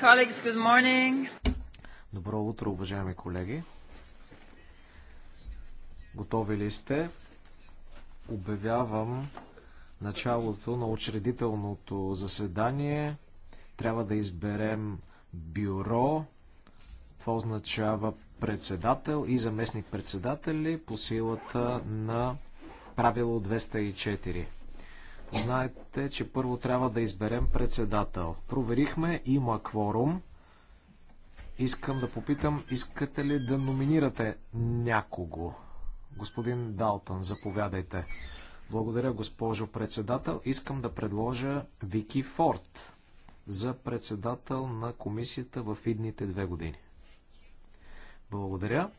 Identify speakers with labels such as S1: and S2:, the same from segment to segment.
S1: Colleagues, good morning.
S2: Добро утро, уважаеми колеги. Готови ли сте? Обявявам началото на учредителното заседание. Трябва да изберем бюро. Това означава председател и заместник председатели по силата на правило 204. Знаете, че първо трябва да изберем председател. Проверихме, има кворум. Искам да попитам, искате ли да номинирате някого? Господин Далтън, заповядайте. Благодаря, госпожо председател. Искам да предложа Вики Форд за председател на комисията в идните две години. Благодаря.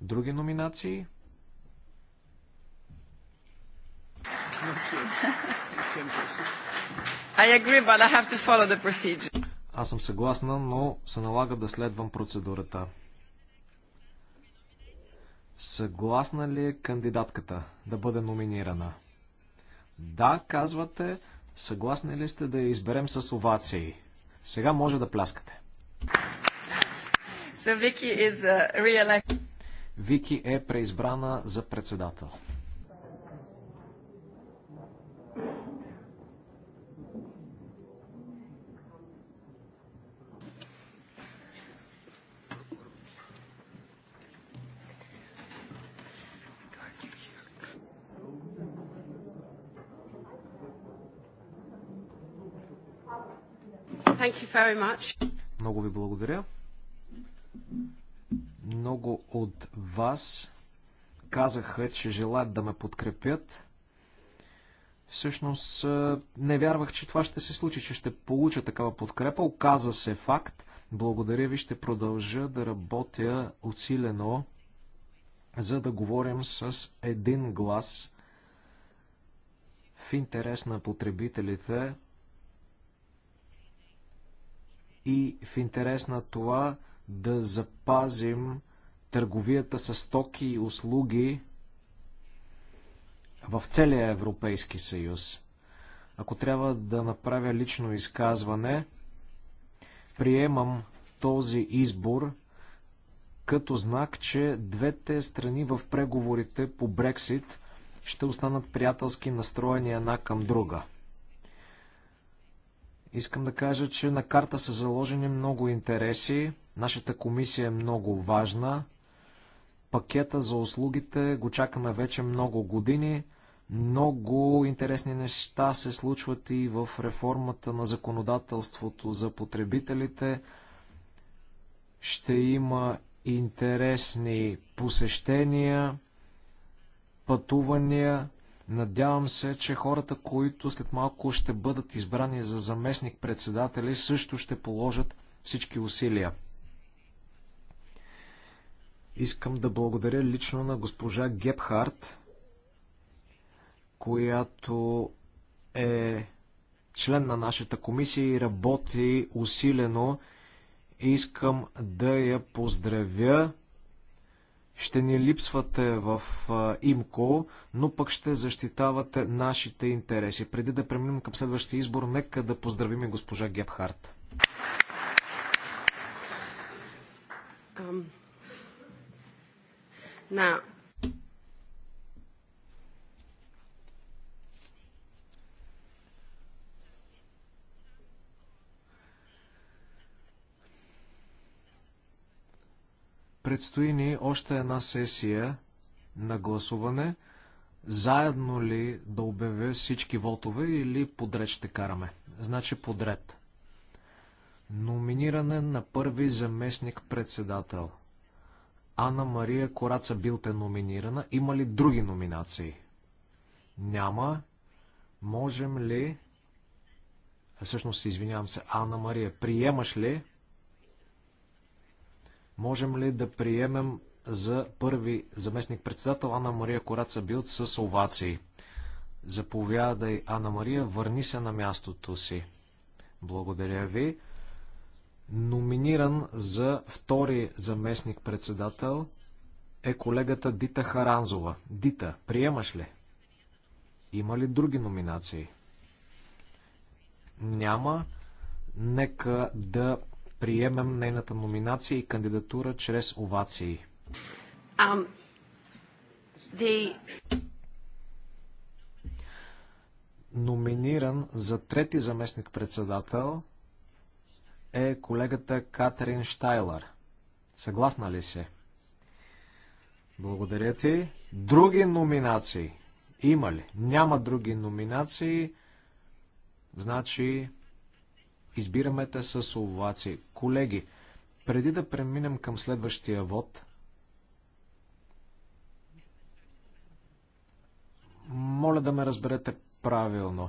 S2: Други номинации?
S1: Agree,
S2: Аз съм съгласна, но се налага да следвам процедурата. Съгласна ли е кандидатката да бъде номинирана? Да, казвате, съгласни ли сте да я изберем с овации? Сега може да пляскате.
S3: So uh,
S2: Вики е преизбрана за председател.
S1: Thank you very much.
S2: Много ви благодаря. Много от вас казаха, че желаят да ме подкрепят. Всъщност не вярвах, че това ще се случи, че ще получа такава подкрепа. Оказа се факт. Благодаря ви, ще продължа да работя усилено, за да говорим с един глас в интерес на потребителите, и в интерес на това да запазим търговията с стоки и услуги в целия Европейски съюз. Ако трябва да направя лично изказване, приемам този избор като знак, че двете страни в преговорите по Брексит ще останат приятелски настроени една към друга – Искам да кажа, че на карта са заложени много интереси. Нашата комисия е много важна. Пакета за услугите го чакаме вече много години. Много интересни неща се случват и в реформата на законодателството за потребителите. Ще има интересни посещения, пътувания, Надявам се, че хората, които след малко ще бъдат избрани за заместник-председатели, също ще положат всички усилия. Искам да благодаря лично на госпожа Гепхарт, която е член на нашата комисия и работи усилено. Искам да я поздравя ще ни липсвате в ИМКО, но пък ще защитавате нашите интереси. Преди да преминем към следващия избор, нека да поздравим и госпожа Гебхарт.
S1: Um, now,
S2: Предстои ни още една сесия на гласуване. Заедно ли да обявя всички вотове или подред ще караме? Значи подред. Номиниране на първи заместник председател. Анна Мария Кораца билте номинирана. Има ли други номинации? Няма. Можем ли... Всъщност, извинявам се, Анна Мария, приемаш ли Можем ли да приемем за първи заместник председател Анна Мария Кораца Билт с овации? Заповядай, Анна Мария, върни се на мястото си. Благодаря ви. Номиниран за втори заместник председател е колегата Дита Харанзова. Дита, приемаш ли? Има ли други номинации? Няма. Нека да Приемам нейната номинация и кандидатура чрез овации.
S1: Um, the...
S2: Номиниран за трети заместник-председател е колегата Катерин Штайлер. Съгласна ли се? Благодаря ти. Други номинации има ли? Няма други номинации. Значи Избираме те с овации. Колеги, преди да преминем към следващия вод, моля да ме разберете правилно.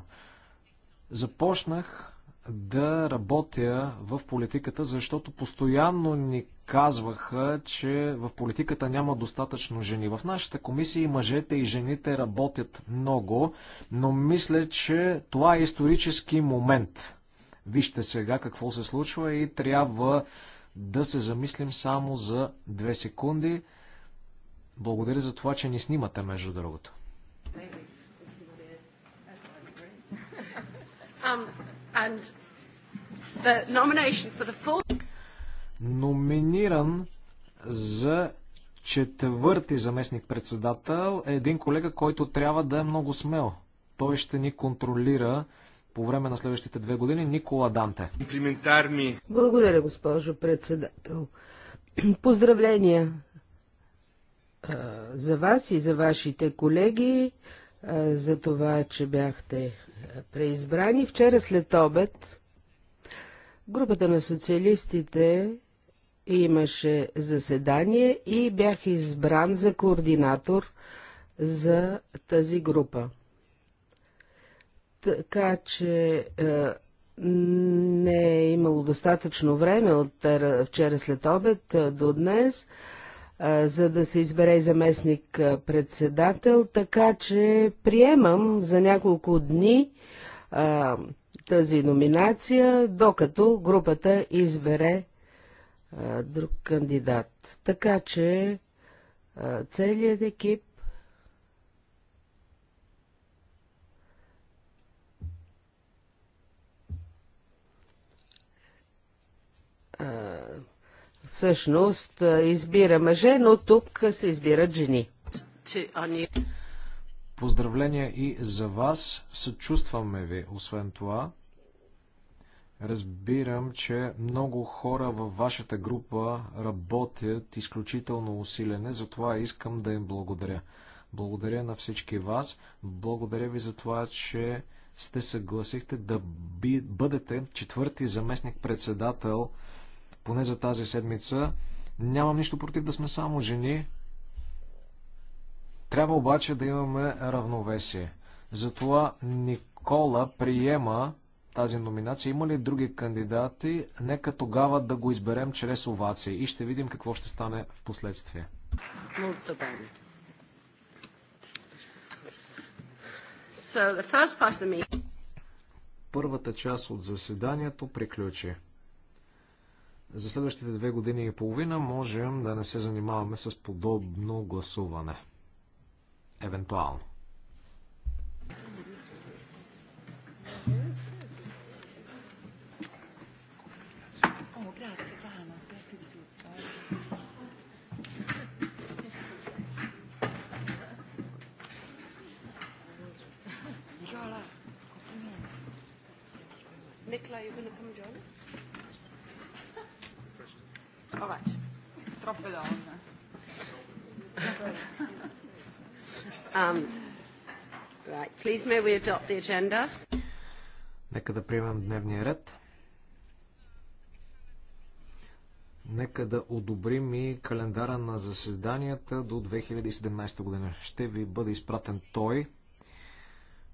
S2: Започнах да работя в политиката, защото постоянно ни казваха, че в политиката няма достатъчно жени. В нашата комисия и мъжете и жените работят много, но мисля, че това е исторически момент. Вижте сега какво се случва и трябва да се замислим само за две секунди. Благодаря за това, че ни снимате, между другото. Um, Номиниран за четвърти заместник-председател е един колега, който трябва да е много смел. Той ще ни контролира по време на следващите две години. Никола Данте. Благодаря,
S4: госпожо председател. Поздравления за вас и за вашите колеги, за това, че бяхте преизбрани. Вчера след обед групата на социалистите имаше заседание и бях избран за координатор за тази група. Така че е, не е имало достатъчно време от вчера след обед е, до днес, е, за да се избере заместник председател, така че приемам за няколко дни тази номинация, докато групата избере друг кандидат. Така че целият екип всъщност избира мъже, но тук се избират
S2: жени. Поздравления и за вас. Съчувстваме ви, освен това. Разбирам, че много хора във вашата група работят изключително усилене, затова искам да им благодаря. Благодаря на всички вас. Благодаря ви за това, че сте съгласихте да бъдете четвърти заместник председател поне за тази седмица. Нямам нищо против да сме само жени. Трябва обаче да имаме равновесие. Затова Никола приема тази номинация. Има ли други кандидати? Нека тогава да го изберем чрез овация и ще видим какво ще стане в последствие. Първата част от заседанието приключи за следващите две години и половина можем да не се занимаваме с подобно гласуване. Евентуално.
S4: Nicola, you're going to come
S1: troppe donne. Um, right. Please may we adopt the agenda.
S2: Нека да приемем дневния ред. Нека да одобрим и календара на заседанията до 2017 година. Ще ви бъде изпратен той.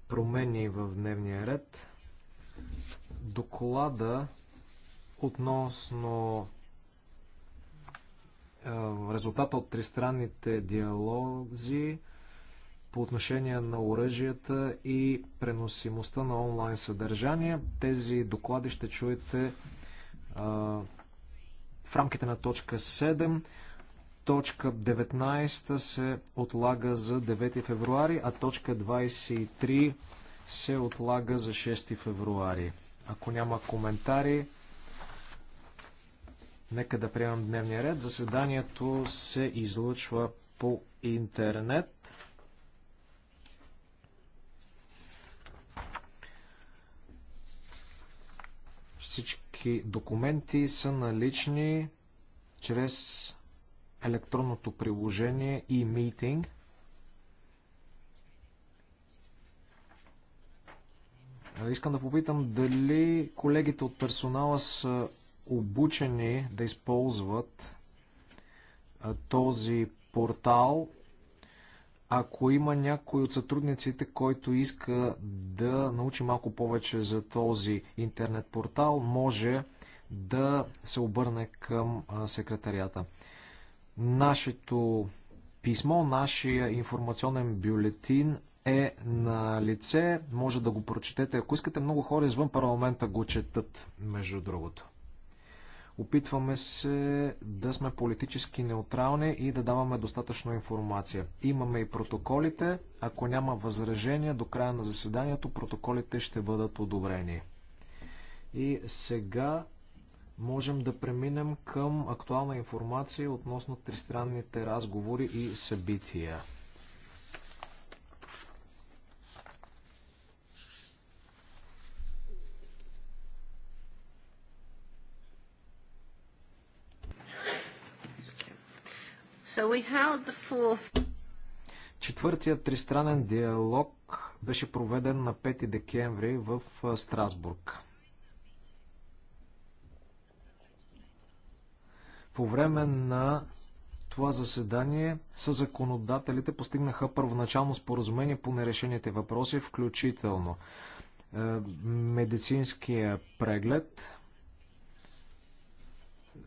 S2: Промени в дневния ред. Доклада относно резултата от тристранните диалози по отношение на оръжията и преносимостта на онлайн съдържание. Тези доклади ще чуете в рамките на точка 7. Точка 19 се отлага за 9 февруари, а точка 23 се отлага за 6 февруари. Ако няма коментари, Нека да приемам дневния ред. Заседанието се излъчва по интернет. Всички документи са налични чрез електронното приложение и e митинг. Искам да попитам дали колегите от персонала са обучени да използват този портал. Ако има някой от сътрудниците, който иска да научи малко повече за този интернет портал, може да се обърне към секретарията. Нашето писмо, нашия информационен бюлетин е на лице. Може да го прочетете. Ако искате, много хора извън парламента го четат, между другото. Опитваме се да сме политически неутрални и да даваме достатъчно информация. Имаме и протоколите. Ако няма възражения до края на заседанието, протоколите ще бъдат одобрени. И сега можем да преминем към актуална информация относно тристранните разговори и събития. Четвъртият тристранен диалог беше проведен на 5 декември в Страсбург. По време на това заседание са законодателите постигнаха първоначално споразумение по нерешените въпроси, включително е, медицинския преглед,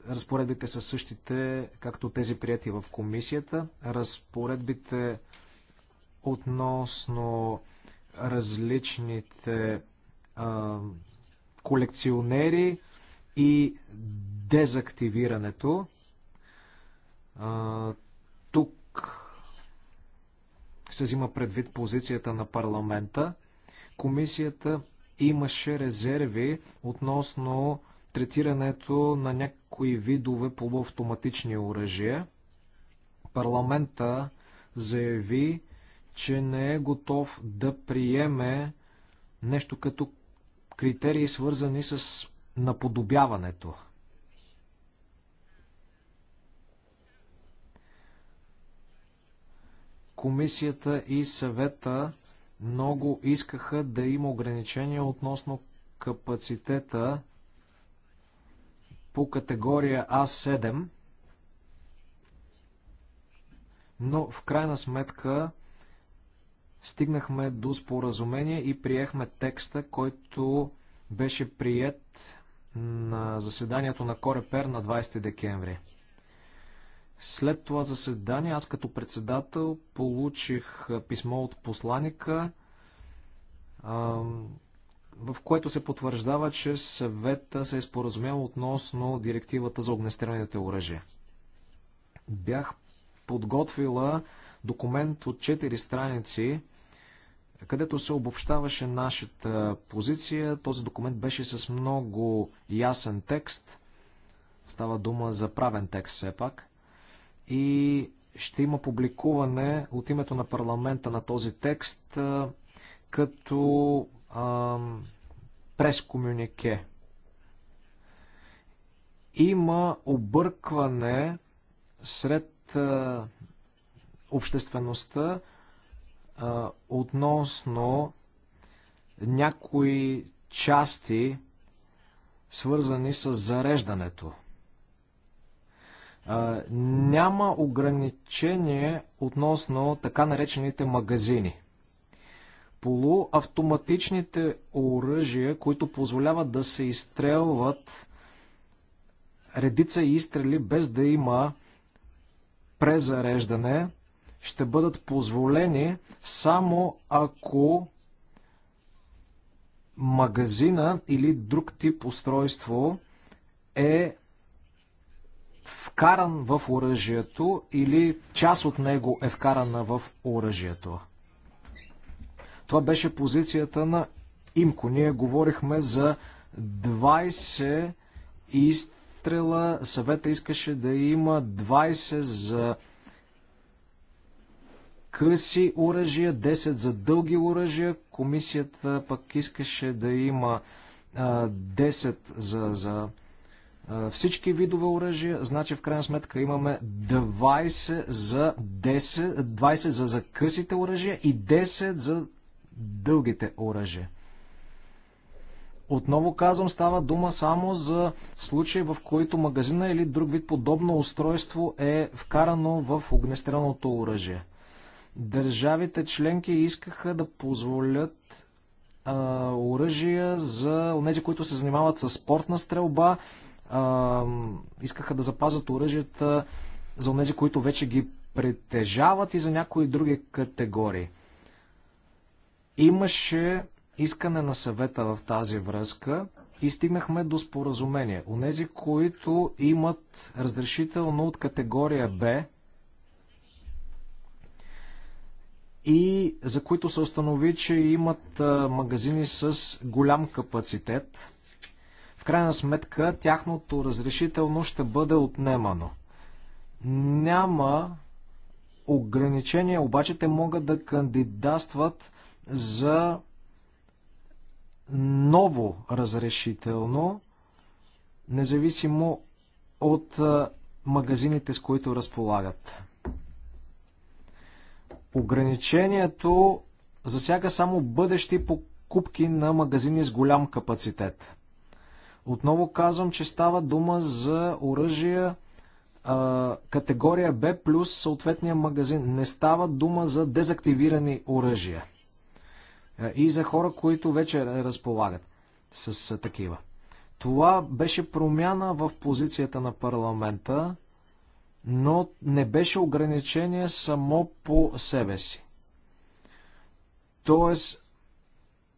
S2: Разпоредбите са същите, както тези прияти в комисията. Разпоредбите относно различните а, колекционери и дезактивирането. А, тук се взима предвид позицията на парламента. Комисията имаше резерви относно третирането на някои някои видове полуавтоматични оръжия. Парламента заяви, че не е готов да приеме нещо като критерии, свързани с наподобяването. Комисията и съвета много искаха да има ограничения относно капацитета по категория А7, но в крайна сметка стигнахме до споразумение и приехме текста, който беше прият на заседанието на Корепер на 20 декември. След това заседание аз като председател получих писмо от посланика в което се потвърждава, че съвета се е споразумял относно директивата за огнестрелните оръжия. Бях подготвила документ от 4 страници, където се обобщаваше нашата позиция. Този документ беше с много ясен текст. Става дума за правен текст все пак. И ще има публикуване от името на парламента на този текст като ам, прескомюнике. Има объркване сред а, обществеността а, относно някои части, свързани с зареждането. А, няма ограничение относно така наречените магазини – полуавтоматичните оръжия, които позволяват да се изстрелват редица изстрели без да има презареждане, ще бъдат позволени само ако магазина или друг тип устройство е вкаран в оръжието или част от него е вкарана в оръжието. Това беше позицията на Имко. Ние говорихме за 20 изстрела. Съвета искаше да има 20 за къси оръжия, 10 за дълги оръжия. Комисията пък искаше да има 10 за, за всички видове оръжия. Значи в крайна сметка имаме 20 за 10, 20 за, за късите оръжия и 10 за дългите оръжия. Отново казвам, става дума само за случаи, в които магазина или друг вид подобно устройство е вкарано в огнестрелното оръжие. Държавите членки искаха да позволят а, оръжия за тези, които се занимават с спортна стрелба. А, искаха да запазят оръжията за тези, които вече ги притежават и за някои други категории. Имаше искане на съвета в тази връзка и стигнахме до споразумение. Онези, които имат разрешително от категория Б и за които се установи, че имат магазини с голям капацитет, в крайна сметка тяхното разрешително ще бъде отнемано. Няма ограничения, обаче те могат да кандидатстват за ново разрешително, независимо от магазините, с които разполагат. Ограничението засяга само бъдещи покупки на магазини с голям капацитет. Отново казвам, че става дума за оръжия категория B плюс съответния магазин. Не става дума за дезактивирани оръжия. Е, и за хора, които вече разполагат с такива. Това беше промяна в позицията на парламента, но не беше ограничение само по себе си. Тоест,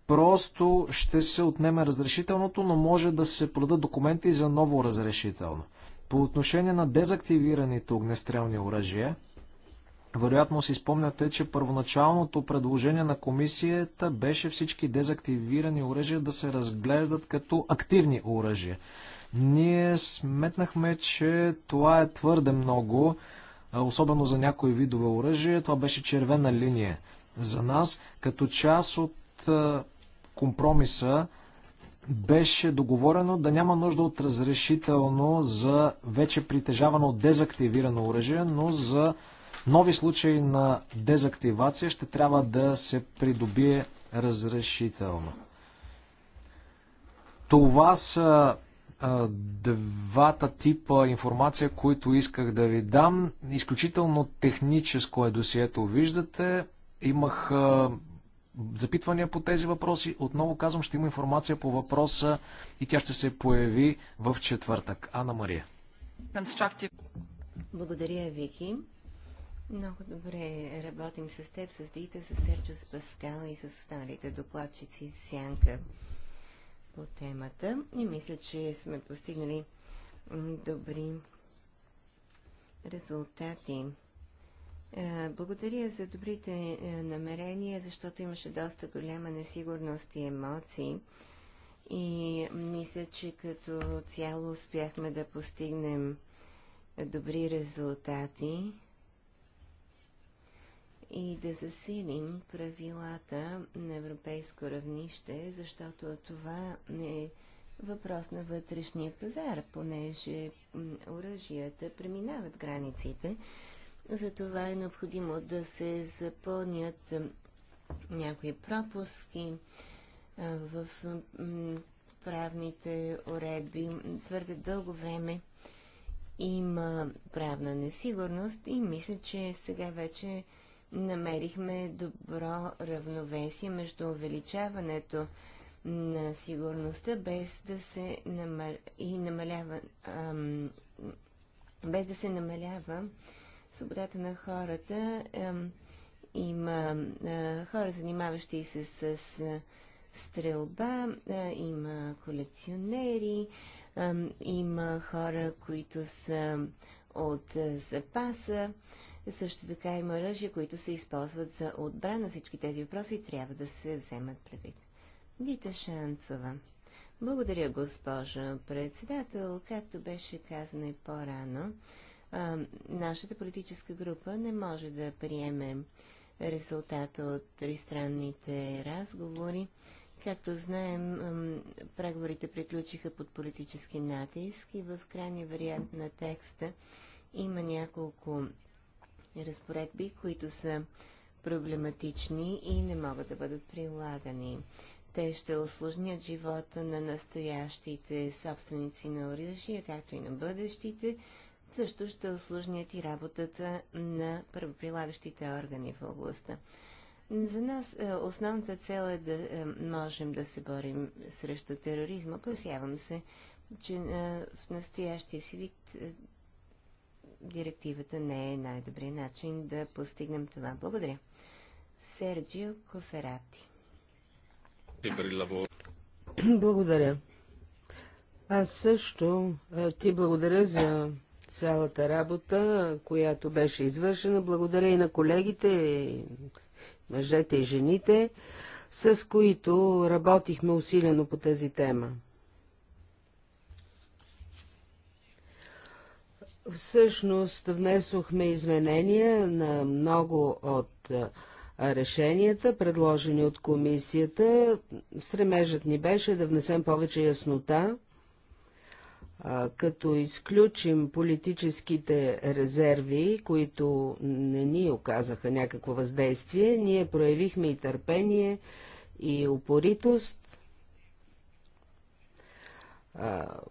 S2: просто ще се отнеме разрешителното, но може да се продадат документи за ново разрешително. По отношение на дезактивираните огнестрелни оръжия, вероятно си спомняте, че първоначалното предложение на комисията беше всички дезактивирани оръжия да се разглеждат като активни оръжия. Ние сметнахме, че това е твърде много, особено за някои видове оръжия. Това беше червена линия за нас. Като част от компромиса беше договорено да няма нужда от разрешително за вече притежавано дезактивирано оръжие, но за нови случаи на дезактивация ще трябва да се придобие разрешително. Това са двата типа информация, които исках да ви дам. Изключително техническо е досието, виждате. Имах запитвания по тези въпроси. Отново казвам, ще има информация по въпроса и тя ще се появи в четвъртък. Ана Мария.
S3: Благодаря, Вики. Много добре работим с теб, с Дита, с Серчо, с Паскал и с останалите докладчици в Сянка по темата. И мисля, че сме постигнали добри резултати. Е, благодаря за добрите е, намерения, защото имаше доста голяма несигурност и емоции. И мисля, че като цяло успяхме да постигнем добри резултати и да засилим правилата на европейско равнище, защото това не е въпрос на вътрешния пазар, понеже оръжията преминават границите. Затова е необходимо да се запълнят някои пропуски в правните уредби. Твърде дълго време има правна несигурност и мисля, че сега вече намерихме добро равновесие между увеличаването на сигурността, без да се намаля, и намалява, ам, без да се намалява свободата на хората. Ам, има а, хора, занимаващи се с, с стрелба, а, има колекционери, а, има хора, които са от запаса. А, също така има оръжия, които се използват за отбрана. Всички тези въпроси трябва да се вземат предвид. Дита Шанцова. Благодаря, госпожа председател. Както беше казано и по-рано, нашата политическа група не може да приеме резултата от тристранните разговори. Както знаем, преговорите приключиха под политически натиск и в крайния вариант на текста има няколко разпоредби, които са проблематични и не могат да бъдат прилагани. Те ще осложнят живота на настоящите собственици на оръжия, както и на бъдещите. Също ще осложнят и работата на правоприлагащите органи в областта. За нас е, основната цел е да е, можем да се борим срещу тероризма. Опасявам се, че е, в настоящия си вид директивата не е най-добрият начин да постигнем това.
S4: Благодаря. Серджио Коферати. Благодаря. Аз също ти благодаря за цялата работа, която беше извършена. Благодаря и на колегите, и мъжете и жените, с които работихме усилено по тази тема. Всъщност внесохме изменения на много от решенията, предложени от комисията. Стремежът ни беше да внесем повече яснота, като изключим политическите резерви, които не ни оказаха някакво въздействие. Ние проявихме и търпение, и упоритост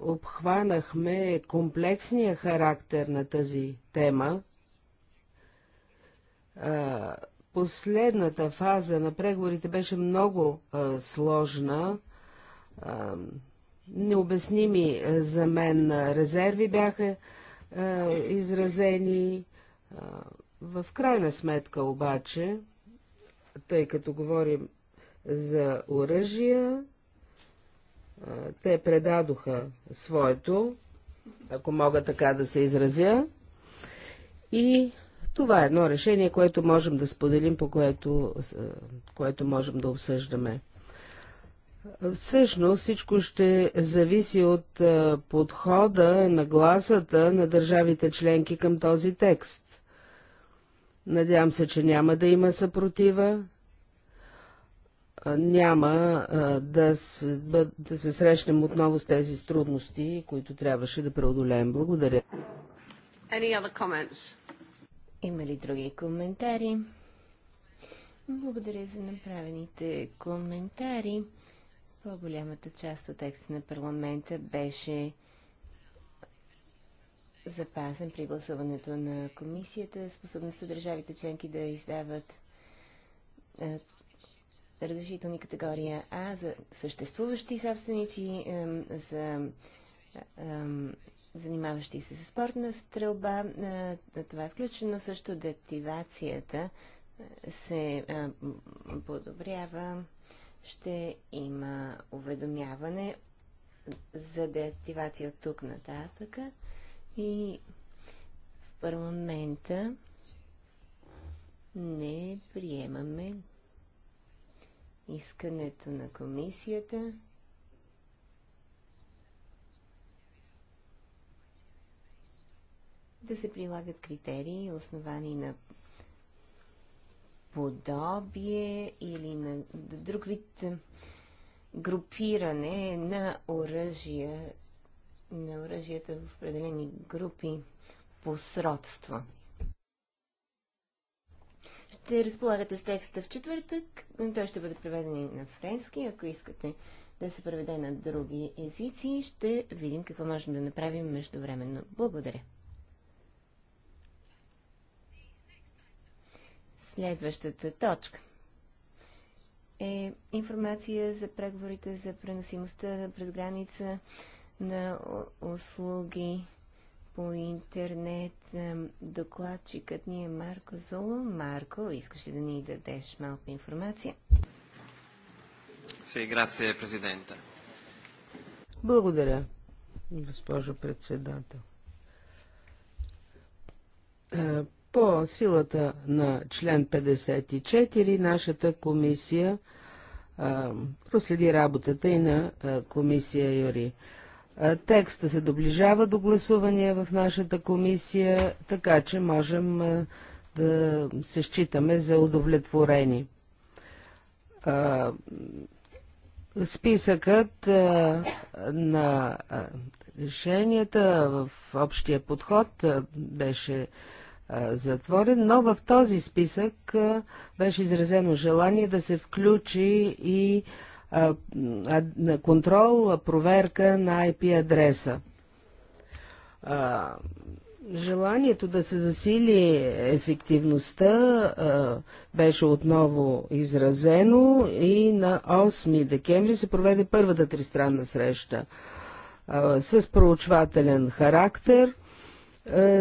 S4: обхванахме комплексния характер на тази тема. Последната фаза на преговорите беше много сложна. Необясними за мен резерви бяха изразени. В крайна сметка обаче, тъй като говорим за оръжия, те предадоха своето, ако мога така да се изразя. И това е едно решение, което можем да споделим, по което, което можем да обсъждаме. Всъщност всичко ще зависи от подхода на гласата на държавите членки към този текст. Надявам се, че няма да има съпротива, няма да се, да се срещнем отново с тези трудности, които трябваше да преодолеем. Благодаря.
S3: Има ли други коментари? Благодаря за направените коментари. По-голямата част от текста на парламента беше запазен при гласуването на комисията. Способността държавите членки да издават е, разрешителни категория А за съществуващи собственици, за занимаващи се с спортна стрелба. Е, това е включено също деактивацията е, се е, подобрява. Ще има уведомяване за деактивация от тук нататък и в парламента не приемаме искането на комисията. Да се прилагат критерии, основани на подобие или на друг вид групиране на оръжия, на оръжията в определени групи по сродство. Ще разполагате с текста в четвъртък. Той ще бъде преведен и на френски. Ако искате да се преведе на други езици, ще видим какво можем да направим междувременно. Благодаря. Следващата точка е информация за преговорите за преносимостта през граница на услуги по интернет докладчикът ни е Марко Золо. Марко, искаш ли да ни дадеш малко информация?
S2: Си, грация, президента.
S4: Благодаря, госпожо председател. Е, по силата на член 54 нашата комисия проследи работата и на комисия Юри. Текста се доближава до гласувания в нашата комисия, така че можем да се считаме за удовлетворени. Списъкът на решенията в общия подход беше затворен, но в този списък беше изразено желание да се включи и контрол, проверка на IP адреса. Желанието да се засили ефективността беше отново изразено и на 8 декември се проведе първата тристранна среща с проучвателен характер,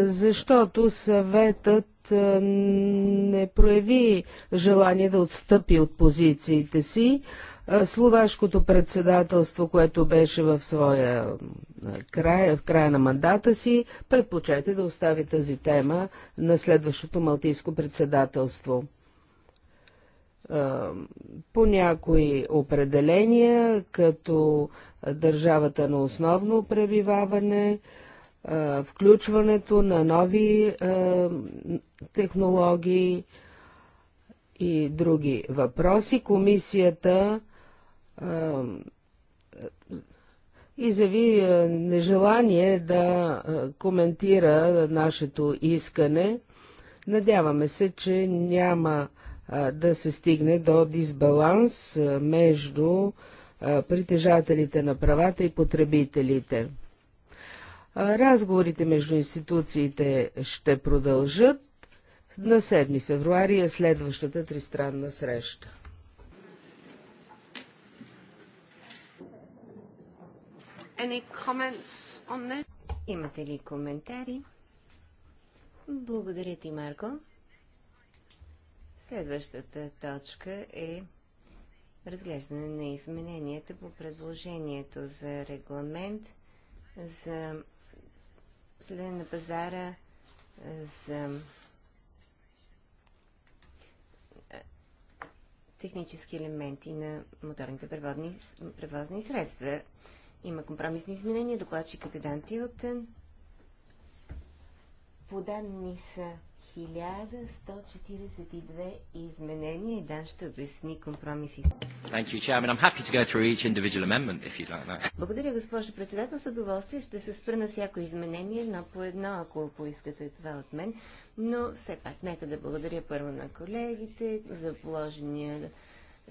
S4: защото съветът не прояви желание да отстъпи от позициите си, Словашкото председателство, което беше в своя край, в края на мандата си, предпочете да остави тази тема на следващото малтийско председателство. По някои определения, като държавата на основно пребиваване, включването на нови технологии, и други въпроси. Комисията е, изяви е, нежелание да е, коментира нашето искане. Надяваме се, че няма да се стигне до дисбаланс между притежателите на правата и потребителите. Разговорите между институциите ще продължат. На 7 февруари е следващата тристранна среща.
S3: Any comments on this? Имате ли коментари? Благодаря ти, Марко. Следващата точка е разглеждане на измененията по предложението за регламент за следене на пазара за технически елементи на моторните превозни средства. Има компромисни изменения. Докладчикът е Дан Тилтън. Подадени са 1142 изменения и Дан ще обясни компромисите.
S1: You, like
S3: Благодаря, госпожо председател. С удоволствие ще се спра на всяко изменение, едно по едно, ако поискате това от мен. Но все пак, нека да благодаря първо на колегите за положения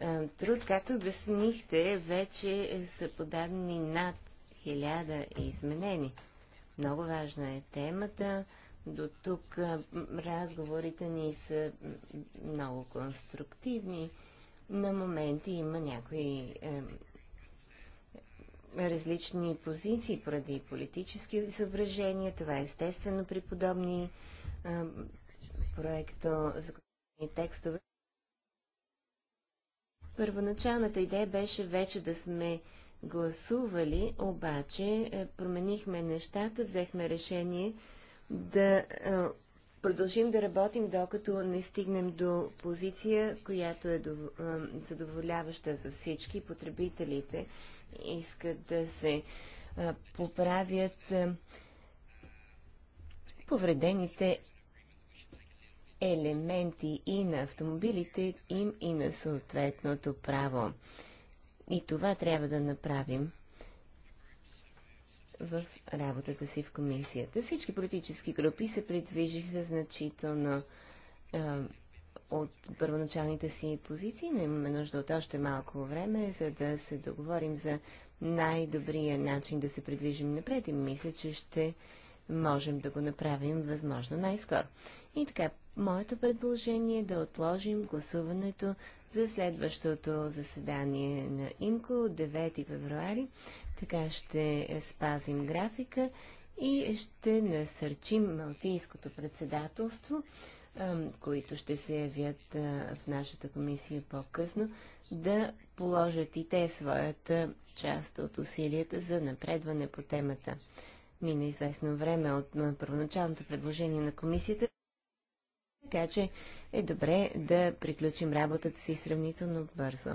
S3: е, труд, както обяснихте, вече са подадени над хиляда изменени. Много важна е темата. До тук е, разговорите ни са много конструктивни. На моменти има някои е, различни позиции поради политически съображения. Това е естествено при подобни проекто за текстове. Първоначалната идея беше вече да сме гласували, обаче е, променихме нещата, взехме решение да е, продължим да работим, докато не стигнем до позиция, която е, е задоволяваща за всички. Потребителите искат да се поправят повредените елементи и на автомобилите им и на съответното право. И това трябва да направим в работата си в комисията. Всички политически групи се придвижиха значително е, от първоначалните си позиции, но имаме нужда от още малко време, за да се договорим за най-добрия начин да се придвижим напред и мисля, че ще можем да го направим възможно най-скоро. И така, Моето предложение е да отложим гласуването за следващото заседание на ИМКО от 9 февруари. Така ще спазим графика и ще насърчим Малтийското председателство, които ще се явят в нашата комисия по-късно, да положат и те своята част от усилията за напредване по темата. Мина известно време от първоначалното предложение на комисията. Така че е добре да приключим работата си сравнително бързо.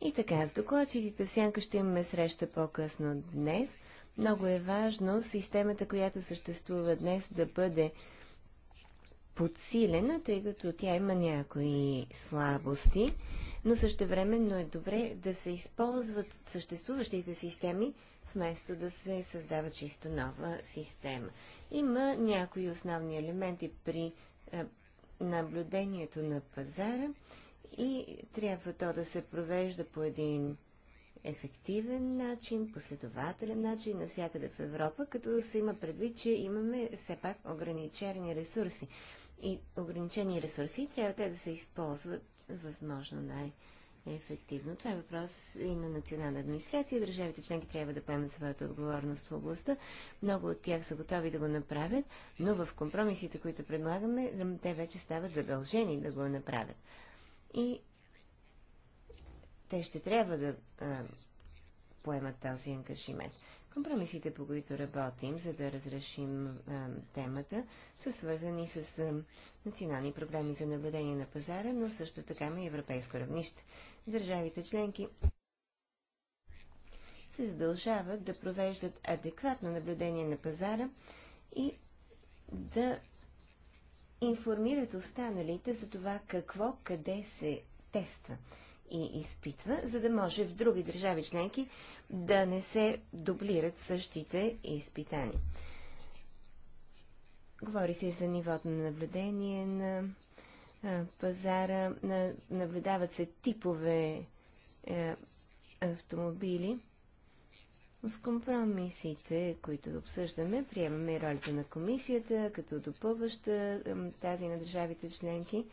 S3: И така, с докладчиците сянка ще имаме среща по-късно днес. Много е важно системата, която съществува днес, да бъде подсилена, тъй като тя има някои слабости, но същевременно е добре да се използват съществуващите системи, вместо да се създава чисто нова система. Има някои основни елементи при е, наблюдението на пазара и трябва то да се провежда по един ефективен начин, последователен начин навсякъде в Европа, като се има предвид, че имаме все пак ограничени ресурси. И ограничени ресурси трябва те да се използват възможно най- ефективно. Това е въпрос и на национална администрация. Държавите членки трябва да поемат своята отговорност в областта. Много от тях са готови да го направят, но в компромисите, които предлагаме, те вече стават задължени да го направят. И те ще трябва да а, поемат този ангажимент. Компромисите, по които работим, за да разрешим а, темата, са свързани с а, национални програми за наблюдение на пазара, но също така на европейско равнище. Държавите членки се задължават да провеждат адекватно наблюдение на пазара и да информират останалите за това какво къде се тества и изпитва, за да може в други държави членки да не се дублират същите изпитания. Говори се и за нивото на наблюдение на пазара, наблюдават се типове е, автомобили. В компромисите, които обсъждаме, приемаме ролята на комисията като допълваща тази на държавите членки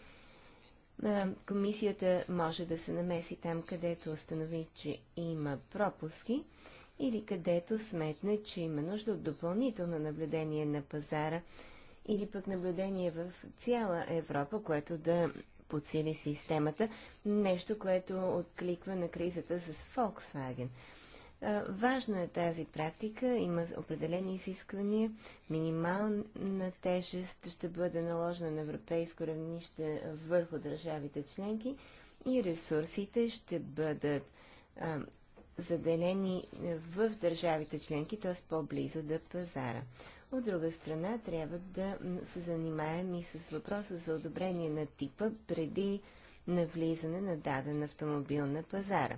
S3: комисията може да се намеси там, където установи, че има пропуски или където сметне, че има нужда от допълнително наблюдение на пазара или пък наблюдение в цяла Европа, което да подсили системата, нещо, което откликва на кризата с Volkswagen. Важна е тази практика, има определени изисквания. Минимална тежест ще бъде наложена на европейско равнище върху държавите членки и ресурсите ще бъдат а, заделени в държавите членки, т.е. по-близо до пазара. От друга страна, трябва да се занимаем и с въпроса за одобрение на типа преди навлизане на даден автомобил на пазара.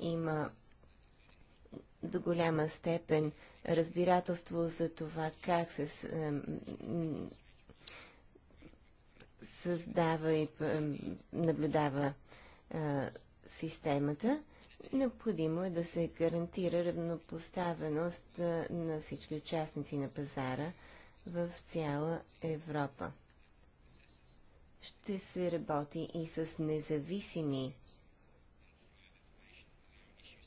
S3: Има до голяма степен разбирателство за това как се създава и наблюдава системата, необходимо е да се гарантира равнопоставеност на всички участници на пазара в цяла Европа. Ще се работи и с независими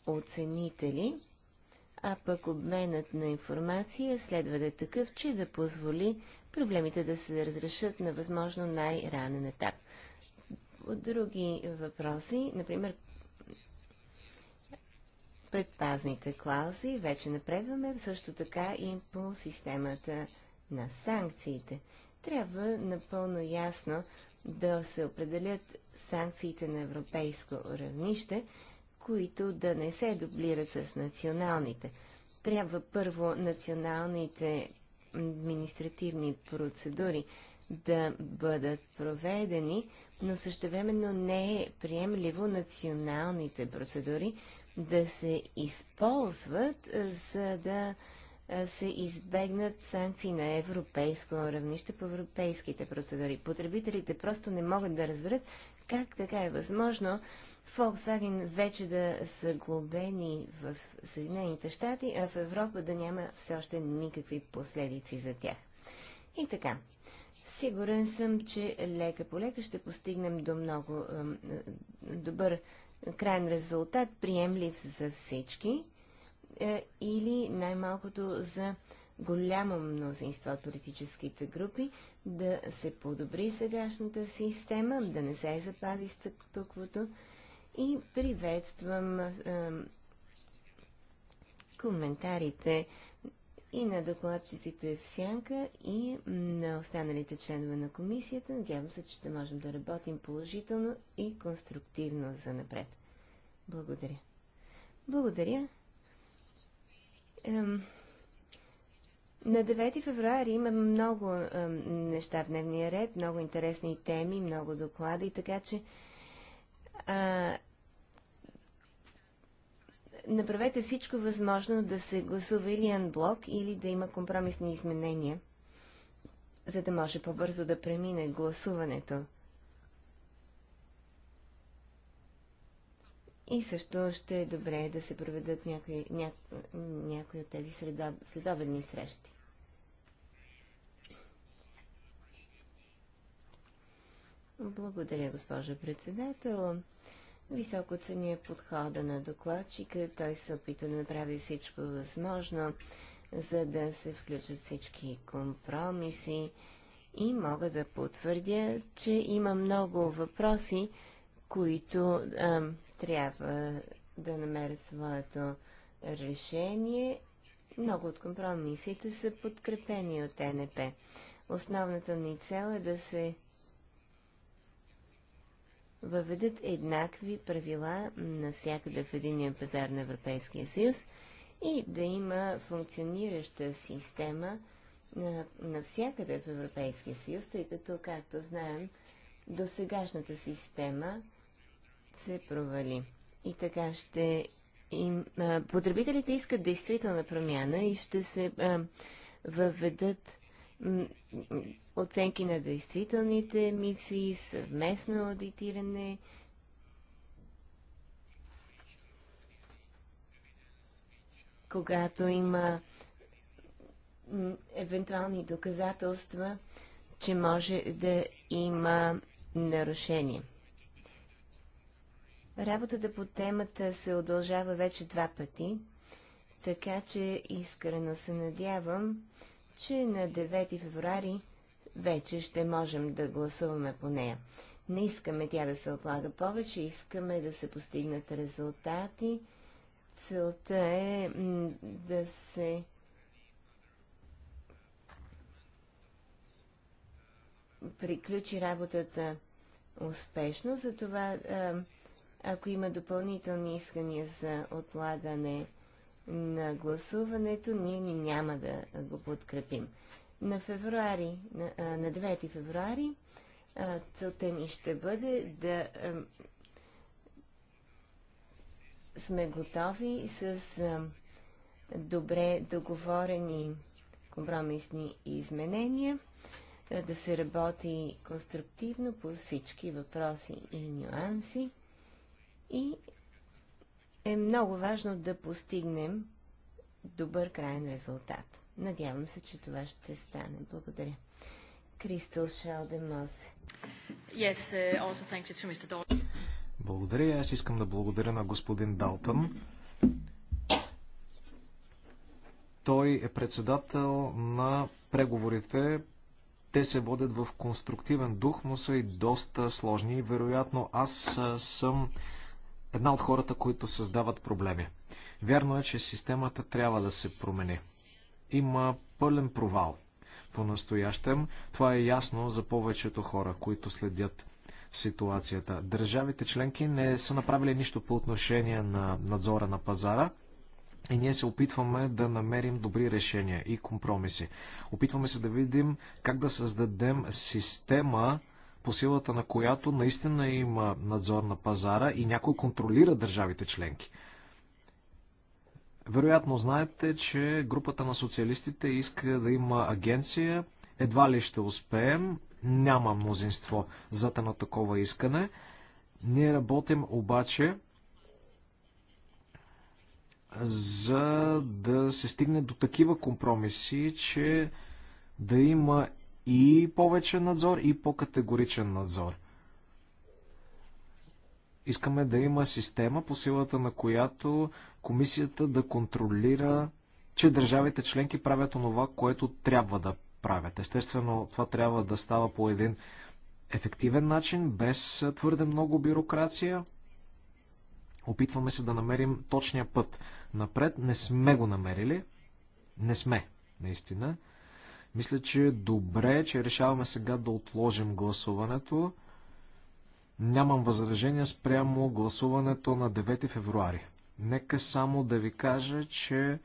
S3: оценители, а пък обменът на информация следва да е такъв, че да позволи проблемите да се разрешат на възможно най-ранен етап. От други въпроси, например, предпазните клаузи, вече напредваме също така и по системата на санкциите. Трябва напълно ясно да се определят санкциите на европейско равнище, които да не се дублират с националните. Трябва първо националните административни процедури да бъдат проведени, но същевременно не е приемливо националните процедури да се използват, за да се избегнат санкции на европейско равнище по европейските процедури. Потребителите просто не могат да разберат как така е възможно Volkswagen вече да са глобени в Съединените щати, а в Европа да няма все още никакви последици за тях. И така, сигурен съм, че лека по лека ще постигнем до много е, добър крайен резултат, приемлив за всички е, или най-малкото за голямо мнозинство от политическите групи, да се подобри сегашната система, да не се запази статуквото, и приветствам е, коментарите и на докладчиците в Сянка и на останалите членове на комисията. Надявам се, че ще можем да работим положително и конструктивно за напред. Благодаря. Благодаря. Ем, на 9 февруари има много ем, неща в дневния ред, много интересни теми, много доклади, така че а, направете всичко възможно да се гласува или анблок, или да има компромисни изменения, за да може по-бързо да премине гласуването. И също ще е добре да се проведат някои, ня, някои от тези следобедни срещи. Благодаря, госпожа председател. Високо цения подхода на докладчика. Той се опита да направи всичко възможно, за да се включат всички компромиси. И мога да потвърдя, че има много въпроси, които а, трябва да намерят своето решение. Много от компромисите са подкрепени от НП. Основната ни цел е да се въведат еднакви правила навсякъде в единия пазар на Европейския съюз и да има функционираща система навсякъде в Европейския съюз, тъй като, както знаем, до сегашната система се провали. И така ще им, потребителите искат действителна промяна и ще се а, въведат оценки на действителните емисии, съвместно аудитиране, когато има евентуални доказателства, че може да има нарушение. Работата по темата се удължава вече два пъти, така че искрено се надявам, че на 9 февруари вече ще можем да гласуваме по нея. Не искаме тя да се отлага повече, искаме да се постигнат резултати. Целта е да се приключи работата успешно, затова ако има допълнителни искания за отлагане на гласуването, ние няма да го подкрепим. На февруари, на, на 9 февруари, целта ни ще бъде да сме готови с добре договорени компромисни изменения, да се работи конструктивно по всички въпроси и нюанси и е много важно да постигнем добър крайен резултат. Надявам се, че това ще стане. Благодаря. Кристал Шалдемос.
S1: Yes, uh, also thank you to Mr.
S2: Благодаря. Аз искам да благодаря на господин Далтън. Той е председател на преговорите. Те се водят в конструктивен дух, но са и доста сложни. Вероятно аз съм една от хората, които създават проблеми. Вярно е, че системата трябва да се промени. Има пълен провал по-настоящем. Това е ясно за повечето хора, които следят ситуацията. Държавите членки не са направили нищо по отношение на надзора на пазара. И ние се опитваме да намерим добри решения и компромиси. Опитваме се да видим как да създадем система, по силата на която наистина има надзор на пазара и някой контролира държавите членки. Вероятно знаете, че групата на социалистите иска да има агенция. Едва ли ще успеем. Няма мнозинство за на такова искане. Ние работим обаче за да се стигне до такива компромиси, че да има и повече надзор, и по-категоричен надзор. Искаме да има система, по силата на която комисията да контролира, че държавите членки правят онова, което трябва да правят. Естествено, това трябва да става по един ефективен начин, без твърде много бюрокрация. Опитваме се да намерим точния път напред. Не сме го намерили. Не сме, наистина. Мисля, че е добре, че решаваме сега да отложим гласуването. Нямам възражение спрямо гласуването на 9 февруари. Нека само да ви кажа, че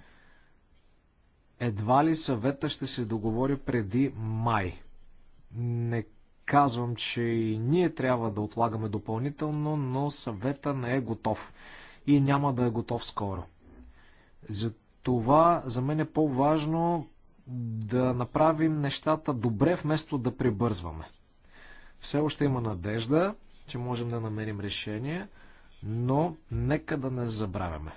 S2: едва ли съвета ще се договори преди май. Не казвам, че и ние трябва да отлагаме допълнително, но съвета не е готов и няма да е готов скоро. За това за мен е по-важно да направим нещата добре, вместо да прибързваме. Все още има надежда, че можем да намерим решение, но нека да не забравяме.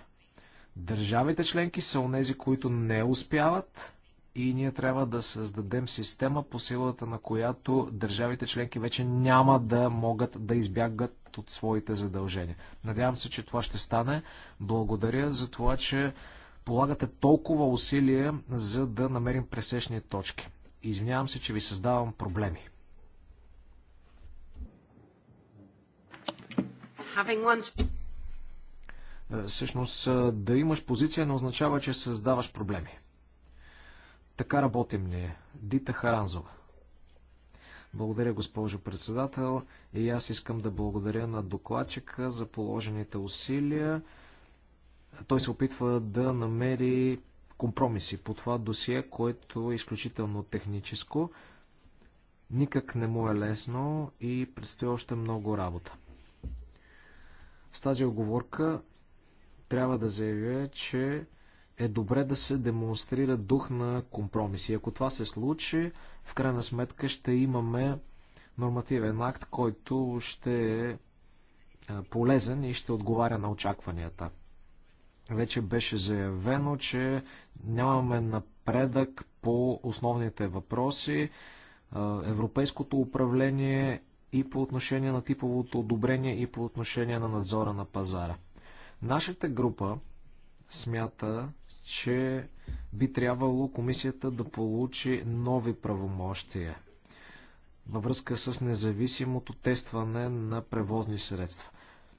S2: Държавите членки са онези, които не успяват и ние трябва да създадем система по силата на която държавите членки вече няма да могат да избягат от своите задължения. Надявам се, че това ще стане. Благодаря за това, че полагате толкова усилия, за да намерим пресечни точки. Извинявам се, че ви създавам проблеми. Е, всъщност, е, да имаш позиция не означава, че създаваш проблеми. Така работим ние. Дита Харанзова. Благодаря, госпожо председател. И аз искам да благодаря на докладчика за положените усилия. Той се опитва да намери компромиси по това досие, което е изключително техническо. Никак не му е лесно и предстои още много работа. С тази оговорка трябва да заявя, че е добре да се демонстрира дух на компромиси. Ако това се случи, в крайна сметка ще имаме нормативен акт, който ще е полезен и ще отговаря на очакванията. Вече беше заявено, че нямаме напредък по основните въпроси. Европейското управление и по отношение на типовото одобрение и по отношение на надзора на пазара. Нашата група смята, че би трябвало комисията да получи нови правомощия във връзка с независимото тестване на превозни средства.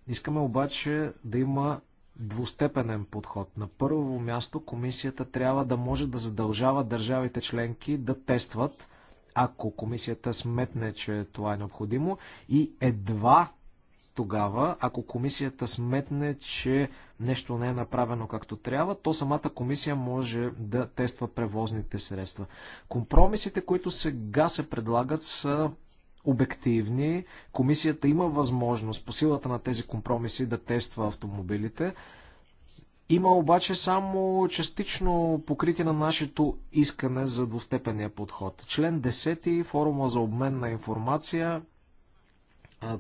S2: Искаме обаче да има двустепенен подход. На първо място комисията трябва да може да задължава държавите членки да тестват, ако комисията сметне, че това е необходимо и едва тогава, ако комисията сметне, че нещо не е направено както трябва, то самата комисия може да тества превозните средства. Компромисите, които сега се предлагат, са обективни. Комисията има възможност по силата на тези компромиси да тества автомобилите. Има обаче само частично покритие на нашето искане за двустепенния подход. Член 10, форума за обмен на информация,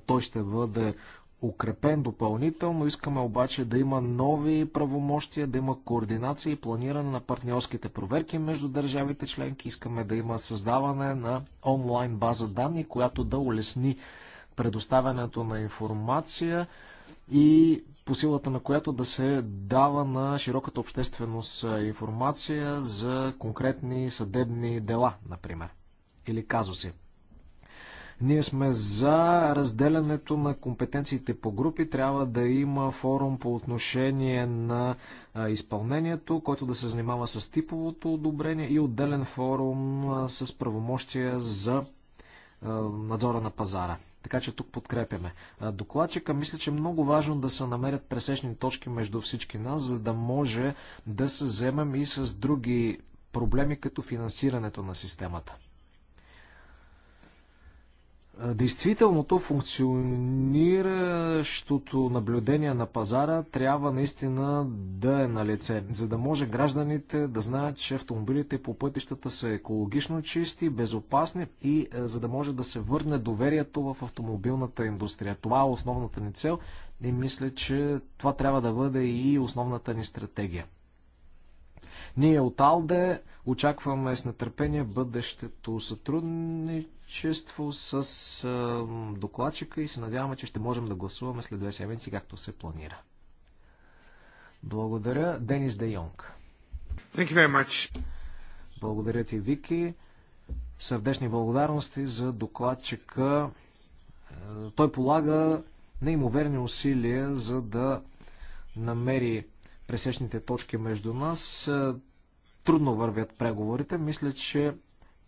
S2: той ще бъде укрепен допълнително. Искаме обаче да има нови правомощия, да има координация и планиране на партньорските проверки между държавите членки. Искаме да има създаване на онлайн база данни, която да улесни предоставянето на информация и по силата на която да се дава на широката общественост информация за конкретни съдебни дела, например, или казуси. Ние сме за разделянето на компетенциите по групи. Трябва да има форум по отношение на изпълнението, който да се занимава с типовото одобрение и отделен форум с правомощия за надзора на пазара. Така че тук подкрепяме. Докладчика мисля, че е много важно да се намерят пресечни точки между всички нас, за да може да се вземем и с други проблеми, като финансирането на системата. Действителното функциониращото наблюдение на пазара трябва наистина да е на лице, за да може гражданите да знаят, че автомобилите по пътищата са екологично чисти, безопасни и за да може да се върне доверието в автомобилната индустрия. Това е основната ни цел и мисля, че това трябва да бъде и основната ни стратегия. Ние от Алде очакваме с нетърпение бъдещето сътрудничество с докладчика и се надяваме, че ще можем да гласуваме след две седмици, както се планира. Благодаря, Денис Де Йонг. Благодаря ти, Вики. Сърдечни благодарности за докладчика. Е, той полага неимоверни усилия, за да намери пресечните точки между нас. Е, трудно вървят преговорите. Мисля, че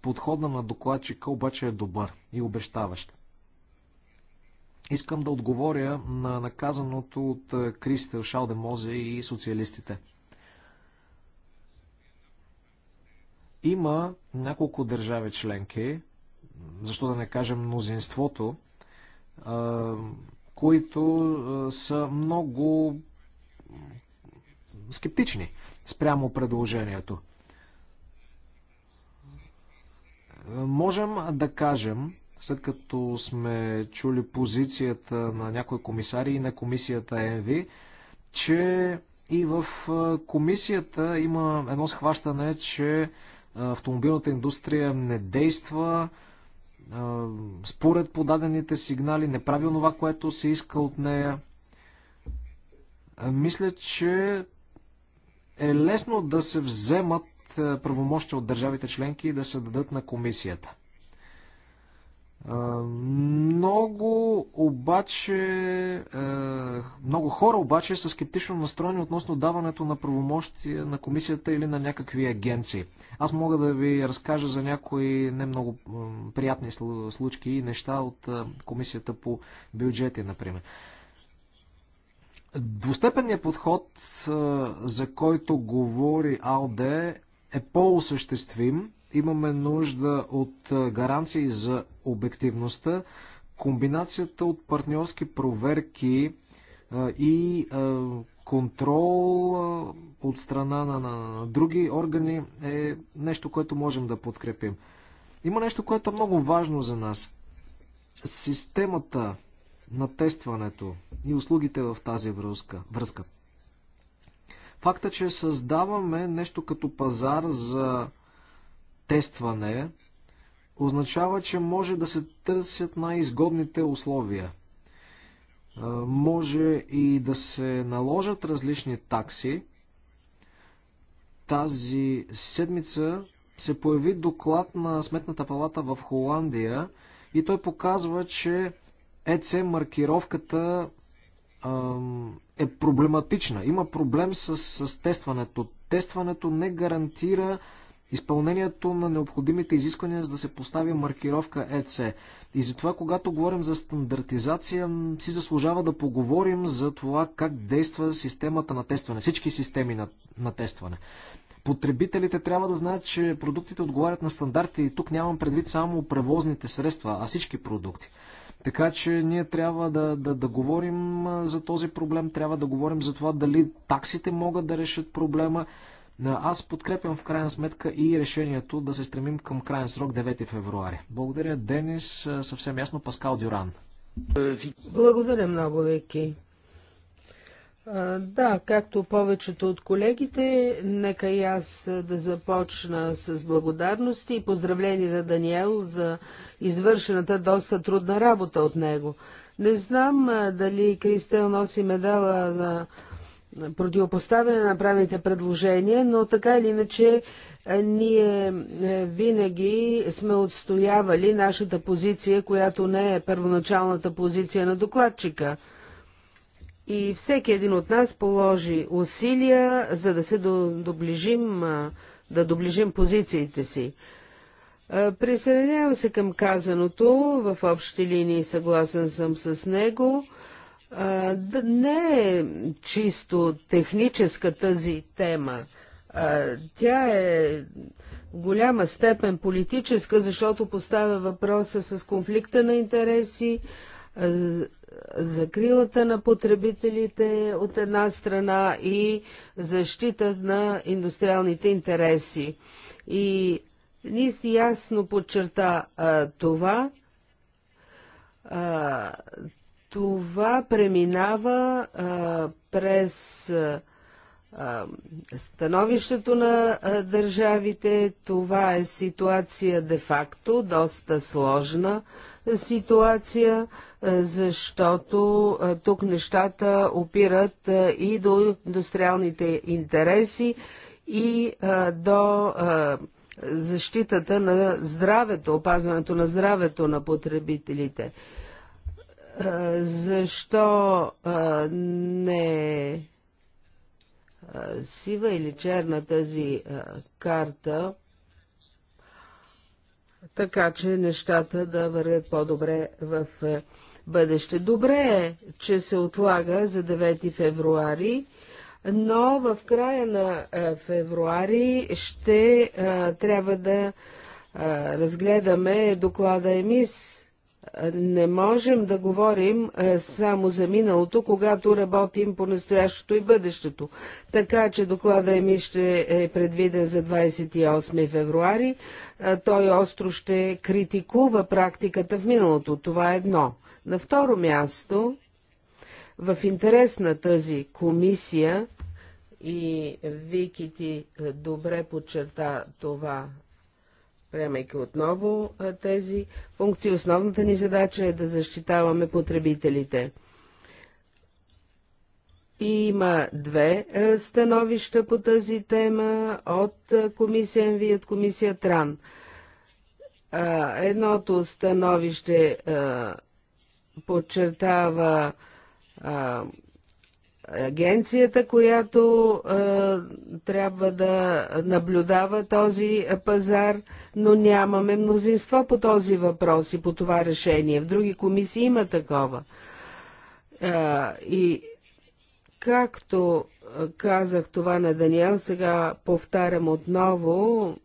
S2: подхода на докладчика обаче е добър и обещаващ. Искам да отговоря на наказаното от е, Кристел Шалдемозе и социалистите. Има няколко държави членки, защо да не кажем мнозинството, е, които са много скептични спрямо предложението. Можем да кажем, след като сме чули позицията на някои комисари и на комисията МВ, че и в комисията има едно схващане, че автомобилната индустрия не действа според подадените сигнали, не прави това, което се иска от нея. Мисля, че е лесно да се вземат е, правомощия от държавите членки и да се дадат на комисията. Много обаче, е, много хора обаче са скептично настроени относно даването на правомощия на комисията или на някакви агенции. Аз мога да ви разкажа за някои не много приятни случки и неща от е, комисията по бюджети, например. Двустепенният подход, за който говори АЛДЕ, е по-осъществим. Имаме нужда от гаранции за обективността. Комбинацията от партньорски проверки и контрол от страна на, на, на други органи е нещо, което можем да подкрепим. Има нещо, което е много важно за нас. Системата на тестването и услугите в тази връзка. връзка. Факта, че създаваме нещо като пазар за тестване, означава, че може да се търсят най-изгодните условия. Може и да се наложат различни такси. Тази седмица се появи доклад на Сметната палата в Холандия и той показва, че ЕЦ маркировката е проблематична. Има проблем с, с тестването. Тестването не гарантира изпълнението на необходимите изисквания, за да се постави маркировка ЕЦ. И затова, когато говорим за стандартизация, си заслужава да поговорим за това как действа системата на тестване, всички системи на, на тестване. Потребителите трябва да знаят, че продуктите отговарят на стандарти и тук нямам предвид само превозните средства, а всички продукти. Така че ние трябва да, да, да говорим за този проблем, трябва да говорим за това дали таксите могат да решат проблема. Аз подкрепям в крайна сметка и решението да се стремим към крайен срок 9 февруари. Благодаря, Денис. Съвсем ясно, Паскал Дюран. Благодаря много,
S4: Вики. Да, както повечето от колегите, нека и аз да започна с благодарности и поздравления за Даниел за извършената доста трудна работа от него. Не знам дали Кристел носи медала за противопоставяне на правите предложения, но така или иначе ние винаги сме отстоявали нашата позиция, която не е първоначалната позиция на докладчика – и всеки един от нас положи усилия, за да се доближим, да доближим позициите си. Присъединявам се към казаното, в общи линии съгласен съм с него. Не е чисто техническа тази тема. Тя е в голяма степен политическа, защото поставя въпроса с конфликта на интереси, е, закрилата на потребителите от една страна и защита на индустриалните интереси. И ни си ясно подчерта а, е, това. А, е, това преминава а, през а, становището на държавите. Това е ситуация де-факто, доста сложна ситуация, защото тук нещата опират и до индустриалните интереси, и до защитата на здравето, опазването на здравето на потребителите. Защо не сива или черна тази карта, така че нещата да вървят по-добре в бъдеще. Добре е, че се отлага за 9 февруари, но в края на февруари ще трябва да разгледаме доклада ЕМИС не можем да говорим е, само за миналото, когато работим по настоящето и бъдещето. Така че доклада ми ще е предвиден за 28 февруари. Е, той остро ще критикува практиката в миналото. Това е едно. На второ място, в интерес на тази комисия и Вики ти е, добре подчерта това приемайки отново тези функции. Основната ни задача е да защитаваме потребителите. И има две становища по тази тема от комисия МВИ от комисия ТРАН. Едното становище подчертава агенцията, която е, трябва да наблюдава този пазар, но нямаме мнозинство по този въпрос и по това решение. В други комисии има такова. Е, и както казах това на Даниел, сега повтарям отново,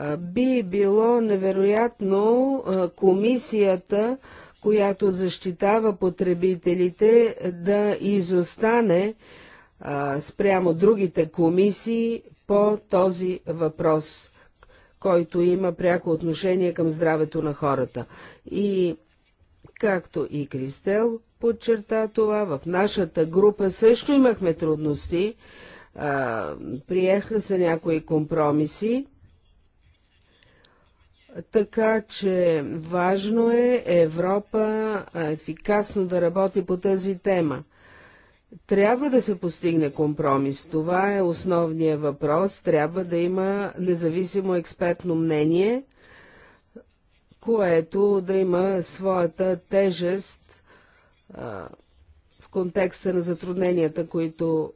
S4: е, би било невероятно е, комисията която защитава потребителите да изостане а, спрямо другите комисии по този въпрос, който има пряко отношение към здравето на хората. И както и Кристел подчерта това, в нашата група също имахме трудности, а, приеха се някои компромиси, така че важно е Европа ефикасно да работи по тази тема. Трябва да се постигне компромис. Това е основният въпрос. Трябва да има независимо експертно мнение, което да има своята тежест в контекста на затрудненията, които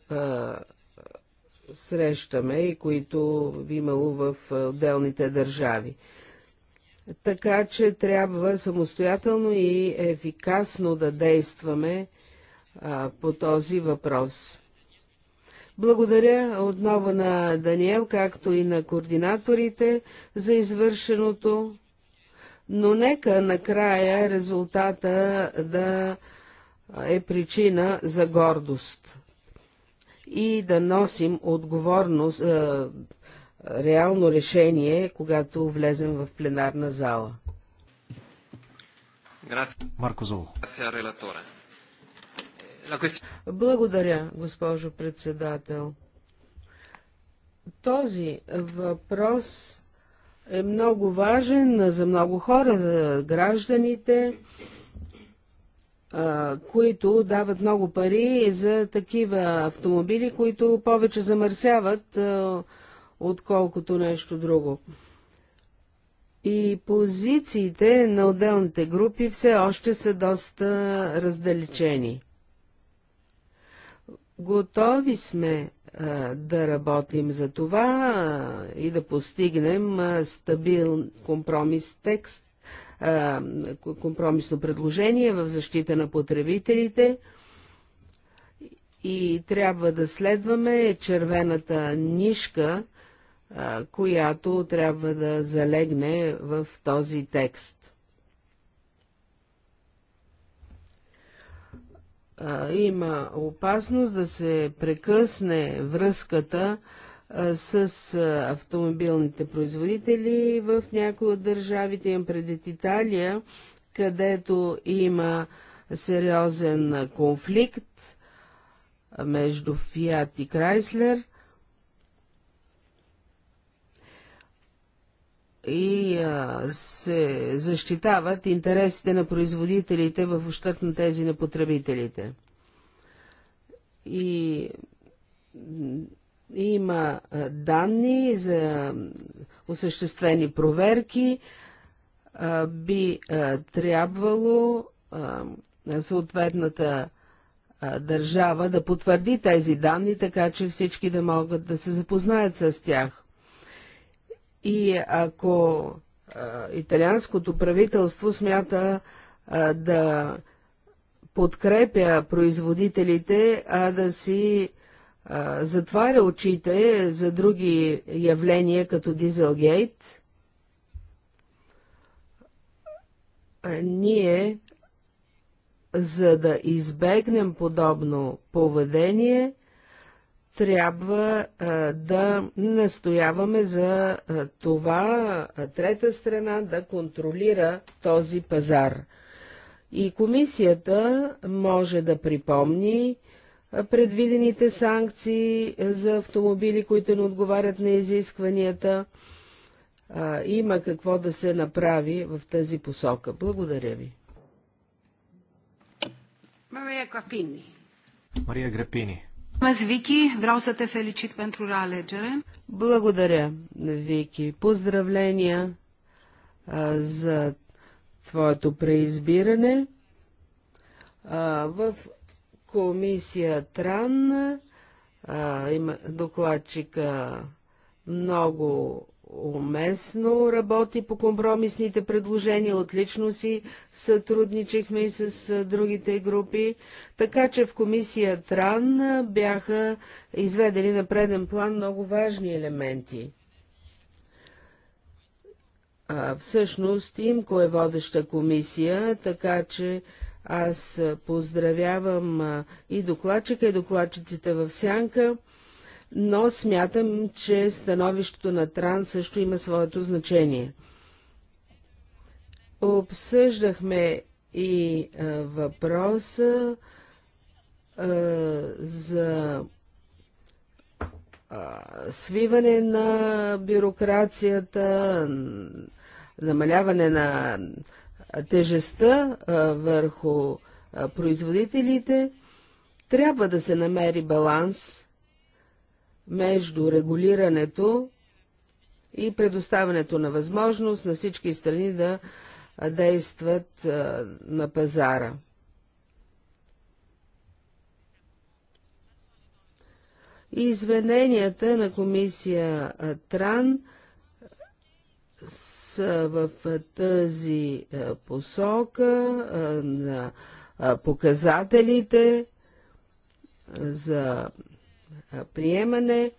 S4: срещаме и които имало в отделните държави така че трябва самостоятелно и ефикасно да действаме а, по този въпрос. Благодаря отново на Даниел, както и на координаторите за извършеното, но нека накрая резултата да е причина за гордост и да носим отговорност, реално решение, когато влезем в пленарна зала.
S2: Марко е,
S4: Благодаря, госпожо председател. Този въпрос е много важен за много хора, за гражданите, които дават много пари за такива автомобили, които повече замърсяват отколкото нещо друго. И позициите на отделните групи все още са доста раздалечени. Готови сме а, да работим за това а, и да постигнем а, стабил компромис текст, а, компромисно предложение в защита на потребителите и трябва да следваме червената нишка, която трябва да залегне в този текст. Има опасност да се прекъсне връзката с автомобилните производители в някои от държавите, им предвид Италия, където има сериозен конфликт между Фиат и Крайслер – и а, се защитават интересите на производителите в ущърп на тези на потребителите. И има данни за осъществени проверки. А, би а, трябвало а, съответната държава да потвърди тези данни, така че всички да могат да се запознаят с тях. И ако италианското правителство смята да подкрепя производителите, а да си затваря очите за други явления като Дизелгейт, ние, за да избегнем подобно поведение, трябва да настояваме за това трета страна да контролира този пазар. И комисията може да припомни предвидените санкции за автомобили, които не отговарят на изискванията. Има какво да се направи в тази посока. Благодаря ви.
S1: Мария Грапини.
S2: Мария Грапини.
S1: Вики,
S4: vreau să te felicit pentru realegere. Благодаря, Вики. Поздравления а, за твоето преизбиране. А, в комисия Тран а, има докладчика много уместно работи по компромисните предложения, отлично си сътрудничихме и с другите групи, така че в комисия Тран бяха изведени на преден план много важни елементи. А, всъщност Имко е водеща комисия, така че аз поздравявам и докладчика, и докладчиците в Сянка – но смятам, че становището на Тран също има своето значение. Обсъждахме и а, въпроса а, за а, свиване на бюрокрацията, намаляване на тежестта а, върху а, производителите. Трябва да се намери баланс между регулирането и предоставянето на възможност на всички страни да действат на пазара. Измененията на комисия Тран са в тази посока на показателите за приемане.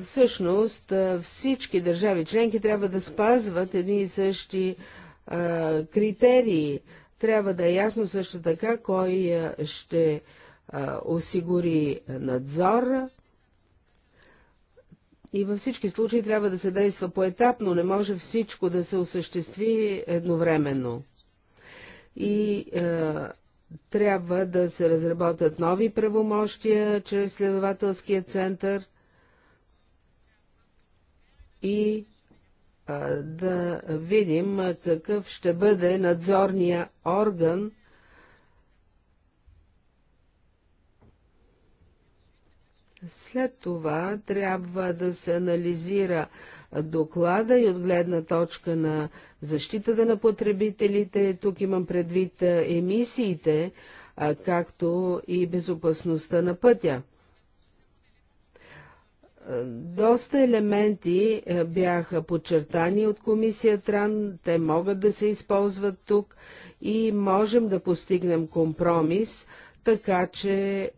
S4: Всъщност всички държави членки трябва да спазват едни и същи критерии. Трябва да е ясно също така кой ще осигури надзора. И във всички случаи трябва да се действа поетапно, не може всичко да се осъществи едновременно. И трябва да се разработят нови правомощия чрез следователския център и да видим какъв ще бъде надзорния орган След това трябва да се анализира доклада и от гледна точка на защитата на потребителите. Тук имам предвид емисиите, както и безопасността на пътя. Доста елементи бяха подчертани от комисия Тран, те могат да се използват тук и можем да постигнем компромис, така че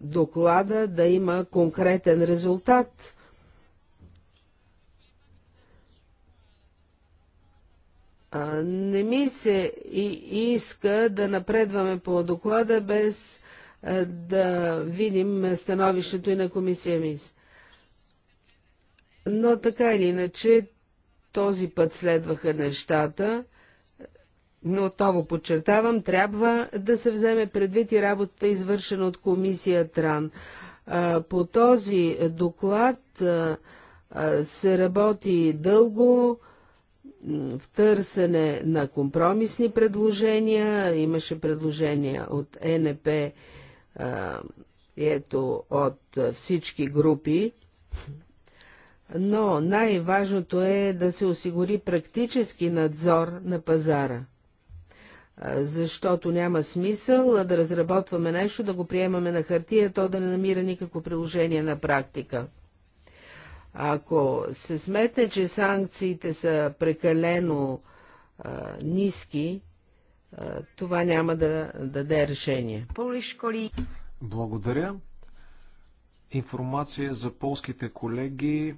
S4: доклада да има конкретен резултат Не ми се и иска да напредваме по доклада без да видим становището и на комисия МИС. Но така или иначе, този път следваха нещата, но отново подчертавам, трябва да се вземе предвид и работата, извършена от комисия ТРАН. По този доклад се работи дълго, в търсене на компромисни предложения. Имаше предложения от НП, ето от всички групи. Но най-важното е да се осигури практически надзор на пазара защото няма смисъл да разработваме нещо, да го приемаме на хартия, то да не намира никакво приложение на практика. Ако се сметне, че санкциите са прекалено а, ниски, а, това няма
S2: да, да даде решение. Благодаря. Информация за полските колеги.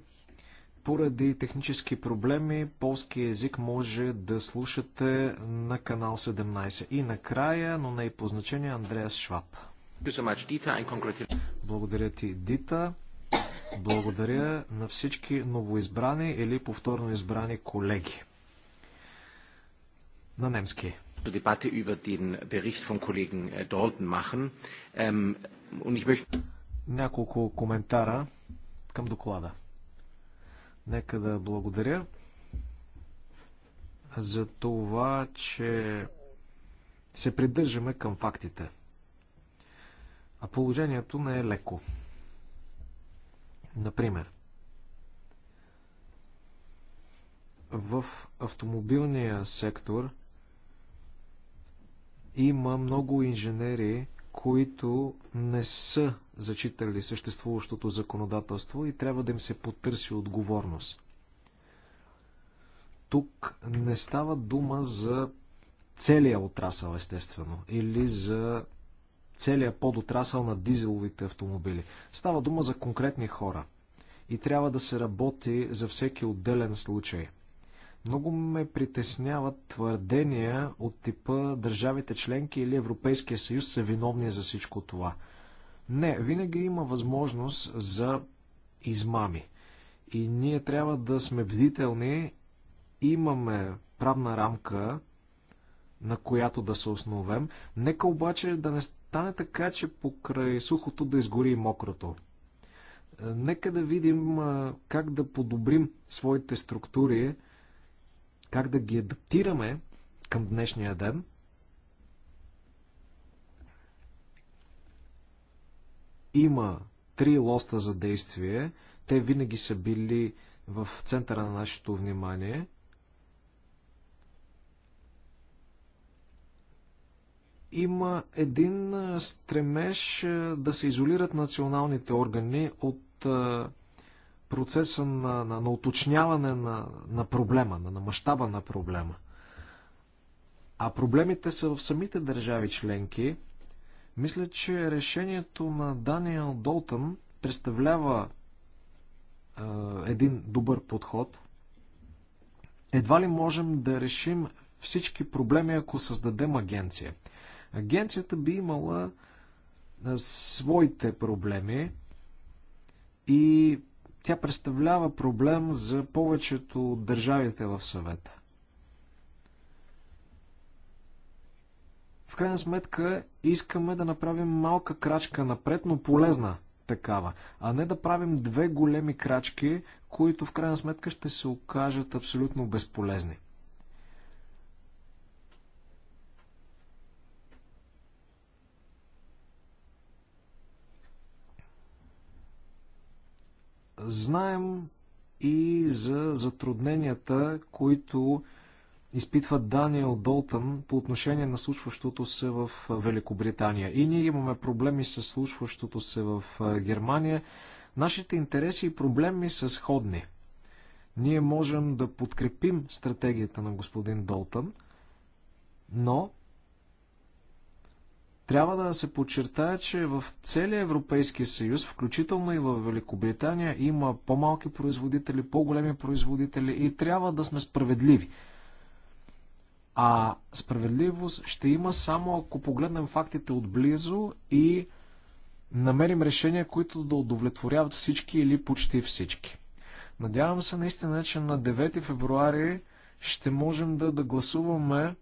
S2: Поради технически проблеми, полски език може да слушате на канал 17. И накрая, но не и по значение, Андреас Шваб. Благодаря ти, Дита. Благодаря на всички новоизбрани или повторно избрани колеги. На немски. Äh, ähm, Няколко коментара към доклада. Нека да благодаря за това, че се придържаме към фактите. А положението не е леко. Например, в автомобилния сектор има много инженери, които не са зачитали съществуващото законодателство и трябва да им се потърси отговорност. Тук не става дума за целия отрасъл, естествено, или за целият подотрасъл на дизеловите автомобили. Става дума за конкретни хора. И трябва да се работи за всеки отделен случай. Много ме притесняват твърдения от типа държавите членки или Европейския съюз са виновни за всичко това. Не, винаги има възможност за измами. И ние трябва да сме бдителни. Имаме правна рамка, на която да се основем. Нека обаче да не стане така, че покрай сухото да изгори и мокрото. Е, нека да видим е, как да подобрим своите структури, как да ги адаптираме към днешния ден. Има три лоста за действие. Те винаги са били в центъра на нашето внимание – има един стремеж да се изолират националните органи от процеса на, на, на уточняване на, на проблема, на, на мащаба на проблема. А проблемите са в самите държави членки. Мисля, че решението на Даниел Долтън представлява е, един добър подход. Едва ли можем да решим всички проблеми, ако създадем агенция. Агенцията би имала своите проблеми и тя представлява проблем за повечето от държавите в съвета. В крайна сметка искаме да направим малка крачка напред, но полезна такава, а не да правим две големи крачки, които в крайна сметка ще се окажат абсолютно безполезни. Знаем и за затрудненията, които изпитват Даниел Долтън по отношение на случващото се в Великобритания. И ние имаме проблеми с случващото се в Германия. Нашите интереси и проблеми са сходни. Ние можем да подкрепим стратегията на господин Долтън, но трябва да се подчертая, че в целия Европейски съюз, включително и в Великобритания, има по-малки производители, по-големи производители и трябва да сме справедливи. А справедливост ще има само ако погледнем фактите отблизо и намерим решения, които да удовлетворяват всички или почти всички. Надявам се наистина, че на 9 февруари ще можем да, да гласуваме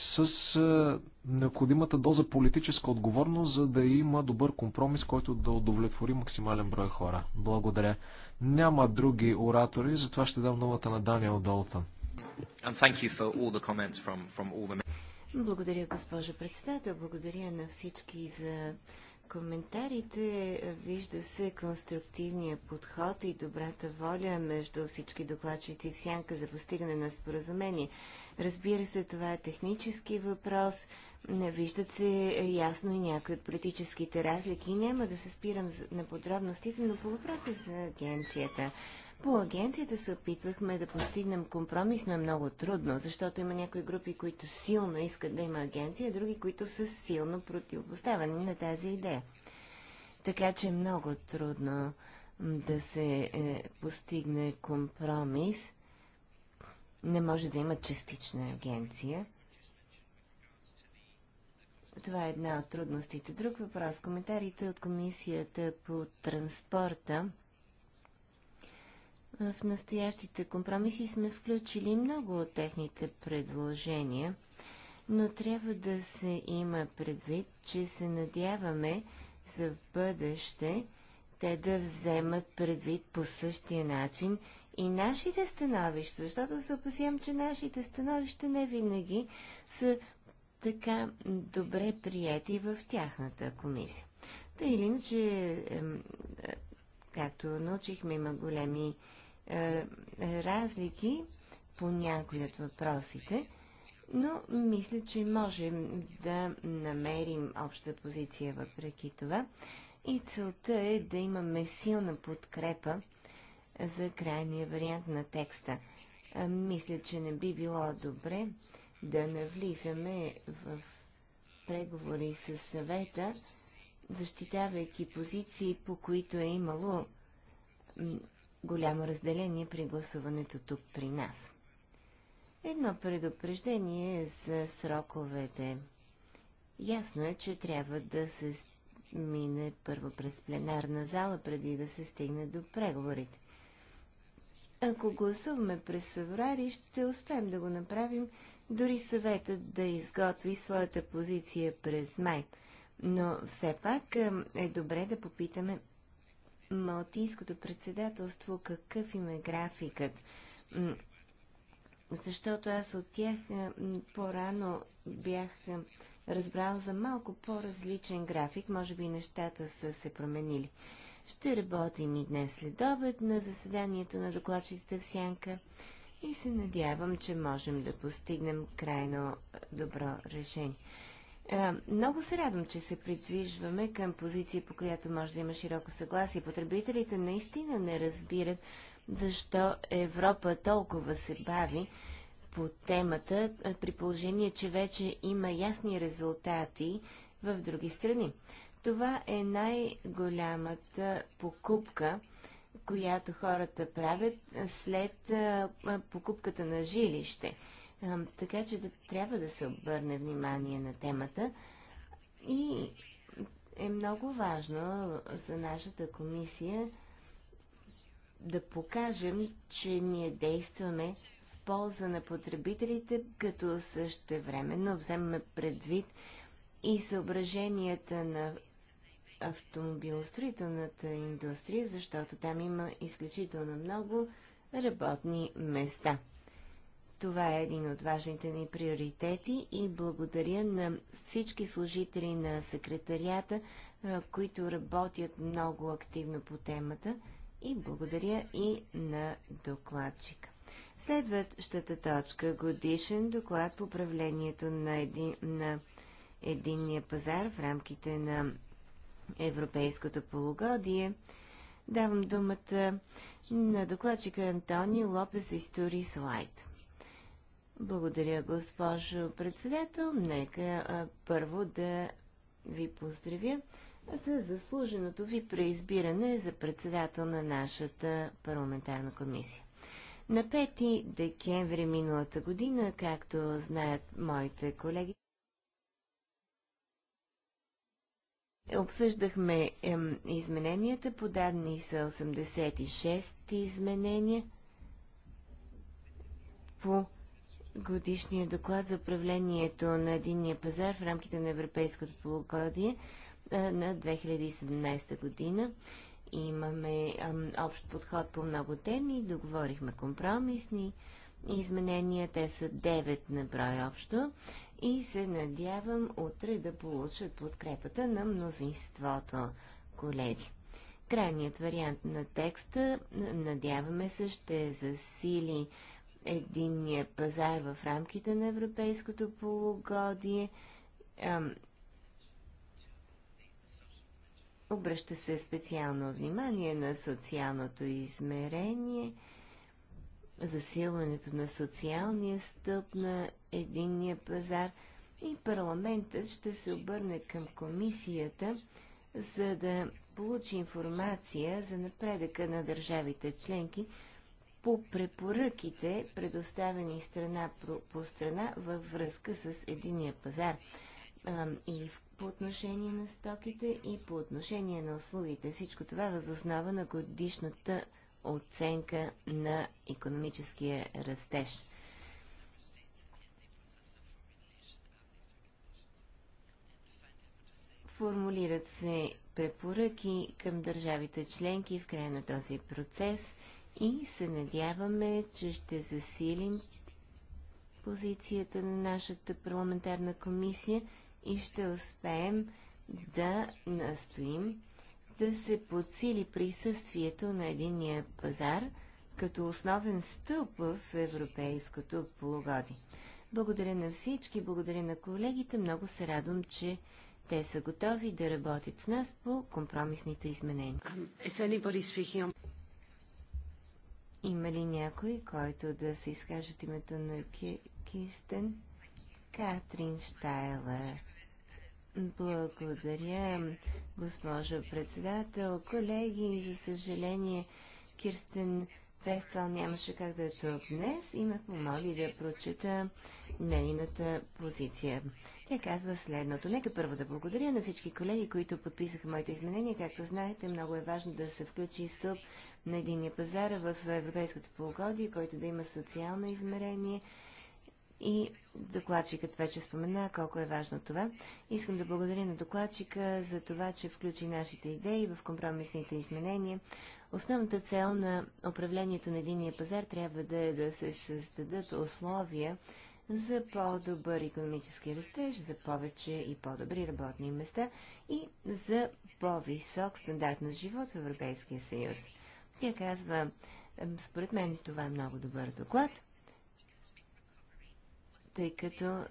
S2: с необходимата доза политическа отговорност, за да има добър компромис, който да удовлетвори максимален брой хора. Благодаря. Няма други оратори, затова ще дам думата на Даниел Долтън.
S3: Благодаря, госпожа председател. Благодаря на всички за коментарите вижда се конструктивния подход и добрата воля между всички докладчици в сянка за постигане на споразумение. Разбира се, това е технически въпрос. Не виждат се ясно и някои от политическите разлики. Няма да се спирам на подробностите, но по въпроса с агенцията – по агенцията се опитвахме да постигнем компромис, но е много трудно, защото има някои групи, които силно искат да има агенция, а други, които са силно противопоставени на тази идея. Така че е много трудно да се е, постигне компромис. Не може да има частична агенция. Това е една от трудностите. Друг въпрос. Коментарите от комисията по транспорта в настоящите компромиси сме включили много от техните предложения, но трябва да се има предвид, че се надяваме за в бъдеще те да вземат предвид по същия начин и нашите становища, защото се опасявам, че нашите становища не винаги са така добре прияти в тяхната комисия. Та или иначе, е, както научихме, има големи е, разлики по някои от въпросите, но мисля, че можем да намерим обща позиция въпреки това. И целта е да имаме силна подкрепа за крайния вариант на текста. Е, мисля, че не би било добре да навлизаме в преговори с съвета, защитавайки позиции, по които е имало голямо разделение при гласуването тук при нас. Едно предупреждение за сроковете. Ясно е, че трябва да се мине първо през пленарна зала, преди да се стигне до преговорите. Ако гласуваме през феврари, ще успеем да го направим, дори съветът да изготви своята позиция през май. Но все пак е добре да попитаме Малтийското председателство какъв им е графикът. Защото аз от тях е, по-рано бях е, разбрал за малко по-различен график. Може би нещата са се променили. Ще работим и днес след обед на заседанието на докладчиците в Сянка и се надявам, че можем да постигнем крайно е, добро решение. Е, много се радвам, че се придвижваме към позиция, по която може да има широко съгласие. Потребителите наистина не разбират защо Европа толкова се бави по темата, е, при положение, че вече има ясни резултати в други страни. Това е най-голямата покупка, която хората правят е, след покупката на жилище. Така че да, трябва да се обърне внимание на темата и е много важно за нашата комисия да покажем, че ние действаме в полза на потребителите, като също но вземаме предвид и съображенията на автомобилостроителната индустрия, защото там има изключително много работни места. Това е един от важните ни приоритети и благодаря на всички служители на секретарията, които работят много активно по темата и благодаря и на докладчика. Следващата точка – годишен доклад по управлението на, еди, на единния пазар в рамките на Европейското полугодие. Давам думата на докладчика Антони Лопес Историс Лайт. Благодаря, госпожо председател. Нека а, първо да ви поздравя за заслуженото ви преизбиране за председател на нашата парламентарна комисия. На 5 декември миналата година, както знаят моите колеги, Обсъждахме ем, измененията, подадени са 86 изменения по годишния доклад за управлението на единния пазар в рамките на Европейското полугодие на 2017 година. Имаме общ подход по много теми, договорихме компромисни изменения, те са 9 на брой общо и се надявам утре да получат подкрепата на мнозинството колеги. Крайният вариант на текста, надяваме се, ще засили единния пазар в рамките на европейското полугодие. Обръща се специално внимание на социалното измерение, засилването на социалния стъп на единния пазар и парламентът ще се обърне към комисията, за да получи информация за напредъка на държавите членки – по препоръките, предоставени страна по страна във връзка с единия пазар и по отношение на стоките и по отношение на услугите. Всичко това възоснова на годишната оценка на економическия растеж. Формулират се препоръки към държавите членки в края на този процес – и се надяваме, че ще засилим позицията на нашата парламентарна комисия и ще успеем да настоим да се подсили присъствието на единния пазар като основен стълб в европейското полугодие. Благодаря на всички, благодаря на колегите. Много се радвам, че те са готови да работят с нас по компромисните изменения. Um, има ли някой, който да се изкаже от името на Кистен? Катрин Штайлер. Благодаря, госпожо председател. Колеги, за съжаление, Кирстен Фествал нямаше как да е тук днес и ме помоли да прочета нейната позиция. Тя казва следното. Нека първо да благодаря на всички колеги, които подписаха моите изменения. Както знаете, много е важно да се включи стълб на единия пазар в европейското полугодие, който да има социално измерение и Докладчикът вече спомена колко е важно това. Искам да благодаря на докладчика за това, че включи нашите идеи в компромисните изменения. Основната цел на управлението на единия пазар трябва да е да се създадат условия за по-добър економически растеж, за повече и по-добри работни места и за по-висок стандарт на живот в Европейския съюз. Тя казва, според мен това е много добър доклад – тъй като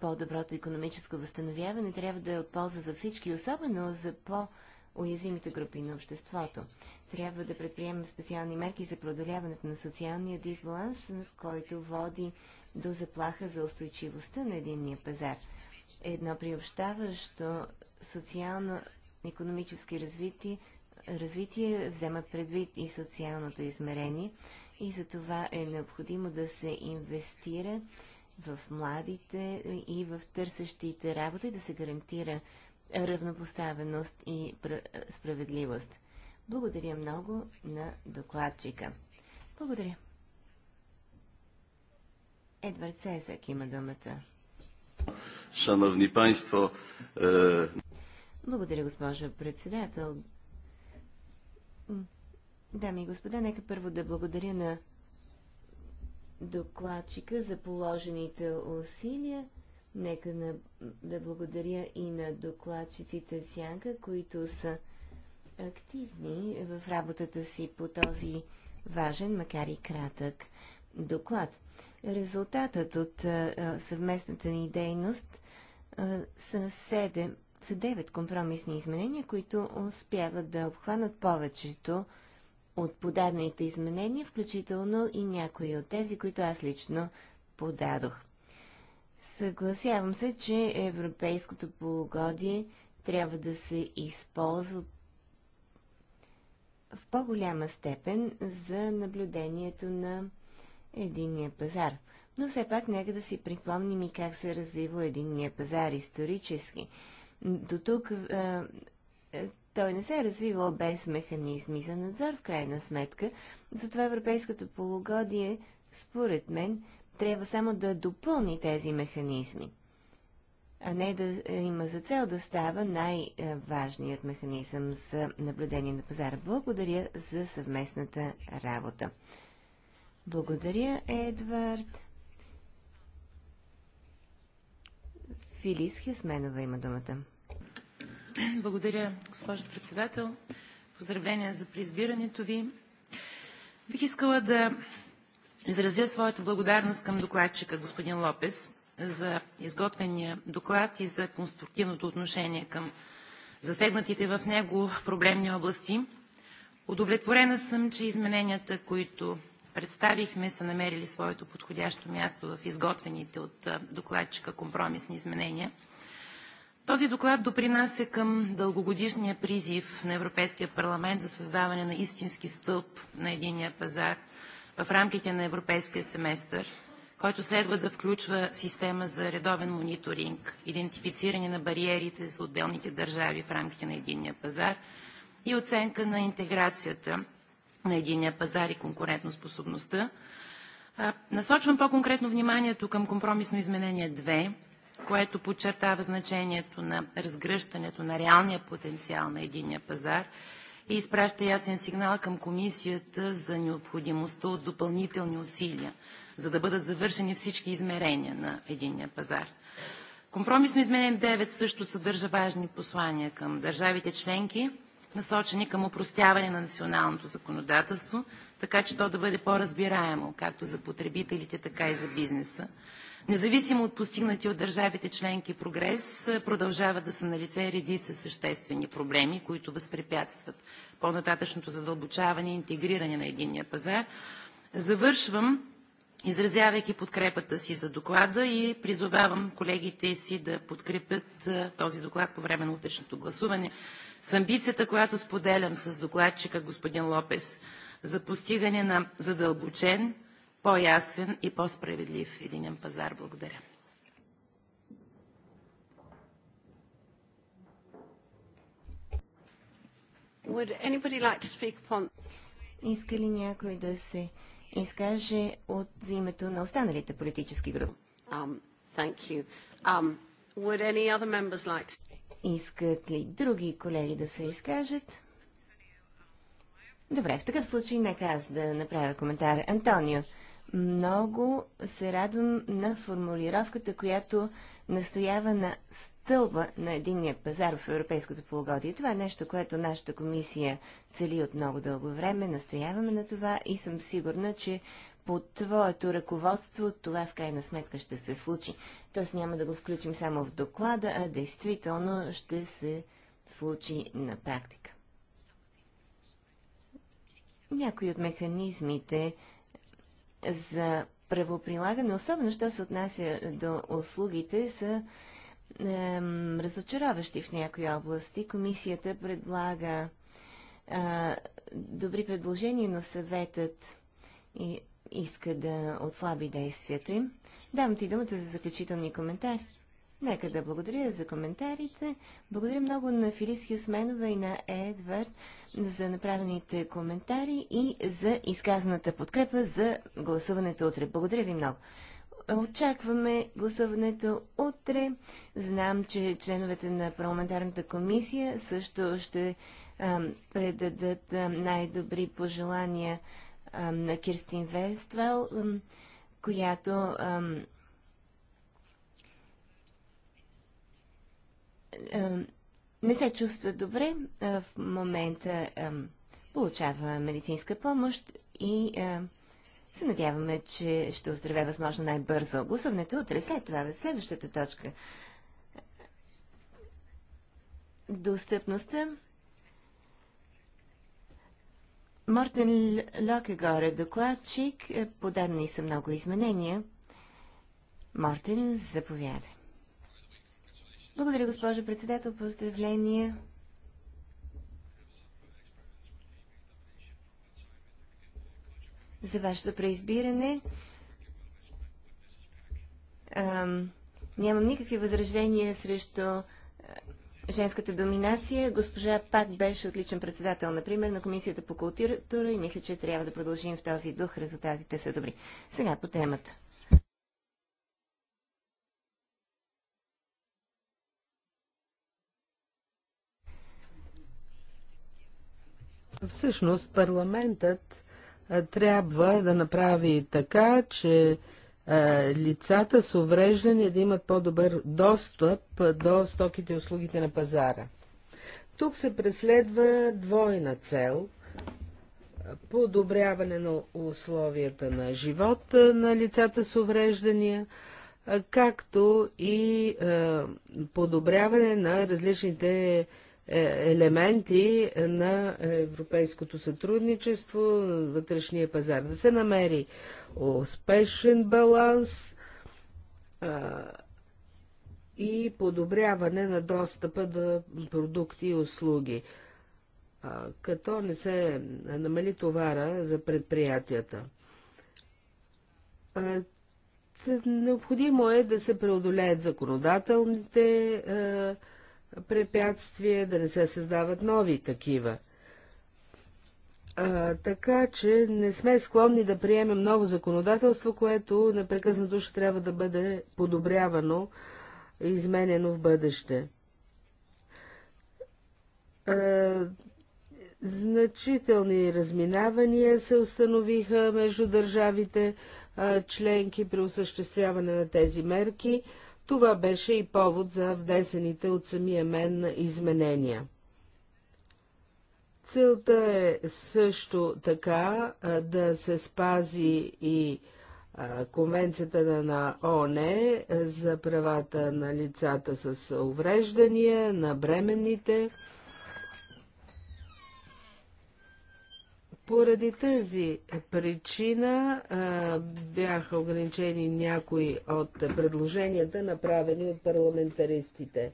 S3: по-доброто економическо възстановяване трябва да е от полза за всички, особено за по- уязвимите групи на обществото. Трябва да предприемем специални мерки за преодоляването на социалния дисбаланс, който води до заплаха за устойчивостта на единния пазар. Едно приобщаващо социално-економически развитие, развитие вземат предвид и социалното измерение и за това е необходимо да се инвестира в младите и в търсещите работа и да се гарантира равнопоставеност и справедливост. Благодаря много на докладчика. Благодаря. Едвард Сезак има думата.
S1: Шановни панство. Е...
S3: Благодаря, госпожа председател. Дами и господа, нека първо да благодаря на докладчика за положените усилия. Нека на, да благодаря и на докладчиците в Сянка, които са активни в работата си по този важен, макар и кратък доклад. Резултатът от а, съвместната ни дейност а, са 7, са 9 компромисни изменения, които успяват да обхванат повечето от подадените изменения, включително и някои от тези, които аз лично подадох. Съгласявам се, че европейското полугодие трябва да се използва в по-голяма степен за наблюдението на единния пазар. Но все пак нека да си припомним и как се развива единния пазар исторически. До тук той не се е развивал без механизми за надзор в крайна сметка. Затова европейското полугодие, според мен, трябва само да допълни тези механизми, а не да е, има за цел да става най-важният механизъм за наблюдение на пазара. Благодаря за съвместната работа. Благодаря, Едвард. Филис Хюсменова има думата.
S1: Благодаря, госпожо председател. Поздравления за преизбирането ви. Бих искала да изразя своята благодарност към докладчика господин Лопес за изготвения доклад и за конструктивното отношение към засегнатите в него проблемни области. Удовлетворена съм, че измененията, които представихме, са намерили своето подходящо място в изготвените от докладчика компромисни изменения – този доклад допринася към дългогодишния призив на Европейския парламент за създаване на истински стълб на единия пазар в рамките на Европейския семестър, който следва да включва система за редовен мониторинг, идентифициране на бариерите за отделните държави в рамките на единия пазар и оценка на интеграцията на единия пазар и конкурентоспособността. Насочвам по-конкретно вниманието към компромисно изменение 2, което подчертава значението на разгръщането на реалния потенциал на единния пазар и изпраща ясен сигнал към комисията за необходимостта от допълнителни усилия, за да бъдат завършени всички измерения на единния пазар. Компромисно изменение 9 също съдържа важни послания към държавите членки, насочени към упростяване на националното законодателство, така че то да бъде по-разбираемо както за потребителите, така и за бизнеса, Независимо от постигнати от държавите членки прогрес, продължава да са налице редица съществени проблеми, които възпрепятстват по-нататъчното задълбочаване и интегриране на единния пазар. Завършвам, изразявайки подкрепата си за доклада и призовавам колегите си да подкрепят този доклад по време на утрешното гласуване с амбицията, която споделям с докладчика господин Лопес за постигане на задълбочен, по-ясен и по-справедлив единен пазар. Благодаря. Would anybody like to speak upon...
S3: Иска ли някой да се изкаже от името на останалите политически групи?
S1: Um, thank you. Um, would any other members like to...
S3: Искат ли други колеги да се изкажат? Добре, в такъв случай нека аз да направя коментар. Антонио, много се радвам на формулировката, която настоява на стълба на единния пазар в европейското полугодие. Това е нещо, което нашата комисия цели от много дълго време. Настояваме на това и съм сигурна, че под твоето ръководство това в крайна сметка ще се случи. Тоест няма да го включим само в доклада, а действително ще се случи на практика. Някои от механизмите, за правоприлагане, особено що се отнася до услугите, са е, разочароващи в някои области. Комисията предлага е, добри предложения, но съветът и, иска да отслаби действието им. Давам ти думата за заключителни коментари. Нека да благодаря за коментарите. Благодаря много на Филис Хюсменова и на Едвард за направените коментари и за изказаната подкрепа за гласуването утре. Благодаря ви много. Очакваме гласуването утре. Знам, че членовете на парламентарната комисия също ще предадат най-добри пожелания на Кирстин Вествал, която не се чувства добре, в момента получава медицинска помощ и се надяваме, че ще оздравя възможно най-бързо. Гласуването утре след това, в следващата точка. Достъпността. Мортен Локегор е докладчик. Подадени са много изменения. Мортен, заповядай. Благодаря, госпожо председател. Поздравления. за вашето преизбиране. Ам, нямам никакви възражения срещу женската доминация. Госпожа Пак беше отличен председател, например, на Комисията по култура и мисля, че трябва да продължим в този дух. Резултатите са добри. Сега по темата.
S4: Всъщност парламентът трябва да направи така, че лицата с увреждане да имат по-добър достъп до стоките и услугите на пазара. Тук се преследва двойна цел подобряване на условията на живот на лицата с увреждания, както и подобряване на различните е, елементи на европейското сътрудничество, вътрешния пазар. Да се намери успешен баланс и подобряване на достъпа до продукти и услуги, като не се намали товара за предприятията. необходимо е да се преодолеят законодателните препятствия, да не се създават нови такива. А, така че не сме склонни да приемем ново законодателство, което непрекъснато ще трябва да бъде подобрявано и изменено в бъдеще. А, значителни разминавания се установиха между държавите а, членки при осъществяване на тези мерки. А, това беше и повод за внесените от самия мен изменения. Целта е също така да се спази и Конвенцията на ООН за правата на лицата с увреждания, на бременните Поради тази причина а, бяха ограничени някои от предложенията, направени от парламентаристите.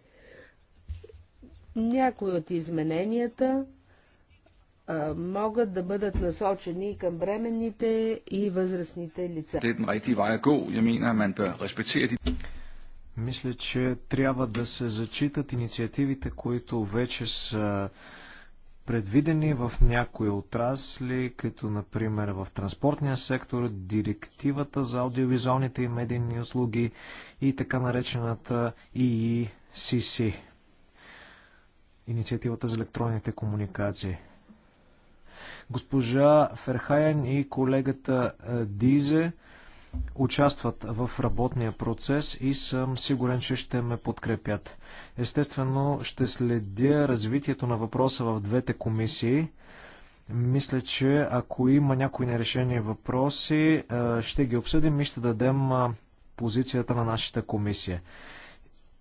S4: Някои от измененията а, могат да бъдат насочени към бременните и възрастните лица.
S2: Er Мисля, че трябва да се зачитат инициативите, които вече са предвидени в някои отрасли, като например в транспортния сектор, директивата за аудиовизуалните и медийни услуги и така наречената EECC, инициативата за електронните комуникации. Госпожа Ферхайен и колегата Дизе участват в работния процес и съм сигурен, че ще ме подкрепят. Естествено, ще следя развитието на въпроса в двете комисии. Мисля, че ако има някои нерешени въпроси, е, ще ги обсъдим и ще дадем е, позицията на нашата комисия.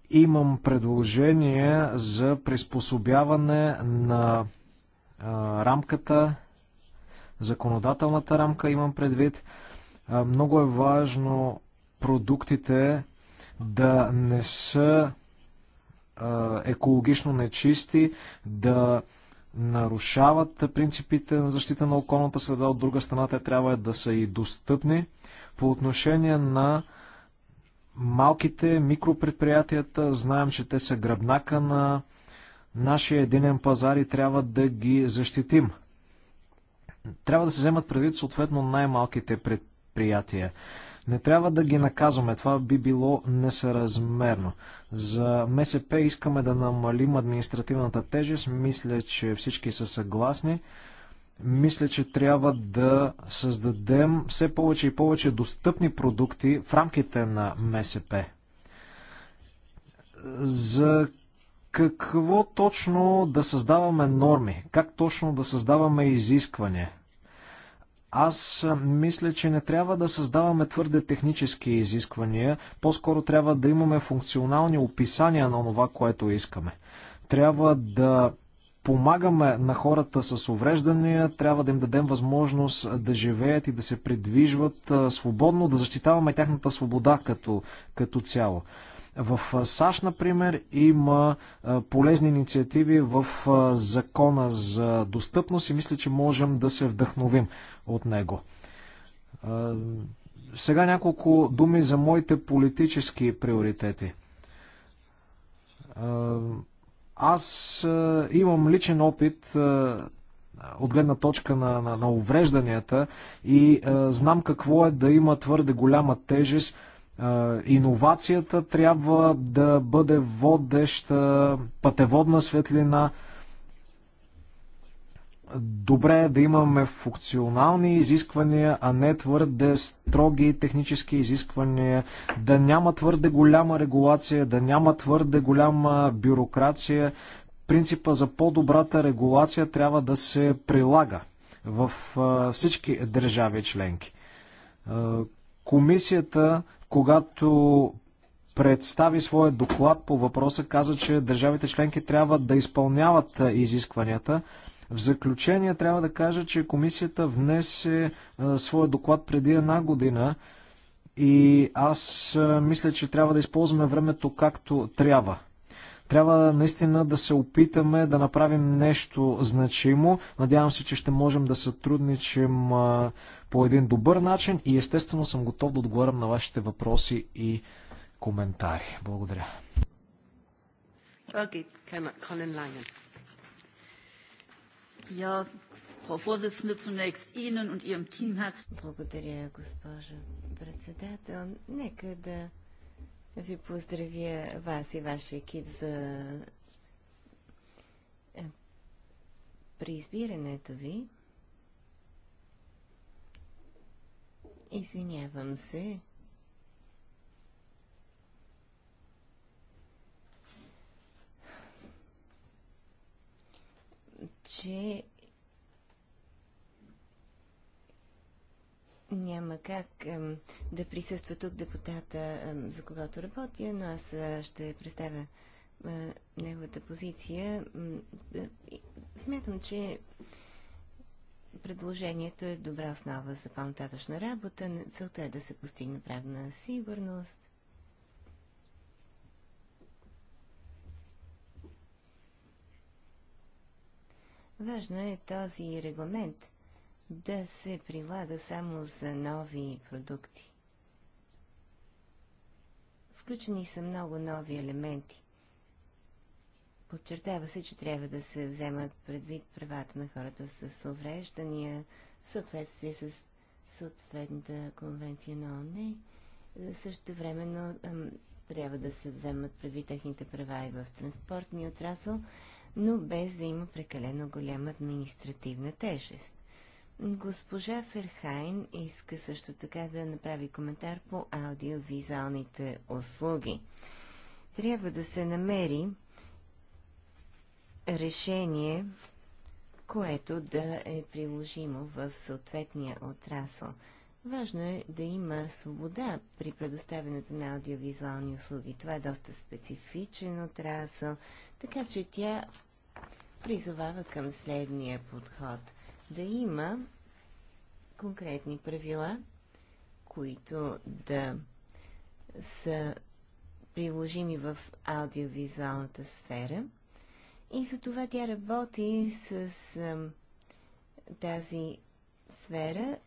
S2: Имам предложение за приспособяване на е, рамката, законодателната рамка имам предвид, много е важно продуктите да не са екологично нечисти, да нарушават принципите на защита на околната среда, от друга страна те трябва да са и достъпни. По отношение на малките микропредприятията, знаем, че те са гръбнака на нашия единен пазар и трябва да ги защитим. Трябва да се вземат предвид съответно най-малките предприятия предприятия. Не трябва да ги наказваме, това би било несъразмерно. За МСП искаме да намалим административната тежест, мисля, че всички са съгласни. Мисля, че трябва да създадем все повече и повече достъпни продукти в рамките на МСП. За какво точно да създаваме норми? Как точно да създаваме изисквания? Аз мисля, че не трябва да създаваме твърде технически изисквания, по-скоро трябва да имаме функционални описания на това, което искаме. Трябва да помагаме на хората с увреждания, трябва да им дадем възможност да живеят и да се придвижват свободно, да защитаваме тяхната свобода като, като цяло. В САЩ, например, има полезни инициативи в закона за достъпност и мисля, че можем да се вдъхновим от него. Сега няколко думи за моите политически приоритети. Аз имам личен опит от гледна точка на, на, на уврежданията и знам какво е да има твърде голяма тежест иновацията трябва да бъде водеща пътеводна светлина. Добре е да имаме функционални изисквания, а не твърде строги технически изисквания, да няма твърде голяма регулация, да няма твърде голяма бюрокрация. Принципа за по-добрата регулация трябва да се прилага във всички държави членки. Комисията, когато представи своя доклад по въпроса, каза, че държавите членки трябва да изпълняват изискванията. В заключение трябва да кажа, че комисията внесе своя доклад преди една година и аз мисля, че трябва да използваме времето както трябва. Трябва наистина да се опитаме да направим нещо значимо. Надявам се, че ще можем да сътрудничим по един добър начин и естествено съм готов да отговарям на вашите въпроси и коментари. Благодаря.
S3: Благодаря, госпожа председател. Нека да ви поздравя вас и вашия екип за е, при ви. Извинявам се. че няма как ем, да присъства тук депутата, ем, за когато работя, но аз е, ще представя е, неговата позиция. Е, смятам, че предложението е добра основа за по-нататъчна работа. Целта е да се постигне правна сигурност. Важно е този регламент – да се прилага само за нови продукти. Включени са много нови елементи. Подчертава се, че трябва да се вземат предвид правата на хората с увреждания в съответствие с съответната конвенция на ОНЕ. Също времено трябва да се вземат предвид техните права и в транспортния отрасъл, но без да има прекалено голяма административна тежест. Госпожа Ферхайн иска също така да направи коментар по аудиовизуалните услуги. Трябва да се намери решение, което да е приложимо в съответния отрасъл. Важно е да има свобода при предоставянето на аудиовизуални услуги. Това е доста специфичен отрасъл, така че тя призовава към следния подход – да има конкретни правила, които да са приложими в аудиовизуалната сфера. И за това тя работи с а, тази сфера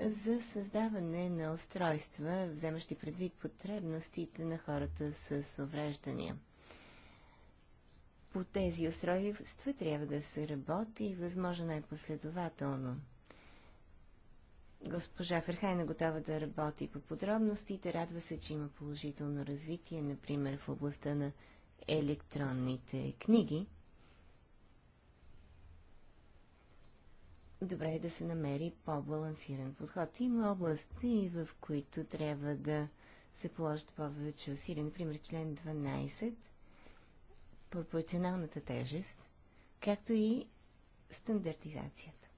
S3: за създаване на устройства, вземащи предвид потребностите на хората с увреждания по тези устройства трябва да се работи възможно най-последователно. Госпожа Ферхайна готова да работи по подробностите. Радва се, че има положително развитие, например в областта на електронните книги. Добре е да се намери по-балансиран подход. Има области, в които трябва да се положат повече усилия. Например, член 12 пропорционалната тежест, както и стандартизацията.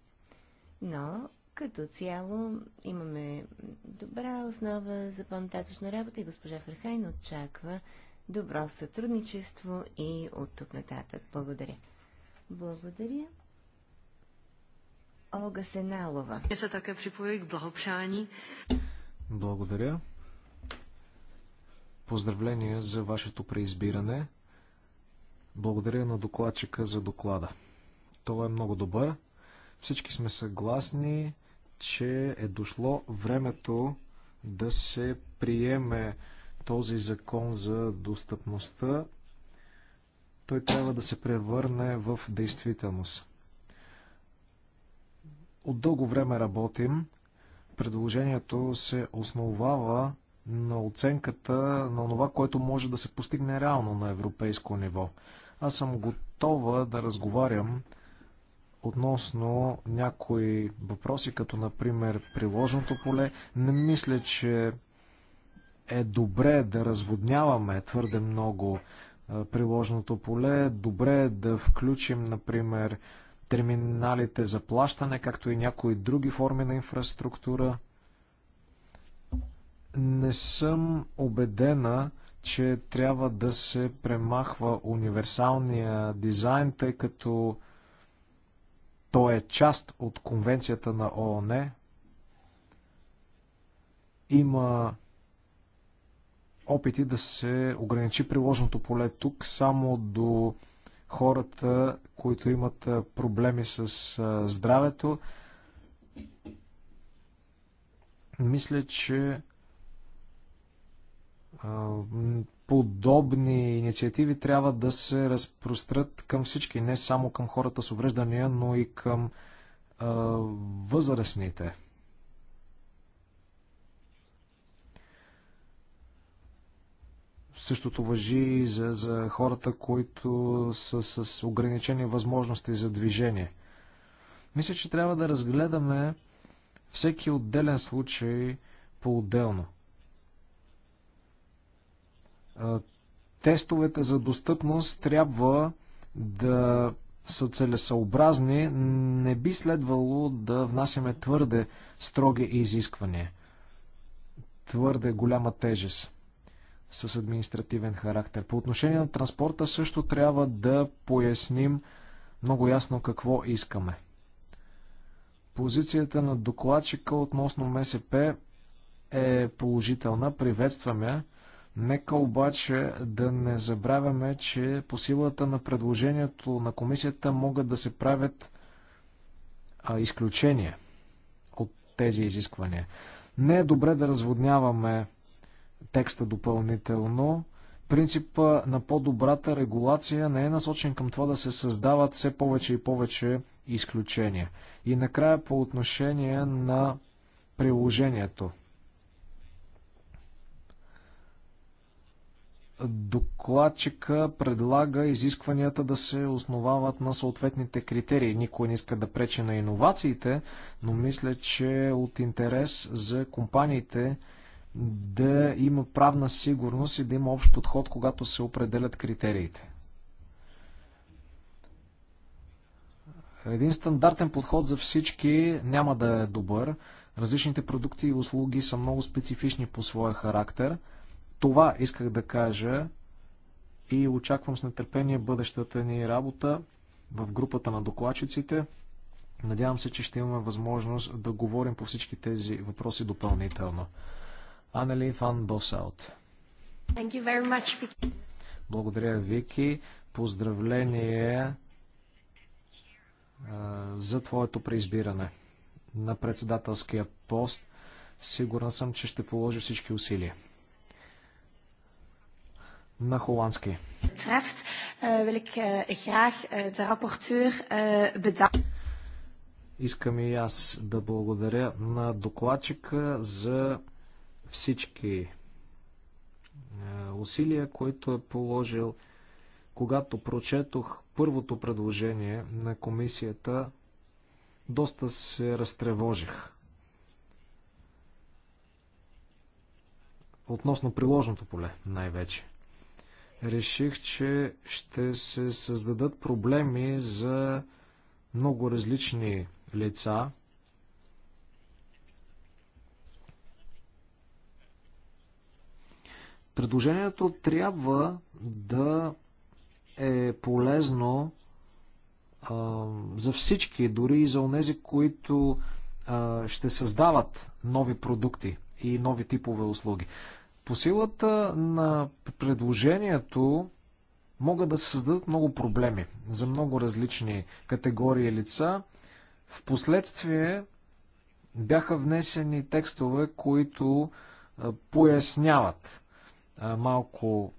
S3: Но, като цяло, имаме добра основа за по-нататъчна работа и госпожа Ферхайн очаква добро сътрудничество и от тук нататък. Благодаря. Благодаря. Олга Сеналова. Я се така припоих благопляни.
S2: Благодаря. Поздравления за вашето преизбиране. Благодаря на докладчика за доклада. Той е много добър. Всички сме съгласни, че е дошло времето да се приеме този закон за достъпността. Той трябва да се превърне в действителност. От дълго време работим. Предложението се основава на оценката на това, което може да се постигне реално на европейско ниво. Аз съм готова да разговарям относно някои въпроси, като например приложното поле. Не мисля, че е добре да разводняваме твърде много приложното поле. Добре е да включим, например, терминалите за плащане, както и някои други форми на инфраструктура. Не съм убедена, че трябва да се премахва универсалния дизайн, тъй като той е част от конвенцията на ООН. Има опити да се ограничи приложното поле тук само до хората, които имат проблеми с здравето. Мисля, че подобни инициативи трябва да се разпрострат към всички, не само към хората с увреждания, но и към а, възрастните. Същото въжи и за, за хората, които са с ограничени възможности за движение. Мисля, че трябва да разгледаме всеки отделен случай по-отделно тестовете за достъпност трябва да са целесъобразни, не би следвало да внасяме твърде строги изисквания, твърде голяма тежест с административен характер. По отношение на транспорта също трябва да поясним много ясно какво искаме. Позицията на докладчика относно МСП е положителна, приветстваме Нека обаче да не забравяме, че по силата на предложението на комисията могат да се правят а, изключения от тези изисквания. Не е добре да разводняваме текста допълнително. Принципа на по-добрата регулация не е насочен към това да се създават все повече и повече изключения. И накрая по отношение на приложението. докладчика предлага изискванията да се основават на съответните критерии. Никой не иска да пречи на иновациите, но мисля, че е от интерес за компаниите да има правна сигурност и да има общ подход, когато се определят критериите. Един стандартен подход за всички няма да е добър. Различните продукти и услуги са много специфични по своя характер – това исках да кажа и очаквам с нетърпение бъдещата ни работа в групата на докладчиците. Надявам се, че ще имаме възможност да говорим по всички тези въпроси допълнително. Анели Фан Босаут. Благодаря, Вики. Поздравление за твоето преизбиране на председателския пост. Сигурен съм, че ще положи всички усилия на холандски.
S1: Eh, wil ik eh, graag eh, de rapporteur bedanken.
S2: Искам и аз да благодаря на докладчика за всички усилия, които е положил. Когато прочетох първото предложение на комисията, доста се разтревожих. Относно приложното поле, най-вече реших, че ще се създадат проблеми за много различни лица. Предложението трябва да е полезно а, за всички, дори и за онези, които а, ще създават нови продукти и нови типове услуги. По силата на предложението могат да се създадат много проблеми за много различни категории лица. В последствие бяха внесени текстове, които поясняват малко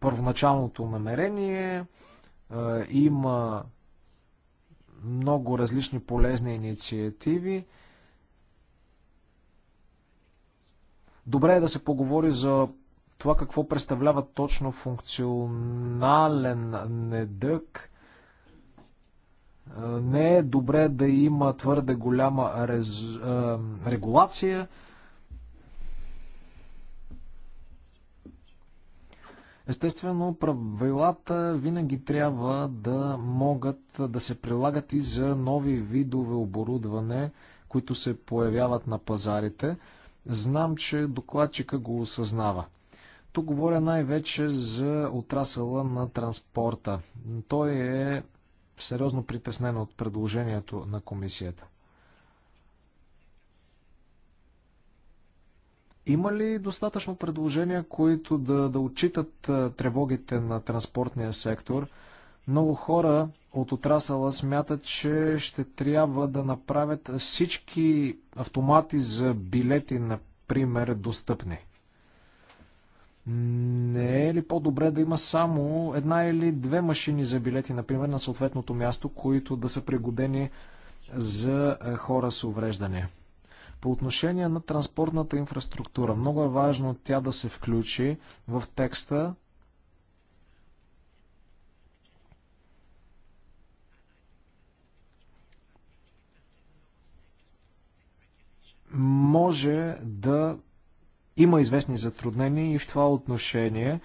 S2: първоначалното намерение. Има много различни полезни инициативи. Добре е да се поговори за това какво представлява точно функционален недък. Е, не е добре да има твърде голяма рез... Е, регулация. Естествено, правилата винаги трябва да могат да се прилагат и за нови видове оборудване, които се появяват на пазарите. Знам, че докладчика го осъзнава. Тук говоря най-вече за отрасъла на транспорта. Той е сериозно притеснен от предложението на комисията. Има ли достатъчно предложения, които да, да отчитат тревогите на транспортния сектор – много хора от отрасъла смятат, че ще трябва да направят всички автомати за билети, например, достъпни. Не е ли по-добре да има само една или две машини за билети, например, на съответното място, които да са пригодени за е, хора с увреждане? По отношение на транспортната инфраструктура, много е важно тя да се включи в текста може да има известни затруднения и в това отношение.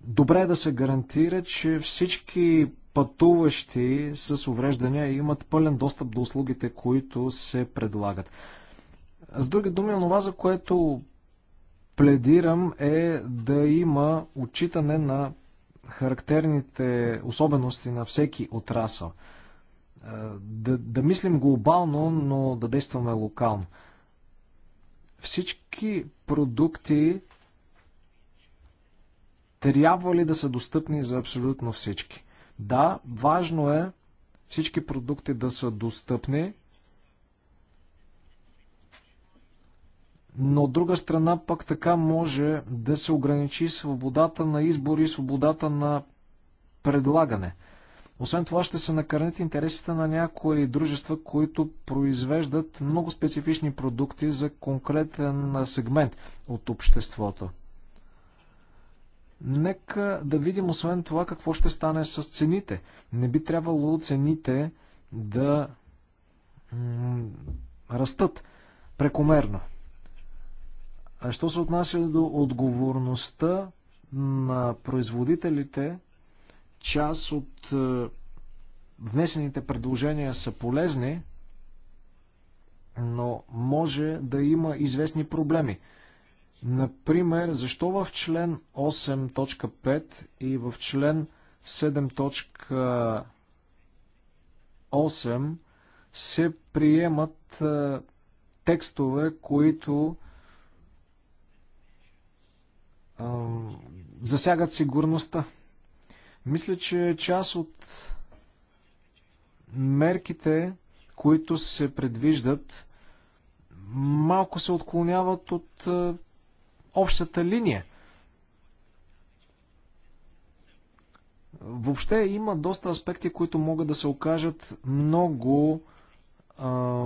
S2: Добре е да се гарантира, че всички пътуващи с увреждания имат пълен достъп до услугите, които се предлагат. С други думи, това, за което пледирам е да има отчитане на характерните особености на всеки отрасъл да, да мислим глобално, но да действаме локално. Всички продукти трябва ли да са достъпни за абсолютно всички? Да, важно е всички продукти да са достъпни, но от друга страна пък така може да се ограничи свободата на избор и свободата на предлагане – освен това ще се накърнят интересите на някои дружества, които произвеждат много специфични продукти за конкретен сегмент от обществото. Нека да видим освен това какво ще стане с цените. Не би трябвало цените да растат прекомерно. А що се отнася до отговорността на производителите, част от е, внесените предложения са полезни, но може да има известни проблеми. Например, защо в член 8.5 и в член 7.8 се приемат е, текстове, които е, засягат сигурността? Мисля, че част от мерките, които се предвиждат, малко се отклоняват от общата линия. Въобще има доста аспекти, които могат да се окажат много а,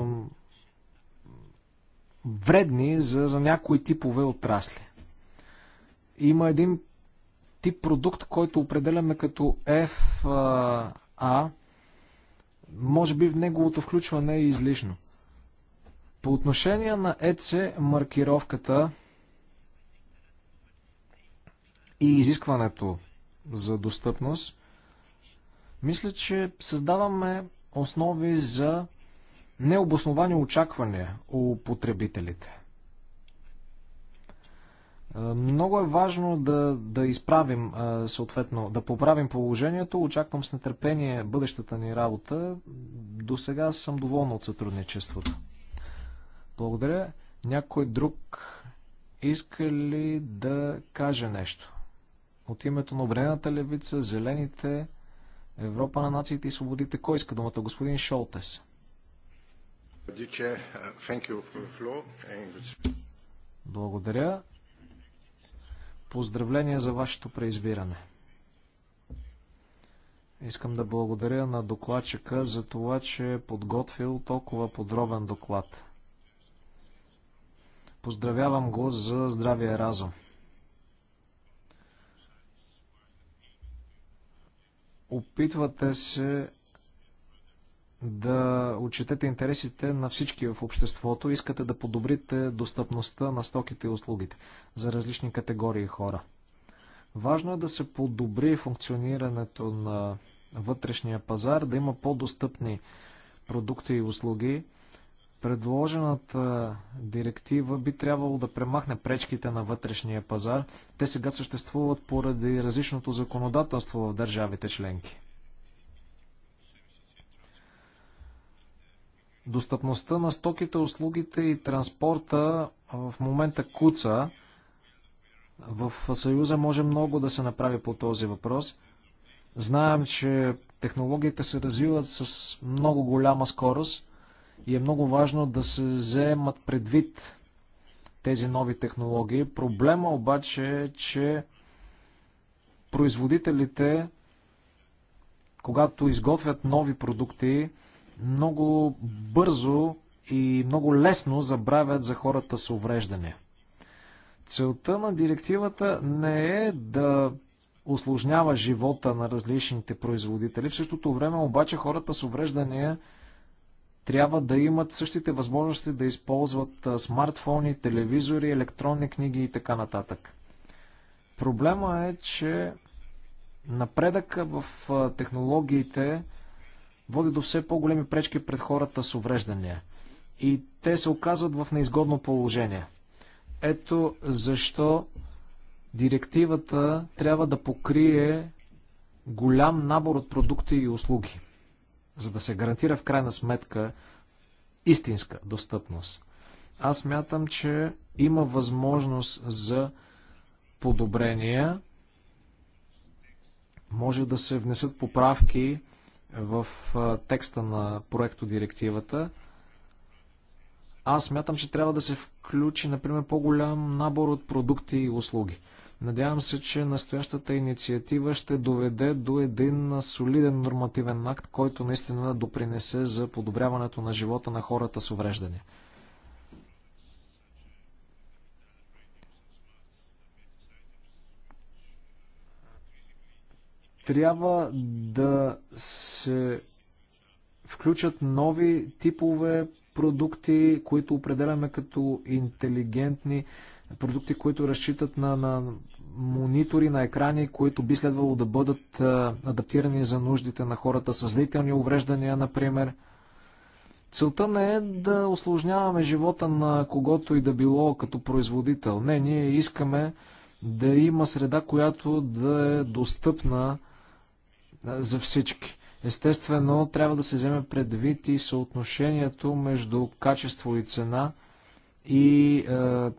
S2: вредни за, за някои типове отрасли. Има един тип продукт, който определяме като FA, може би в неговото включване е излишно. По отношение на EC е маркировката и изискването за достъпност, мисля, че създаваме основи за необосновани очаквания у потребителите. Много е важно да, да изправим, съответно, да поправим положението. Очаквам с нетърпение бъдещата ни работа. До сега съм доволна от сътрудничеството. Благодаря. Някой друг иска ли да каже нещо? От името на Обрената левица, Зелените, Европа на нациите и свободите. Кой иска думата? Господин Шолтес. Благодаря. Поздравления за вашето преизбиране. Искам да благодаря на докладчика за това, че е подготвил толкова подробен доклад. Поздравявам го за здравия разум. Опитвате се да отчетете интересите на всички в обществото, искате да подобрите достъпността на стоките и услугите за различни категории хора. Важно е да се подобри функционирането на вътрешния пазар, да има по-достъпни продукти и услуги. Предложената директива би трябвало да премахне пречките на вътрешния пазар. Те сега съществуват поради различното законодателство в държавите членки. Достъпността на стоките, услугите и транспорта в момента куца. В Съюза може много да се направи по този въпрос. Знаем, че технологиите се развиват с много голяма скорост и е много важно да се вземат предвид тези нови технологии. Проблема обаче е, че производителите, когато изготвят нови продукти, много бързо и много лесно забравят за хората с увреждания. Целта на директивата не е да осложнява живота на различните производители. В същото време обаче хората с увреждания трябва да имат същите възможности да използват смартфони, телевизори, електронни книги и така нататък. Проблема е, че напредъка в технологиите води до все по-големи пречки пред хората с увреждания. И те се оказват в неизгодно положение. Ето защо директивата трябва да покрие голям набор от продукти и услуги, за да се гарантира в крайна сметка истинска достъпност. Аз мятам, че има възможност за подобрения, може да се внесат поправки в текста на проекто директивата. Аз мятам, че трябва да се включи, например, по-голям набор от продукти и услуги. Надявам се, че настоящата инициатива ще доведе до един солиден нормативен акт, който наистина допринесе за подобряването на живота на хората с увреждания. Трябва да се включат нови типове продукти, които определяме като интелигентни продукти, които разчитат на, на монитори на екрани, които би следвало да бъдат а, адаптирани за нуждите на хората с зрителни увреждания, например. Целта не е да осложняваме живота на когото и да било като производител. Не, ние искаме да има среда, която да е достъпна за всички. Естествено, трябва да се вземе предвид и съотношението между качество и цена и е,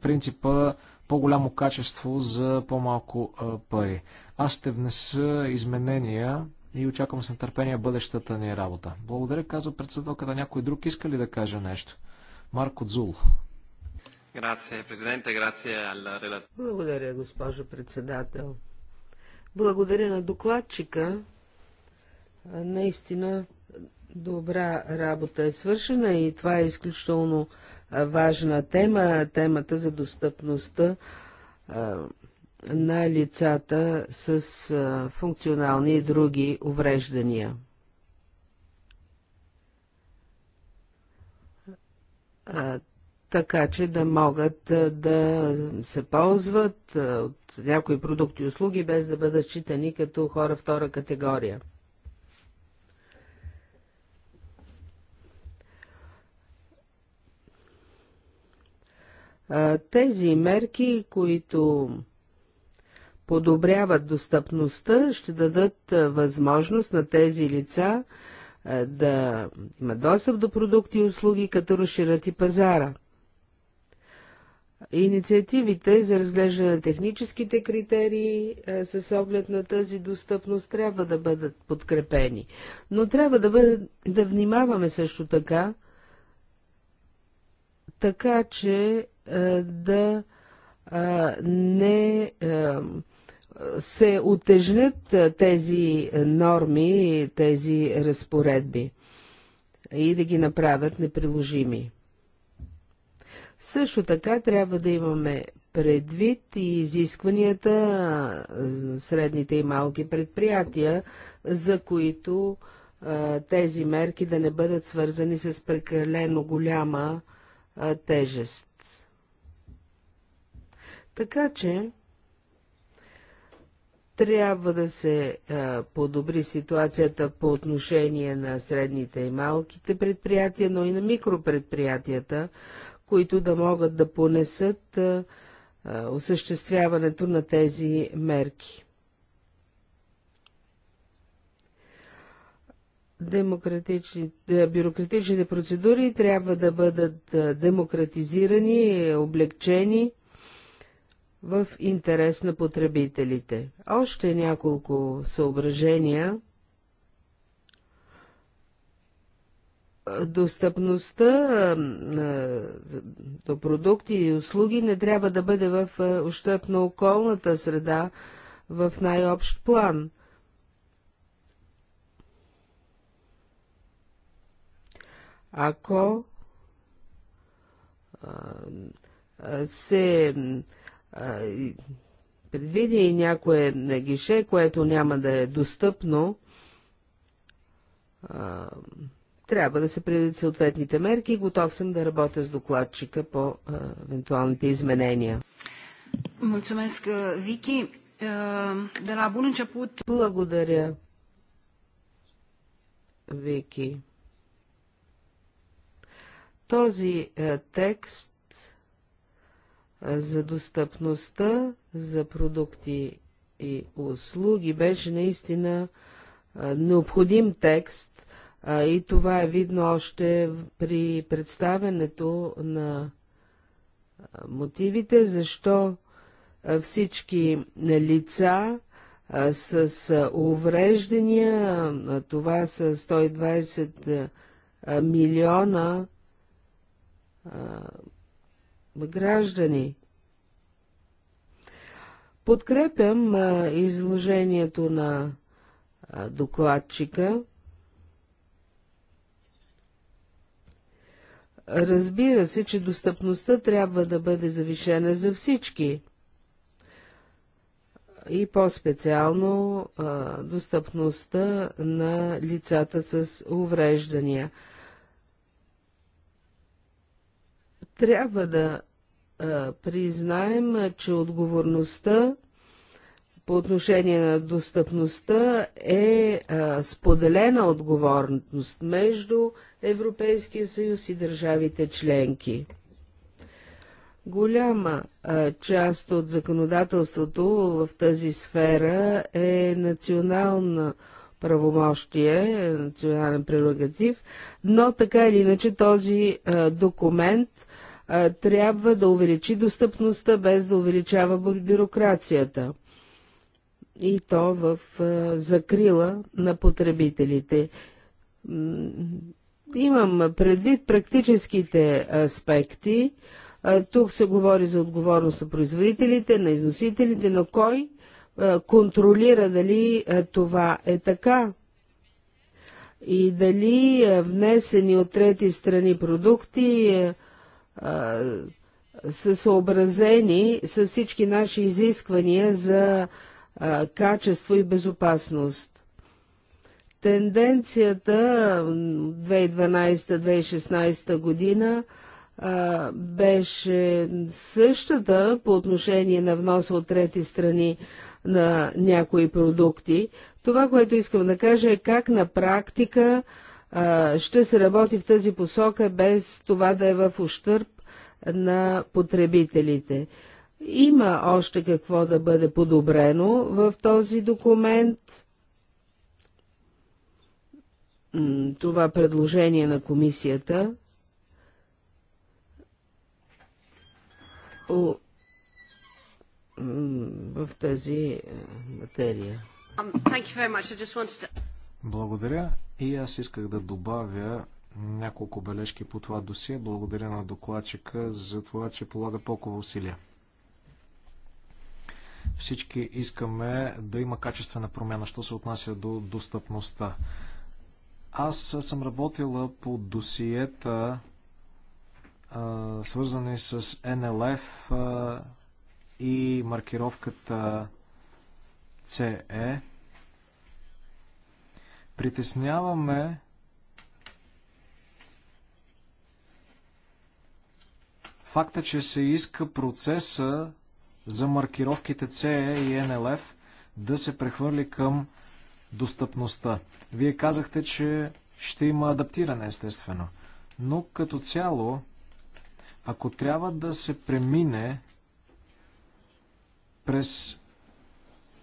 S2: принципа по-голямо качество за по-малко е, пари. Аз ще внеса изменения и очаквам с нетърпение бъдещата ни работа. Благодаря, каза председателката. Някой друг иска ли да каже нещо? Марко Дзул.
S4: Благодаря, госпожо председател. Благодаря на докладчика Наистина добра работа е свършена и това е изключително важна тема, темата за достъпността на лицата с функционални и други увреждания. така че да могат да се ползват от някои продукти и услуги, без да бъдат считани като хора втора категория. Тези мерки, които подобряват достъпността, ще дадат възможност на тези лица да имат достъп до продукти и услуги, като разширят и пазара. Инициативите за разглеждане на техническите критерии е, с оглед на тази достъпност трябва да бъдат подкрепени. Но трябва да, бъде, да внимаваме също така, така че е, да е, не е, се отежнят тези норми тези разпоредби и да ги направят неприложими. Също така трябва да имаме предвид и изискванията на средните и малки предприятия, за които тези мерки да не бъдат свързани с прекалено голяма тежест. Така че трябва да се а, подобри ситуацията по отношение на средните и малките предприятия, но и на микропредприятията, които да могат да понесат а, а, осъществяването на тези мерки. бюрократичните процедури трябва да бъдат демократизирани, облегчени, в интерес на потребителите. Още няколко съображения. Достъпността до продукти и услуги не трябва да бъде в ущърп на околната среда в най-общ план. Ако се предвиди и някое гише, което няма да е достъпно, а, трябва да се предвидят съответните мерки и готов съм да работя с докладчика по а, евентуалните изменения. Мулцумеск, Вики. Да бун început... Благодаря, Вики. Този текст за достъпността за продукти и услуги беше наистина необходим текст и това е видно още при представенето на мотивите, защо всички лица с увреждания, това са 120 милиона граждани. Подкрепям изложението на докладчика. Разбира се, че достъпността трябва да бъде завишена за всички. И по-специално достъпността на лицата с увреждания. Трябва да е, признаем, че отговорността по отношение на достъпността е а, е, споделена отговорност между Европейския съюз и държавите членки. Голяма а, е, част от законодателството в тази сфера е национална правомощие, национален прерогатив, но така или иначе този а, документ – трябва да увеличи достъпността, без да увеличава бюрокрацията. И то в закрила на потребителите. Имам предвид практическите аспекти. Тук се говори за отговорност на производителите, на износителите, но кой контролира дали това е така? И дали внесени от трети страни продукти са съобразени с всички наши изисквания за а, качество и безопасност. Тенденцията 2012-2016 година а, беше същата по отношение на вноса от трети страни на някои продукти. Това, което искам да кажа е как на практика а, ще се работи в тази посока без това да е в ущърп на потребителите. Има още какво да бъде подобрено в този документ. Това предложение на комисията.
S2: в тази материя.
S4: Um, to...
S2: Благодаря. И аз исках да добавя няколко бележки по това досие. Благодаря на докладчика за това, че полага толкова усилия. Всички искаме да има качествена промяна, що се отнася до достъпността. Аз съм работила по досиета, свързани с НЛФ и маркировката CE. Притесняваме факта, че се иска процеса за маркировките CE и NLF да се прехвърли към достъпността. Вие казахте, че ще има адаптиране, естествено. Но като цяло, ако трябва да се премине през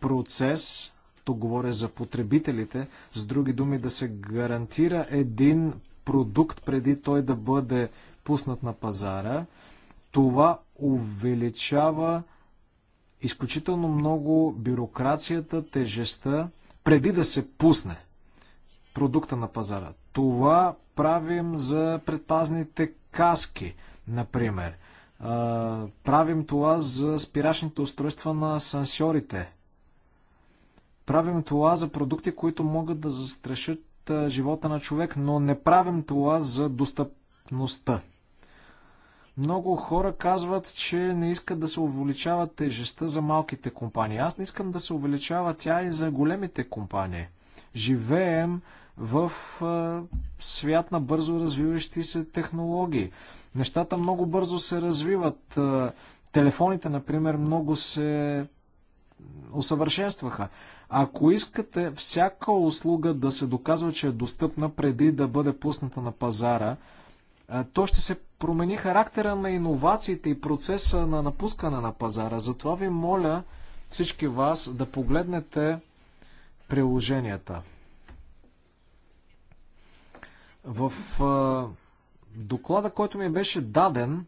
S2: процес, тук говоря за потребителите, с други думи да се гарантира един продукт преди той да бъде пуснат на пазара, това увеличава изключително много бюрокрацията, тежестта, преди да се пусне продукта на пазара. Това правим за предпазните каски, например. Правим това за спирачните устройства на сансьорите. Правим това за продукти, които могат да застрашат живота на човек, но не правим това за достъпността. Много хора казват, че не искат да се увеличава тежестта за малките компании. Аз не искам да се увеличава тя и за големите компании. Живеем в свят на бързо развиващи се технологии. Нещата много бързо се развиват. Телефоните, например, много се усъвършенстваха. Ако искате всяка услуга да се доказва, че е достъпна преди да бъде пусната на пазара, е, то ще се промени характера на иновациите и процеса на напускане на пазара. Затова ви моля всички вас да погледнете приложенията. В е, доклада, който ми беше даден,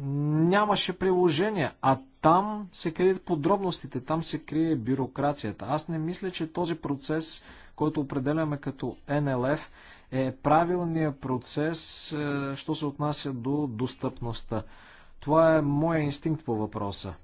S2: нямаше приложение, а там се крият подробностите, там се крие бюрокрацията. Аз не мисля, че този процес, който определяме като НЛФ, е правилният процес, е, що се отнася до достъпността. Това е моя инстинкт по въпроса.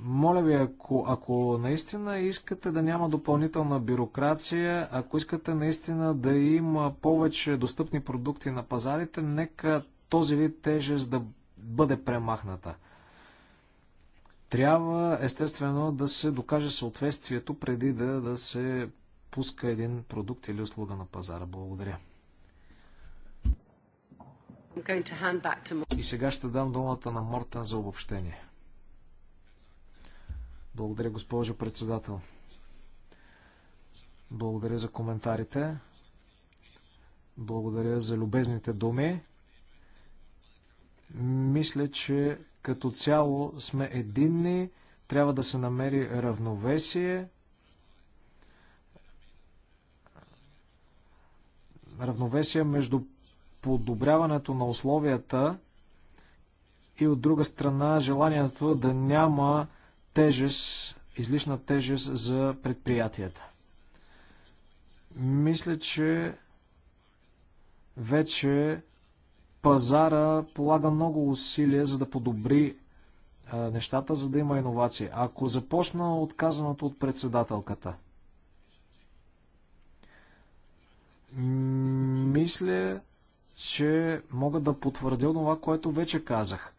S2: Моля ви, ако, ако наистина искате да няма допълнителна бюрокрация, ако искате наистина да има повече достъпни продукти на пазарите, нека този вид тежест да бъде премахната. Трябва, естествено, да се докаже съответствието преди да, да се пуска един продукт или услуга на пазара. Благодаря. И сега ще дам думата на Мортен за обобщение. Благодаря, госпожо председател. Благодаря за коментарите. Благодаря за любезните думи. Мисля, че като цяло сме единни, трябва да се намери равновесие. Равновесие между подобряването на условията и от друга страна желанието да няма тежест, излишна тежест за предприятията. Мисля, че вече пазара полага много усилия, за да подобри нещата, за да има иновации. Ако започна от казаното от председателката, мисля, че мога да потвърдя това, което вече казах.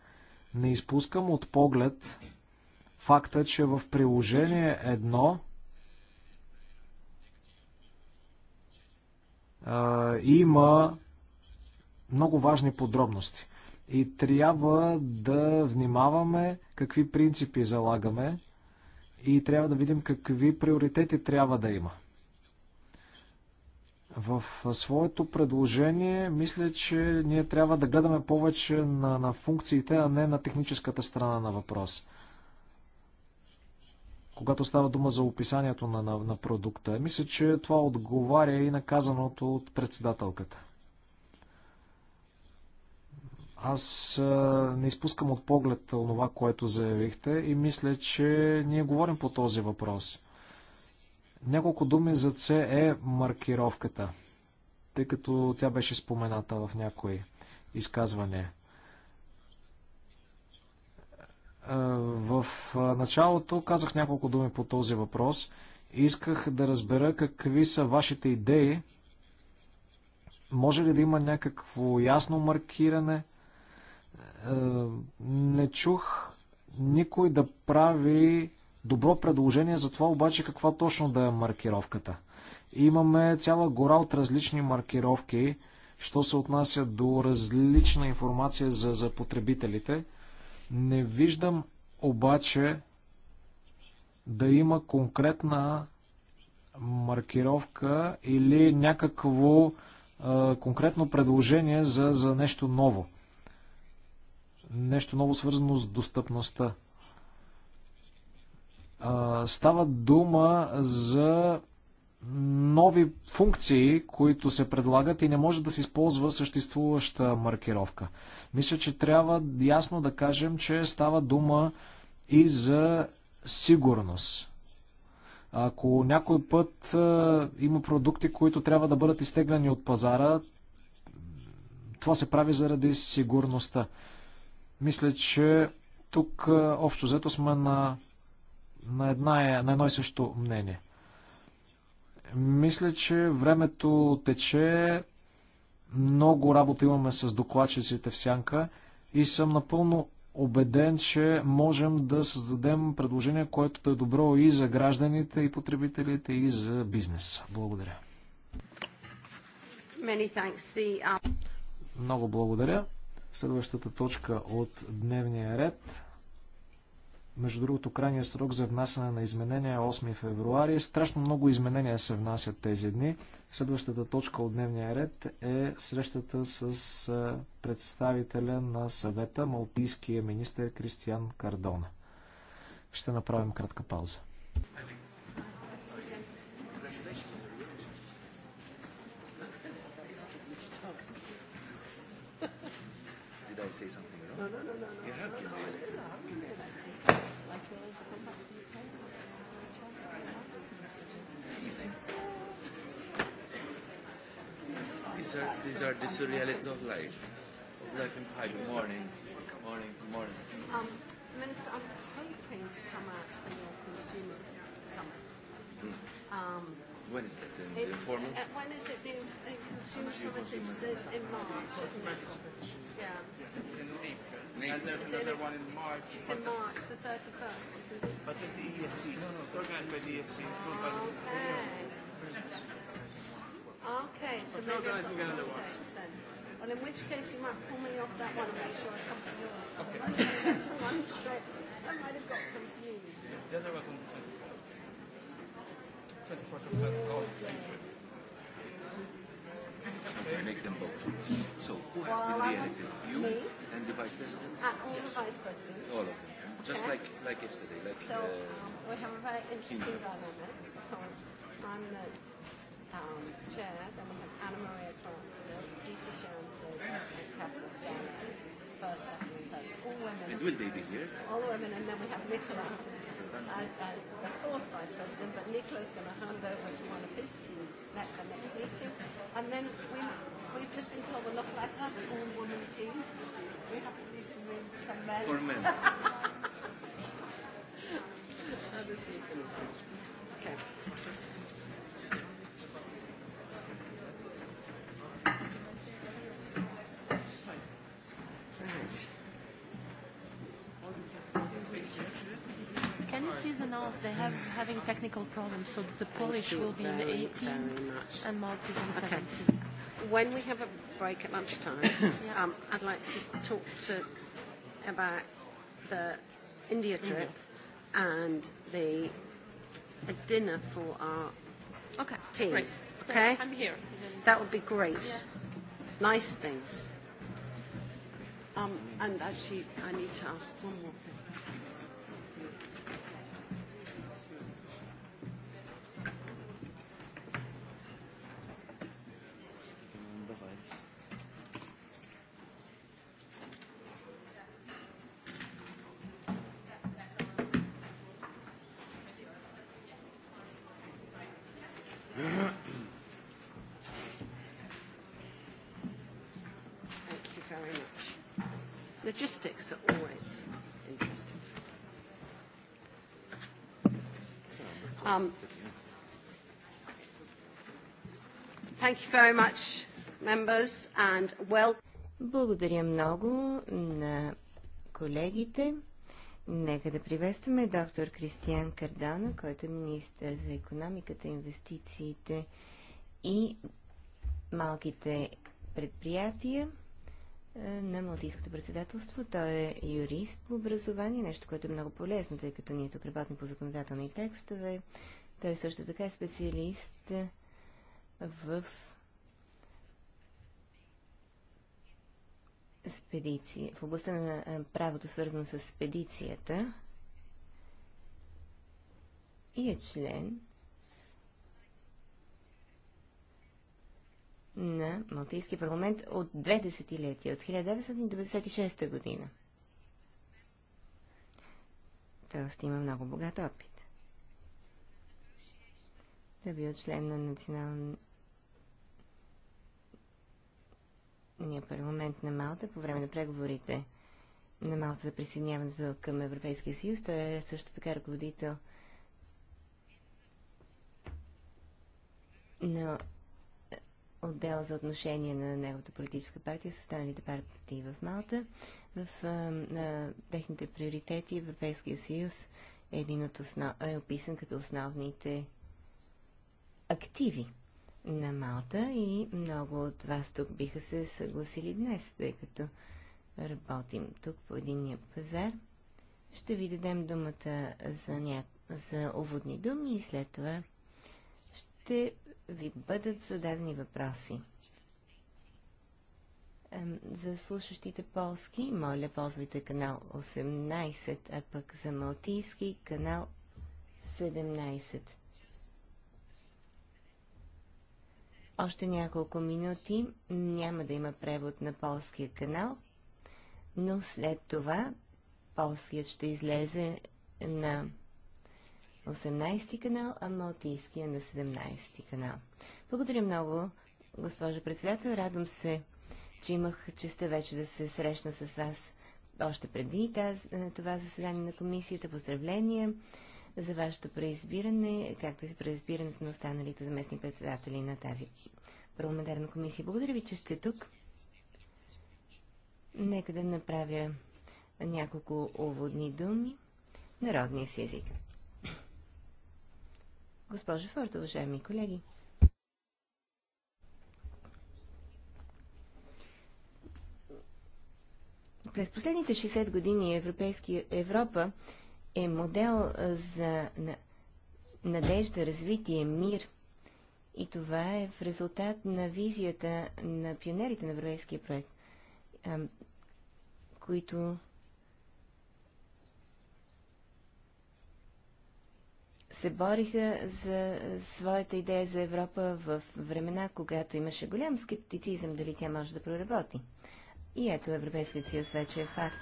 S2: Не изпускам от поглед факта, че в приложение едно а, има много важни подробности. И трябва да внимаваме какви принципи залагаме и трябва да видим какви приоритети трябва да има. В своето предложение мисля, че ние трябва да гледаме повече на, на функциите, а не на техническата страна на въпрос. Когато става дума за описанието на, на, на продукта, мисля, че това отговаря и наказаното от председателката. Аз не изпускам от поглед това, което заявихте и мисля, че ние говорим по този въпрос. Няколко думи за CE е маркировката, тъй като тя беше спомената в някои изказвания. В началото казах няколко думи по този въпрос. Исках да разбера какви са вашите идеи. Може ли да има някакво ясно маркиране – е, не чух никой да прави добро предложение за това обаче каква точно да е маркировката. Имаме цяла гора от различни маркировки, що се отнася до различна информация за, за потребителите. Не виждам обаче да има конкретна маркировка или някакво а, е, конкретно предложение за, за нещо ново нещо много свързано с достъпността. Става дума за нови функции, които се предлагат и не може да се използва съществуваща маркировка. Мисля, че трябва ясно да кажем, че става дума и за сигурност. Ако някой път а, има продукти, които трябва да бъдат изтегляни от пазара, това се прави заради сигурността. Мисля, че тук общо взето сме на, на, една, е, на едно и също мнение. Мисля, че времето тече, много работа имаме с докладчиците в сянка и съм напълно убеден, че можем да създадем предложение, което да е добро и за гражданите, и потребителите, и за бизнеса. Благодаря.
S1: Uh,
S2: много благодаря. Следващата точка от дневния ред. Между другото, крайният срок за внасяне на изменения е 8 февруари. Страшно много изменения се внасят тези дни. Следващата точка от дневния ред е срещата с представителя на съвета, малтийския министр Кристиан Кардона. Ще направим кратка пауза. I say something wrong? No, no, no, no. You have to know it.
S3: These are, these are the surrealities of
S1: life. Of life in Pai. Good morning. Good morning. Good morning. Um,
S4: Minister, I'm hoping to come out for your consumer summit. Um,
S1: When is that? In the informal? Uh,
S4: when is it? The, the consumer summit is in March, isn't
S3: it? Yeah. It's in NIC. And there's another one in March. It's in March,
S1: the 31st, isn't it?
S4: But it's the ESC. No, no, it's organized by the ESC. It's not by the
S1: Okay, so maybe organizing another one. Then. Well, in
S4: which case you might pull me off that one and make sure I come to yours. Okay. That's all I'm sure. I might have got confused.
S3: Yes,
S1: the other was on the 24th. 24th of
S2: February and make them both. So who has been re-elected? You me? and the vice president? Uh,
S1: all the vice presidents. All of
S2: them. Just
S1: like like yesterday. Like so uh, we have a very interesting dilemma because I'm the um, chair, then we have Anna Maria Cransfield, Dieter Schoenberg, and Catherine Stanley. First, second, and first. All women. And will
S2: they be here? All
S1: women, and then we have Nicola as, as the fourth vice president, but Nicola's going to hand over
S3: to one of his team at the next meeting. And then we, we've just been told we're not allowed to
S4: have an all-woman team. We have to leave some room for some men. For men. Other secrets. Okay.
S1: having technical problems, so the Polish will be in the 18th and Maltese on the 17th. When we have a break at lunchtime, yeah. um, I'd like to talk to about the India trip mm-hmm. and the a dinner for our okay, team. Great. Okay, I'm here. That would be great. Yeah. Nice things. Um, and actually, I need to ask one more thing
S4: logistics are always interesting.
S1: Um, thank you very much, members, and well.
S3: Благодаря много на колегите. Нека да приветстваме доктор Кристиан Кардана, който е министър за економиката, инвестициите и малките предприятия. Е, на Малтийското председателство. Той е юрист по образование, нещо, което е много полезно, тъй като ние тук работим по законодателни текстове. Той също така е специалист в спедиция, в областта на е, правото, свързано с спедицията и е член на Малтийския парламент от две десетилетия, от 1996 година. Тоест има много богат опит. Да бил член на националния парламент на Малта по време на преговорите на Малта за присъединяването към Европейския съюз. Той е също така ръководител на отдела за отношение на неговата политическа партия с останалите партии в Малта. В а, техните приоритети Европейския съюз е, един от основ... е описан като основните активи на Малта и много от вас тук биха се съгласили днес, тъй като работим тук по единния пазар. Ще ви дадем думата за, ня... за уводни думи и след това ще ви бъдат зададени въпроси. За слушащите полски, моля, ползвайте канал 18, а пък за малтийски канал 17. Още няколко минути няма да има превод на полския канал, но след това полският ще излезе на 18 ти канал, а Малтийския на 17 ти канал. Благодаря много, госпожо председател. Радвам се, че имах честа вече да се срещна с вас още преди таз, е, това заседание на комисията. Поздравления за вашето преизбиране, както и за преизбирането на останалите заместни председатели на тази парламентарна комисия. Благодаря ви, че сте тук. Нека да направя няколко уводни думи народния си език. Госпожо Форд, уважаеми колеги. През последните 60 години Европейски Европа е модел за надежда, развитие, мир. И това е в резултат на визията на пионерите на европейския проект, които се бориха за своята идея за Европа в времена, когато имаше голям скептицизъм дали тя може да проработи. И ето Европейският съюз вече е факт.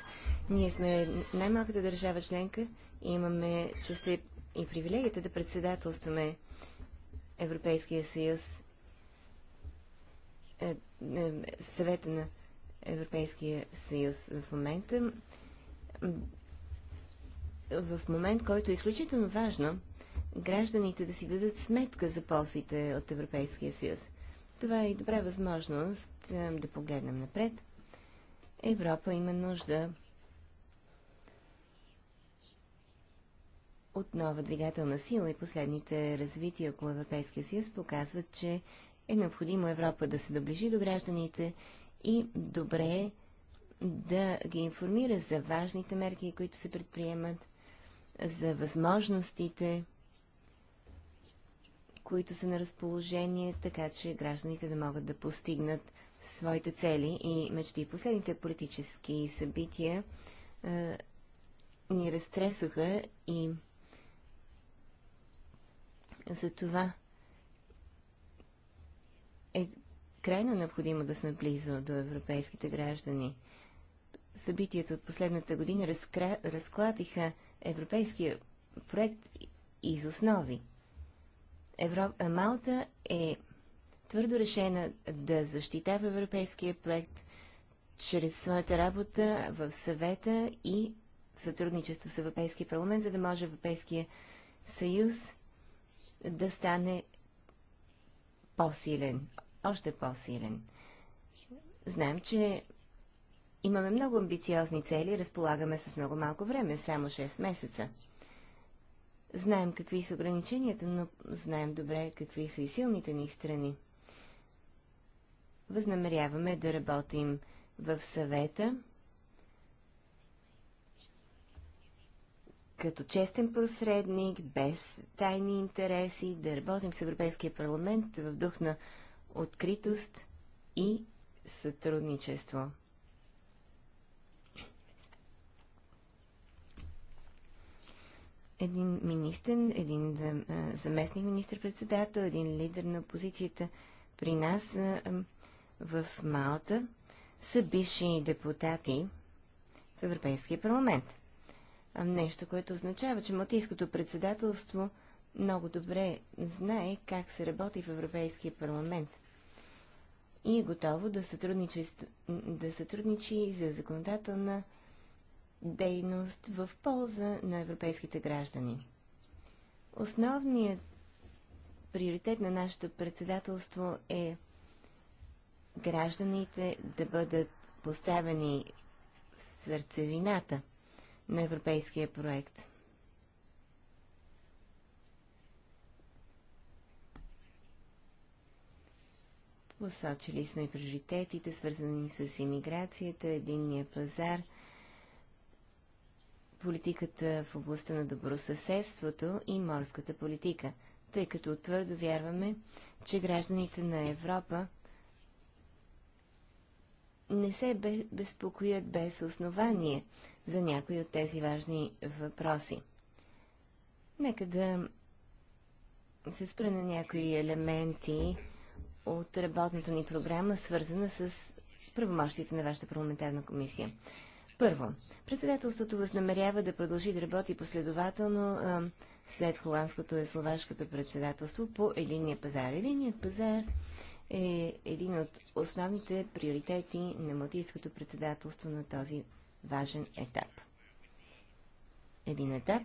S3: Ние сме най-малката държава членка и имаме честа и привилегията да председателстваме Европейския съюз, е, е, съвета на Европейския съюз в момента в момент, който е изключително важно гражданите да си дадат сметка за ползите от Европейския съюз. Това е и добра възможност да погледнем напред. Европа има нужда от нова двигателна сила и последните развития около Европейския съюз показват, че е необходимо Европа да се доближи до гражданите и добре е да ги информира за важните мерки, които се предприемат, за възможностите, които са на разположение, така че гражданите да могат да постигнат своите цели и мечти. Последните политически събития ни разтресоха и за това е крайно необходимо да сме близо до европейските граждани. Събитията от последната година разкра... разкладиха европейския проект из основи. Европа, Малта е твърдо решена да защитава европейския проект чрез своята работа в съвета и сътрудничество с Европейския парламент, за да може Европейския съюз да стане по-силен, още по-силен. Знаем, че имаме много амбициозни цели, разполагаме с много малко време, само 6 месеца. Знаем какви са ограниченията, но знаем добре какви са и силните ни страни. Възнамеряваме да работим в съвета като честен посредник, без тайни интереси, да работим с Европейския парламент в дух на откритост и сътрудничество. един министр, един заместник министр-председател, един лидер на опозицията при нас в Малта са бивши депутати в Европейския парламент. Нещо, което означава, че Малтийското председателство много добре знае как се работи в Европейския парламент и е готово да, сътрудничи, да сътрудничи за законодателна дейност в полза на европейските граждани. Основният приоритет на нашето председателство е гражданите да бъдат поставени в сърцевината на европейския проект. Посочили сме и приоритетите, свързани с иммиграцията, единния пазар – политиката в областта на добросъседството и морската политика, тъй като твърдо вярваме, че гражданите на Европа не се безпокоят без основание за някои от тези важни въпроси. Нека да се спра на някои елементи от работната ни програма, свързана с правомощите на вашата парламентарна комисия. Първо, председателството възнамерява да продължи да работи последователно а, след холандското и словашкото председателство по единния пазар. Единият пазар е един от основните приоритети на Малтийското председателство на този важен етап. Един етап,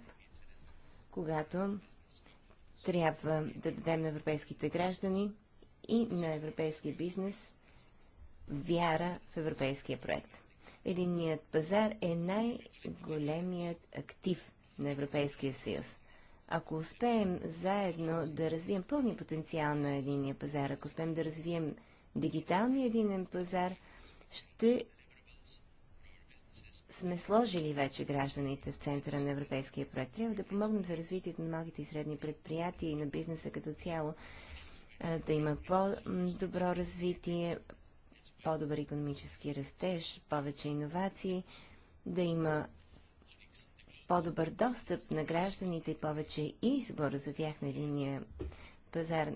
S3: когато трябва да дадем на европейските граждани и на европейския бизнес вяра в европейския проект единният пазар е най-големият актив на Европейския съюз. Ако успеем заедно да развием пълния потенциал на единния пазар, ако успеем да развием дигиталния единен пазар, ще сме сложили вече гражданите в центъра на европейския проект. Трябва да помогнем за развитието на малките и средни предприятия и на бизнеса като цяло, да има по-добро развитие, по-добър економически растеж, повече иновации, да има по-добър достъп на гражданите и повече избор за тях на единия пазар.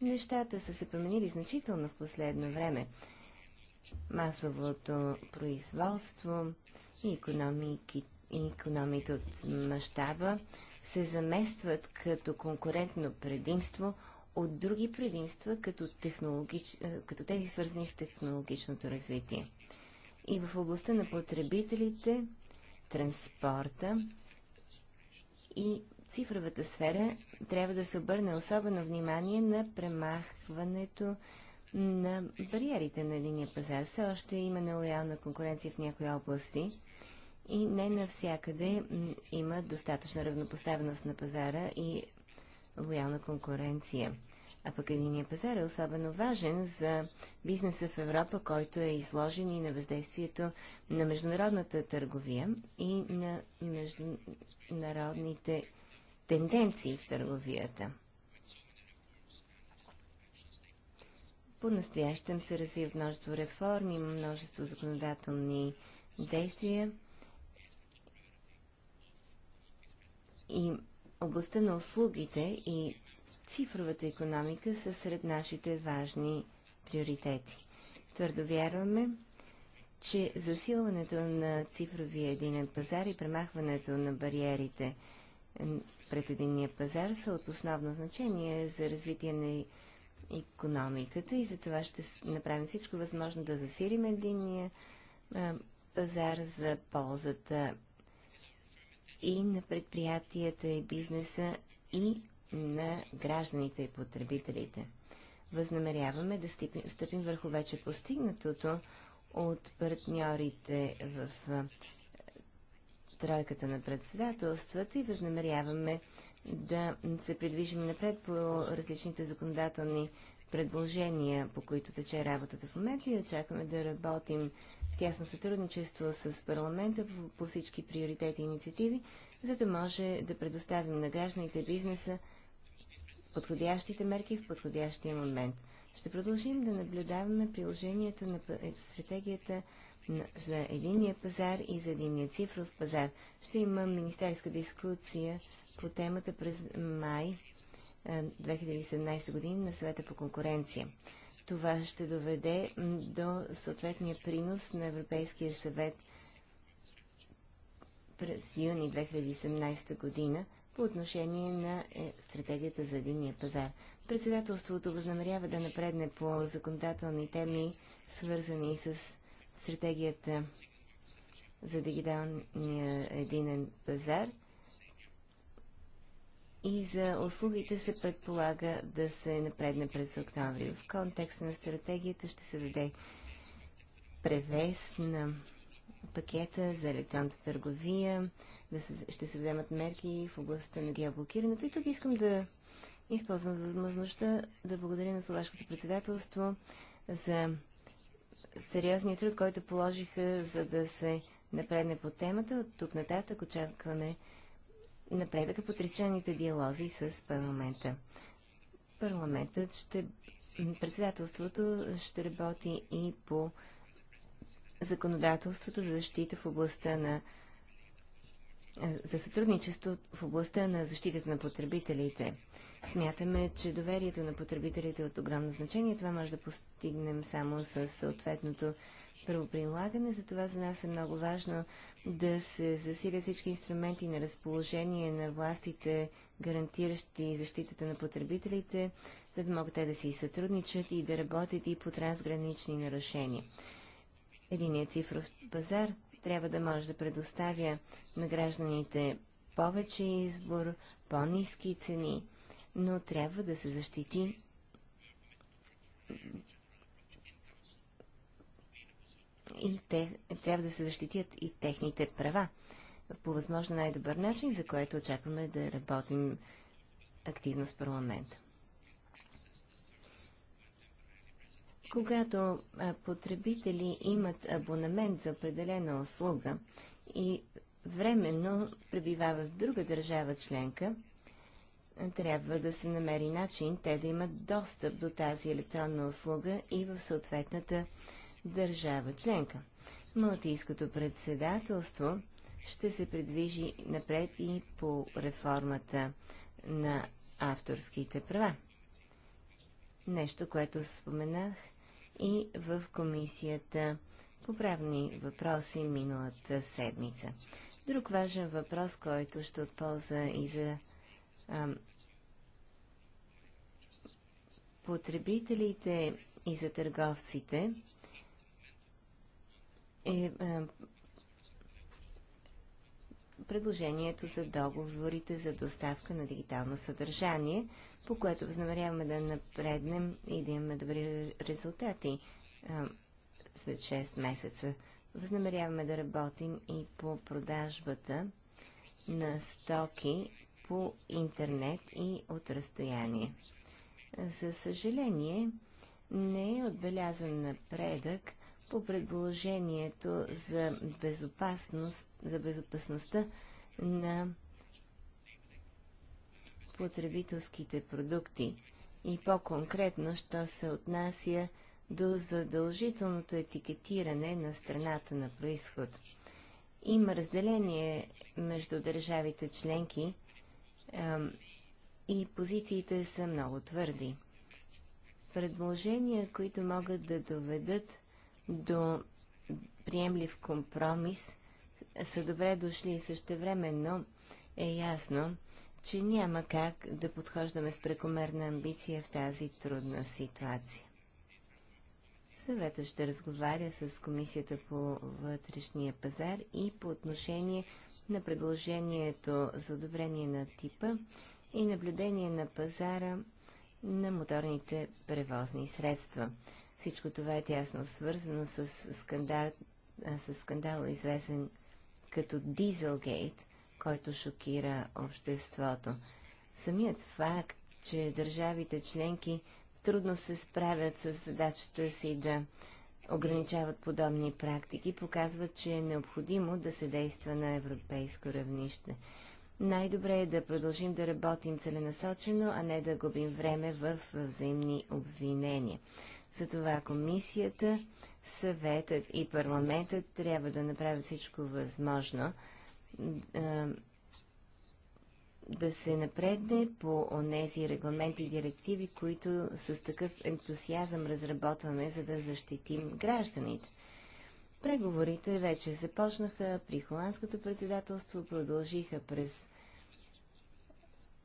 S3: нещата са се променили значително в последно време. Масовото производство и и економите от мащаба се заместват като конкурентно предимство – от други предимства, като, технологич... Е, като тези свързани с технологичното развитие. И в областта на потребителите, транспорта и цифровата сфера трябва да се обърне особено внимание на премахването на бариерите на единия пазар. Все още има нелоялна конкуренция в някои области и не навсякъде има достатъчна равнопоставеност на пазара и лоялна конкуренция. А пък единия пазар е особено важен за бизнеса в Европа, който е изложен и на въздействието на международната търговия и на международните тенденции в търговията. По-настоящем се развиват множество реформи, множество законодателни действия и областта на услугите и цифровата економика са сред нашите важни приоритети. Твърдо вярваме, че засилването на цифровия единен пазар и премахването на бариерите пред единния пазар са от основно значение за развитие на економиката и за това ще направим всичко възможно да засилим единния пазар за ползата и на предприятията и бизнеса и на гражданите и потребителите. Възнамеряваме да стъпим, върху вече постигнатото от партньорите в тройката на председателствата и възнамеряваме да се придвижим напред по различните законодателни предложения, по които тече работата в момента и очакваме да работим в тясно сътрудничество с парламента по всички приоритети и инициативи, за да може да предоставим на гражданите бизнеса подходящите мерки в подходящия момент. Ще продължим да наблюдаваме приложението на е, стратегията за единния пазар и за единния цифров пазар. Ще има министерска дискусия по темата през май 2017 е, година на съвета по конкуренция. Това ще доведе до съответния принос на Европейския съвет през юни 2017 година – по отношение на е, стратегията за единния пазар. Председателството възнамерява да напредне по законодателни теми, свързани с стратегията за дигиталния единен пазар и за услугите се предполага да се напредне през октомври. В контекста на стратегията ще се даде превес на пакета за електронната търговия, да се, ще се вземат мерки в областта на геоблокирането. И тук искам да използвам възможността да благодаря на Словашкото председателство за сериозния труд, който положиха, за да се напредне по темата. От тук нататък очакваме напредъка по тристранните диалози с парламента. Парламентът ще... Председателството ще работи и по законодателството за защита в областта на за сътрудничество в областта на защитата на потребителите. Смятаме, че доверието на потребителите е от огромно значение. Това може да постигнем само с съответното правоприлагане. Затова за нас е много важно да се засилят всички инструменти на разположение на властите, гарантиращи защитата на потребителите, за да могат те да си сътрудничат и да работят и по трансгранични нарушения. Единият цифров пазар трябва да може да предоставя на гражданите повече избор, по-низки цени, но трябва да се защити и те, трябва да се защитят и техните права по възможно най-добър начин, за което очакваме да работим активно с парламента. Когато потребители имат абонамент за определена услуга и временно пребивават в друга държава членка, трябва да се намери начин те да имат достъп до тази електронна услуга и в съответната държава членка. Малтийското председателство ще се придвижи напред и по реформата на авторските права. Нещо, което споменах и в комисията по правни въпроси миналата седмица. Друг важен въпрос, който ще отполза и за а, потребителите и за търговците е предложението за договорите за доставка на дигитално съдържание, по което възнамеряваме да напреднем и да имаме добри резултати а, след 6 месеца. Възнамеряваме да работим и по продажбата на стоки по интернет и от разстояние. За съжаление, не е отбелязан напредък по предложението за безопасност за безопасността на потребителските продукти и по-конкретно, що се отнася до задължителното етикетиране на страната на происход. Има разделение между държавите членки и позициите са много твърди. Предложения, които могат да доведат до приемлив компромис, са добре дошли и същевременно е ясно, че няма как да подхождаме с прекомерна амбиция в тази трудна ситуация. Съветът ще разговаря с Комисията по вътрешния пазар и по отношение на предложението за одобрение на типа и наблюдение на пазара на моторните превозни средства. Всичко това е тясно свързано с скандал, с скандал, известен като Дизелгейт, който шокира обществото. Самият факт, че държавите членки трудно се справят с задачата си да ограничават подобни практики, показва, че е необходимо да се действа на европейско равнище. Най-добре е да продължим да работим целенасочено, а не да губим време в взаимни обвинения. Затова комисията, съветът и парламентът трябва да направят всичко възможно да се напредне по онези регламенти и директиви, които с такъв ентусиазъм разработваме, за да защитим гражданите. Преговорите вече започнаха при холандското председателство, продължиха през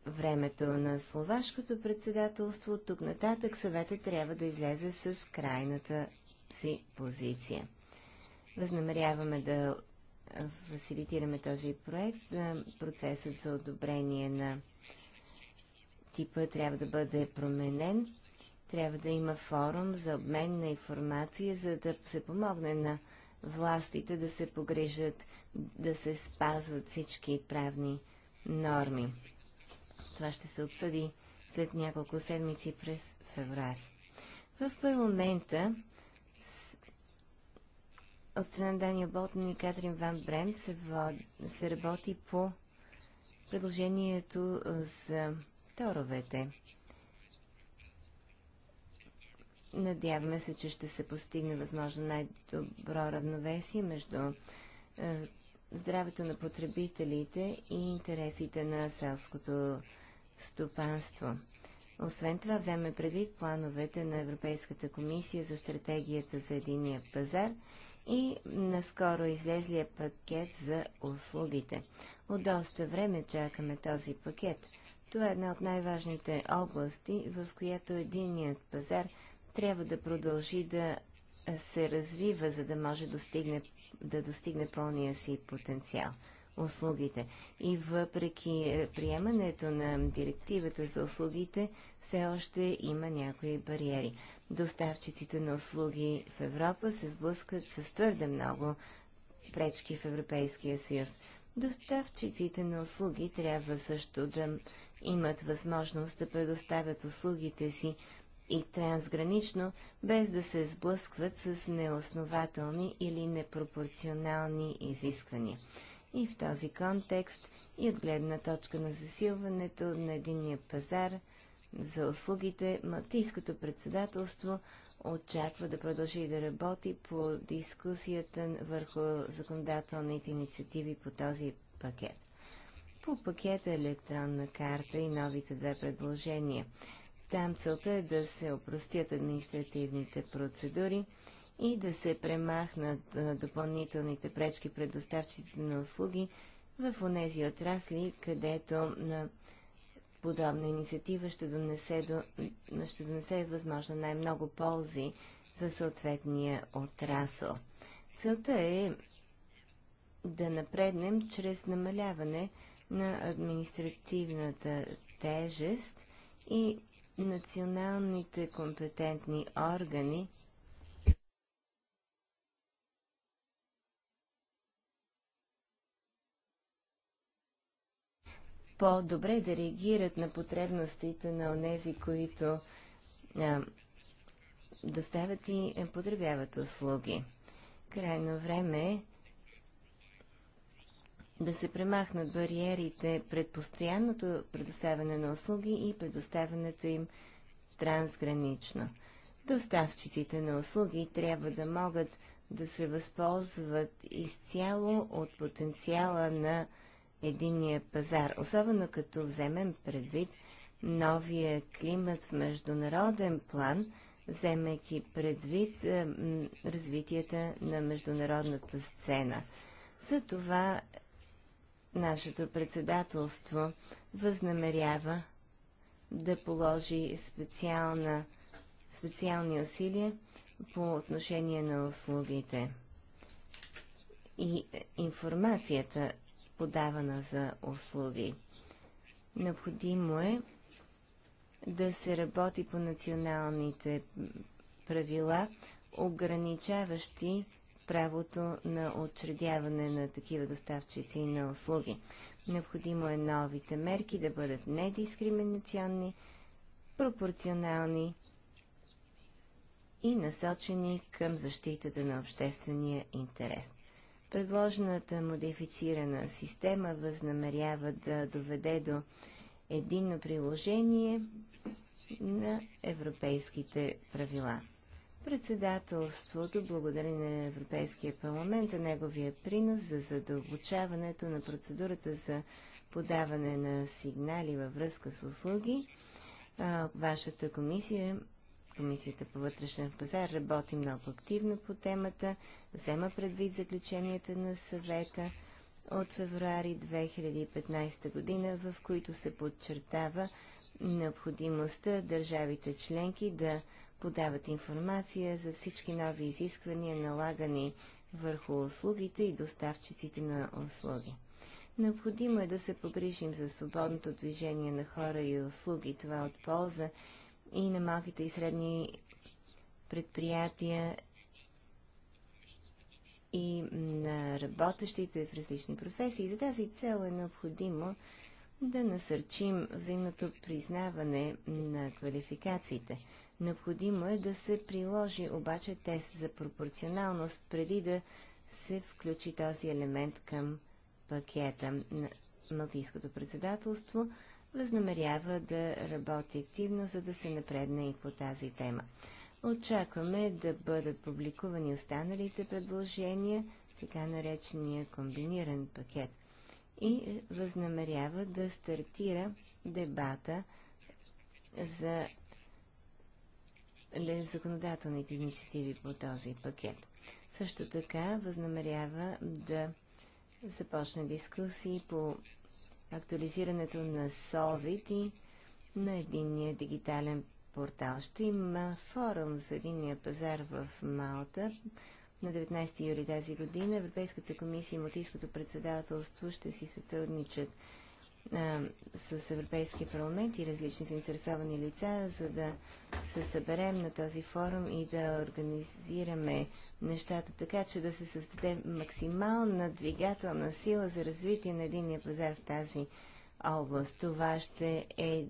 S3: времето на словашкото председателство, тук нататък съветът трябва да излезе с крайната си позиция. Възнамеряваме да фасилитираме този проект. Е, процесът за одобрение на типа трябва да бъде променен. Трябва да има форум за обмен на информация, за да се помогне на властите да се погрежат, да се спазват всички правни норми. Това ще се обсъди след няколко седмици през феврари. В парламента от страна Дания Болтон и Катрин Ван Бренд се, се работи по предложението за торовете. Надяваме се, че ще се постигне възможно най-добро равновесие между здравето на потребителите и интересите на селското стопанство. Освен това, вземе предвид плановете на Европейската комисия за стратегията за единия пазар и наскоро излезлия пакет за услугите. От доста време чакаме този пакет. Това е една от най-важните области, в която единият пазар трябва да продължи да се развива, за да може да достигне да достигне пълния си потенциал услугите. И въпреки е, приемането на директивата за услугите, все още има някои бариери. Доставчиците на услуги в Европа се сблъскат с твърде много пречки в Европейския съюз. Доставчиците на услуги трябва също да имат възможност да предоставят услугите си и трансгранично, без да се сблъскват с неоснователни или непропорционални изисквания. И в този контекст и от гледна точка на засилването на единния пазар за услугите, Малтийското председателство очаква да продължи да работи по дискусията върху законодателните инициативи по този пакет. По пакета електронна карта и новите две предложения – там целта е да се опростят административните процедури и да се премахнат допълнителните пречки пред доставчите на услуги в онези отрасли, където на подобна инициатива ще донесе, до, ще донесе възможно най-много ползи за съответния отрасъл. Целта е да напреднем чрез намаляване на административната тежест и националните компетентни органи по-добре да реагират на потребностите на онези, които а, доставят и потребяват услуги. Крайно време е да се премахнат бариерите пред постоянното предоставяне на услуги и предоставянето им трансгранично. Доставчиците на услуги трябва да могат да се възползват изцяло от потенциала на единния пазар, особено като вземем предвид новия климат в международен план, вземайки предвид развитията на международната сцена. За това нашето председателство възнамерява да положи специална, специални усилия по отношение на услугите и информацията подавана за услуги. Необходимо е да се работи по националните правила, ограничаващи правото на отчредяване на такива доставчици на услуги. Необходимо е новите мерки да бъдат недискриминационни, пропорционални и насочени към защитата на обществения интерес. Предложената модифицирана система възнамерява да доведе до единно приложение на европейските правила. Председателството благодари на Европейския парламент за неговия принос за задълбочаването на процедурата за подаване на сигнали във връзка с услуги. вашата комисия, Комисията по вътрешен пазар, работи много активно по темата, взема предвид заключенията на съвета от февруари 2015 година, в които се подчертава необходимостта държавите членки да подават информация за всички нови изисквания, налагани върху услугите и доставчиците на услуги. Необходимо е да се погрижим за свободното движение на хора и услуги. Това е от полза и на малките и средни предприятия и на работещите в различни професии. За тази цел е необходимо да насърчим взаимното признаване на квалификациите. Необходимо е да се приложи обаче тест за пропорционалност преди да се включи този елемент към пакета. Малтийското председателство възнамерява да работи активно, за да се напредне и по тази тема. Очакваме да бъдат публикувани останалите предложения, така наречения комбиниран пакет, и възнамерява да стартира дебата за законодателните инициативи по този пакет. Също така възнамерява да започне дискусии по актуализирането на СОВИД и на единния дигитален портал. Ще има форум за единния пазар в Малта. На 19 юли тази година Европейската комисия и мотийското председателство ще си сътрудничат а, с Европейския парламент и различни заинтересовани лица, за да се съберем на този форум и да организираме нещата така, че да се създаде максимална двигателна сила за развитие на единния пазар в тази област. Това ще е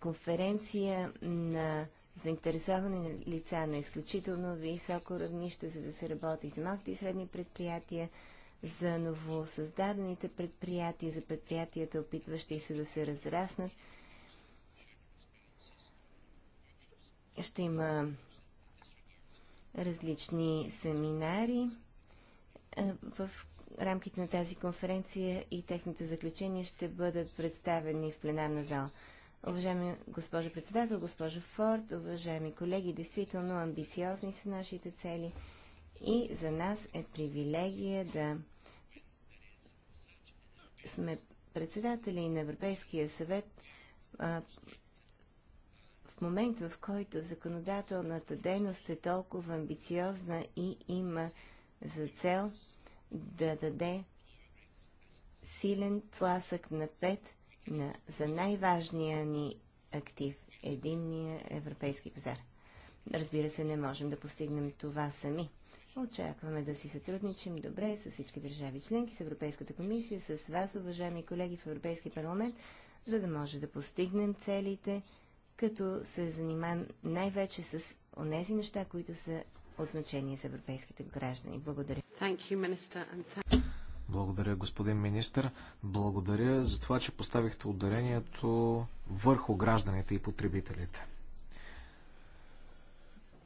S3: конференция на заинтересовани лица на изключително високо равнище, за да се работи за малките и средни предприятия, за новосъздадените предприятия, за предприятията, опитващи се да се разраснат. Ще има различни семинари, е, в рамките на тази конференция и техните заключения ще бъдат представени в пленарна зала. Уважаеми госпожо председател, госпожо Форд, уважаеми колеги, действително амбициозни са нашите цели и за нас е привилегия да сме председатели на Европейския съвет, а, в момент в който законодателната дейност е толкова амбициозна и има за цел да даде силен на напред на, за най-важния ни актив – единния европейски пазар. Разбира се, не можем да постигнем това сами – Очакваме да си сътрудничим добре с всички държави членки, с Европейската комисия, с вас, уважаеми колеги в Европейския парламент, за да може да постигнем целите, като се занимаем най-вече с онези неща, които са от значение за европейските граждани. Благодаря.
S2: Благодаря, господин министр. Благодаря за това, че поставихте ударението върху гражданите и потребителите.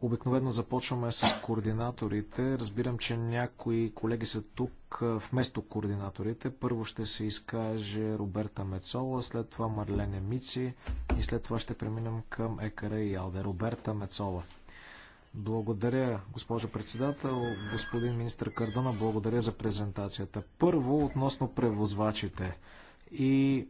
S2: Обикновено започваме с координаторите. Разбирам, че някои колеги са тук вместо координаторите. Първо ще се изкаже Роберта Мецола, след това Марлене Мици и след това ще преминем към Екаре и Алде. Роберта Мецола. Благодаря, госпожо председател, господин министр Кардона, благодаря за презентацията. Първо, относно превозвачите и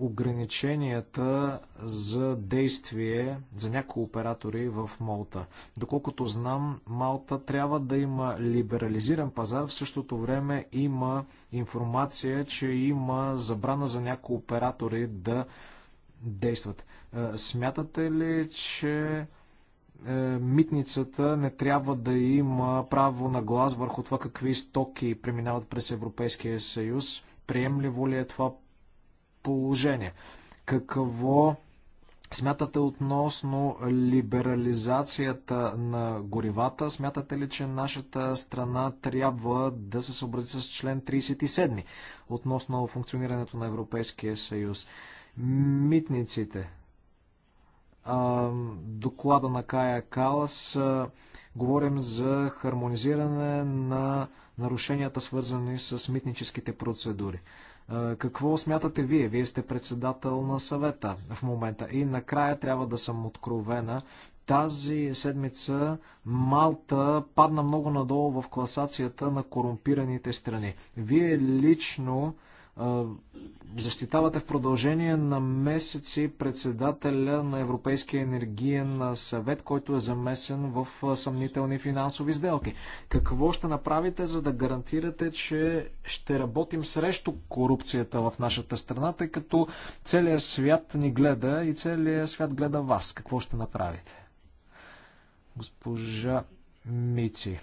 S2: ограниченията за действие за някои оператори в Малта. Доколкото знам, Малта трябва да има либерализиран пазар, в същото време има информация, че има забрана за някои оператори да действат. Е, смятате ли, че е, митницата не трябва да има право на глас върху това какви стоки преминават през Европейския съюз? Приемливо ли е това положение. Какво смятате относно либерализацията на горивата? Смятате ли, че нашата страна трябва да се съобрази с член 37 относно функционирането на Европейския съюз? Митниците. Доклада на Кая Калас. Говорим за хармонизиране на нарушенията, свързани с митническите процедури. Какво смятате вие? Вие сте председател на съвета в момента. И накрая трябва да съм откровена. Тази седмица Малта падна много надолу в класацията на корумпираните страни. Вие лично Защитавате в продължение на месеци председателя на Европейския енергиен съвет, който е замесен в съмнителни финансови сделки. Какво ще направите, за да гарантирате, че ще работим срещу корупцията в нашата страна, тъй като целият свят ни гледа и целият свят гледа вас? Какво ще направите? Госпожа Мици,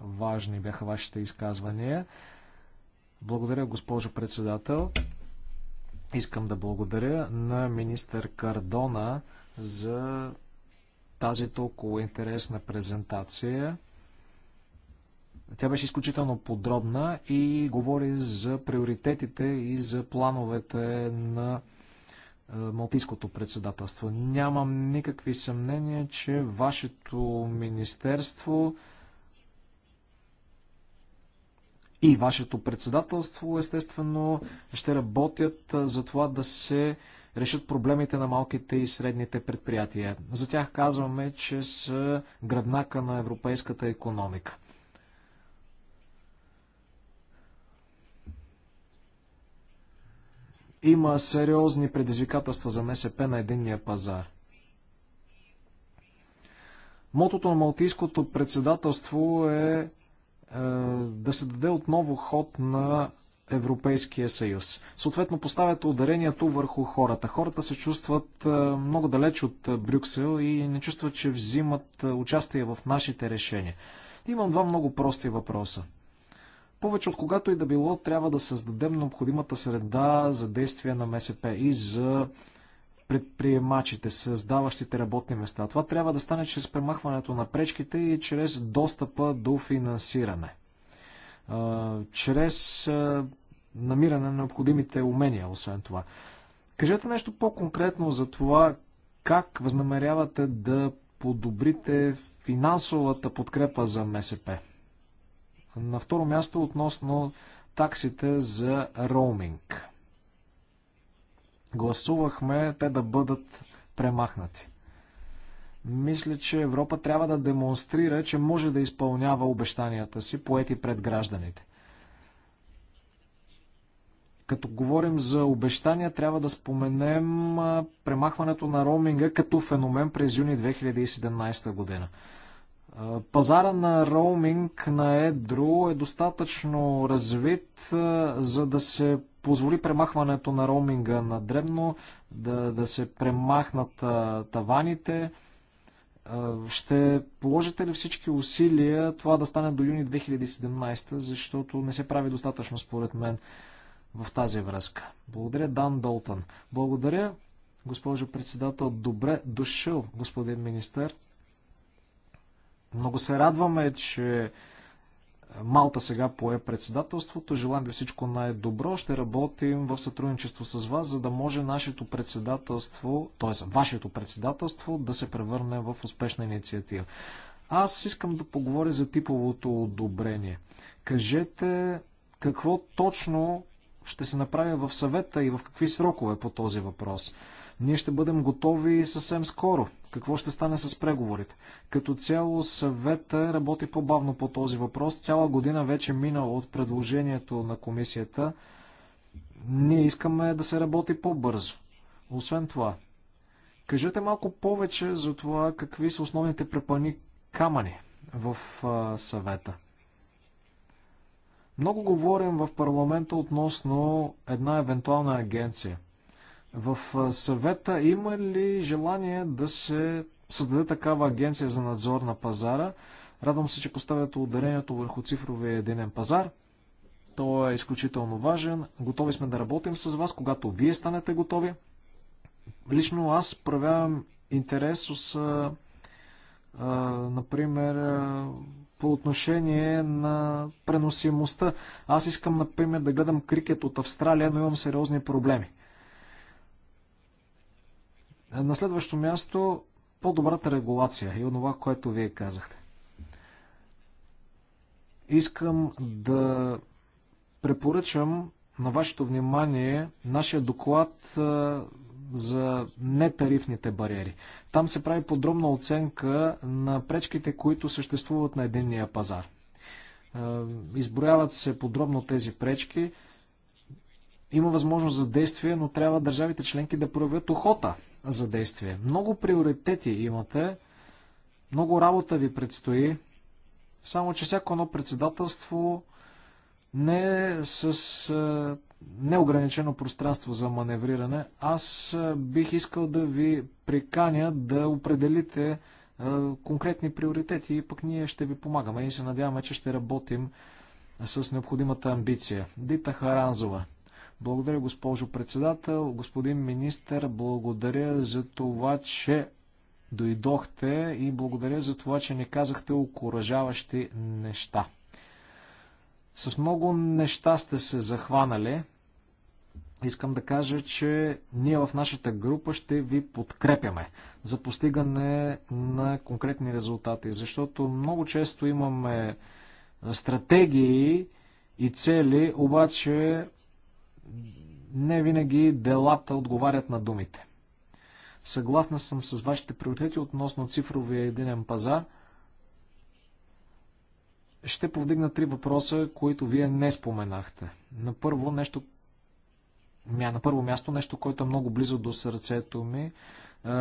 S2: важни бяха вашите изказвания. Благодаря, госпожо председател. Искам да благодаря на министър Кардона за тази толкова интересна презентация. Тя беше изключително подробна и говори за приоритетите и за плановете на е, Малтийското председателство. Нямам никакви съмнения, че вашето министерство и вашето председателство, естествено, ще работят за това да се решат проблемите на малките и средните предприятия. За тях казваме, че са гръбнака на европейската економика. Има сериозни предизвикателства за МСП на единния пазар. Мотото на Малтийското председателство е е, да се даде отново ход на Европейския съюз. Съответно поставят ударението върху хората. Хората се чувстват е, много далеч от е, Брюксел и не чувстват, че взимат участие в нашите решения. Имам два много прости въпроса. Повече от когато и да било, трябва да създадем необходимата среда за действие на МСП и за предприемачите, създаващите работни места. Това трябва да стане чрез премахването на пречките и чрез достъпа до финансиране. Чрез намиране на необходимите умения, освен това. Кажете нещо по-конкретно за това, как възнамерявате да подобрите финансовата подкрепа за МСП. На второ място относно таксите за роуминг гласувахме те да бъдат премахнати. Мисля, че Европа трябва да демонстрира, че може да изпълнява обещанията си, поети пред гражданите. Като говорим за обещания, трябва да споменем премахването на роуминга като феномен през юни 2017 година. Пазара на роуминг на Едро е достатъчно развит, за да се позволи премахването на роуминга на дребно, да, да се премахнат а, таваните. А, ще положите ли всички усилия това да стане до юни 2017, защото не се прави достатъчно според мен в тази връзка. Благодаря, Дан Долтън. Благодаря, госпожо председател. Добре дошъл, господин министър. Много се радваме, че Малта сега пое председателството. Желаем ви всичко най-добро. Ще работим в сътрудничество с вас, за да може нашето председателство, т.е. вашето председателство, да се превърне в успешна инициатива. Аз искам да поговоря за типовото одобрение. Кажете какво точно ще се направи в съвета и в какви срокове по този въпрос. Ние ще бъдем готови съвсем скоро. Какво ще стане с преговорите? Като цяло съвета работи по-бавно по този въпрос. Цяла година вече мина от предложението на комисията. Ние искаме да се работи по-бързо. Освен това, кажете малко повече за това какви са основните препани камъни в съвета. Много говорим в парламента относно една евентуална агенция – в съвета има ли желание да се създаде такава агенция за надзор на пазара? Радвам се, че поставяте ударението върху цифровия единен пазар. Той е изключително важен. Готови сме да работим с вас, когато вие станете готови. Лично аз проявявам интерес с, а, например, по отношение на преносимостта. Аз искам, например, да гледам крикет от Австралия, но имам сериозни проблеми. На следващо място, по-добрата регулация и онова, което вие казахте. Искам да препоръчам на вашето внимание нашия доклад за нетарифните бариери. Там се прави подробна оценка на пречките, които съществуват на единния пазар. Изброяват се подробно тези пречки. Има възможност за действие, но трябва държавите членки да проявят охота за действие. Много приоритети имате, много работа ви предстои, само че всяко едно председателство не е с е, неограничено пространство за маневриране. Аз е, бих искал да ви приканя да определите е, конкретни приоритети и пък ние ще ви помагаме и се надяваме, че ще работим с необходимата амбиция. Дита Харанзова. Благодаря, госпожо председател. Господин министър, благодаря за това, че дойдохте и благодаря за това, че не казахте окоръжаващи неща. С много неща сте се захванали. Искам да кажа, че ние в нашата група ще ви подкрепяме за постигане на конкретни резултати, защото много често имаме стратегии и цели, обаче не винаги делата отговарят на думите. Съгласна съм с вашите приоритети относно цифровия единен пазар. Ще повдигна три въпроса, които вие не споменахте. На първо, нещо, на първо място нещо, което е много близо до сърцето ми, е,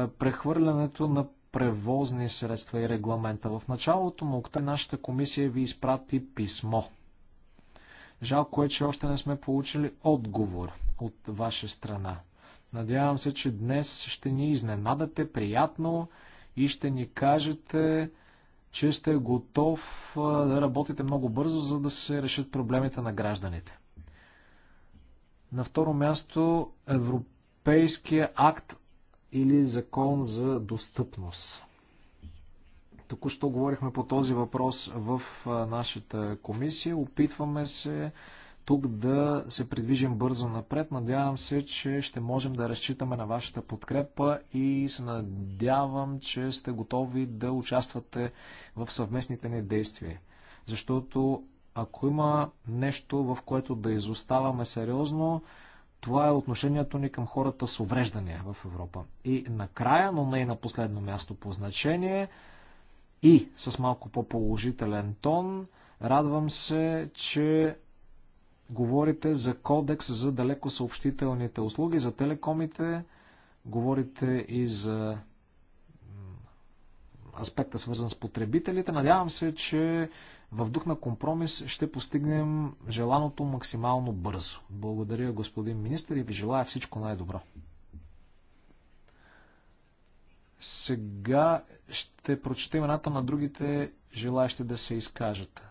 S2: прехвърлянето на превозни средства и регламента. В началото на октомври нашата комисия ви изпрати писмо – Жалко е, че още не сме получили отговор от ваша страна. Надявам се, че днес ще ни изненадате приятно и ще ни кажете, че сте готов да работите много бързо, за да се решат проблемите на гражданите. На второ място Европейския акт или закон за достъпност. Току-що говорихме по този въпрос в нашата комисия. Опитваме се тук да се придвижим бързо напред. Надявам се, че ще можем да разчитаме на вашата подкрепа и се надявам, че сте готови да участвате в съвместните ни действия. Защото ако има нещо, в което да изоставаме сериозно, това е отношението ни към хората с увреждания в Европа. И накрая, но не и на последно място по значение, и с малко по-положителен тон. Радвам се, че говорите за кодекс за далеко съобщителните услуги, за телекомите, говорите и за аспекта свързан с потребителите. Надявам се, че в дух на компромис ще постигнем желаното максимално бързо. Благодаря, господин министр, и ви желая всичко най-добро. Сега ще прочетем едната на другите желаящи да се изкажат.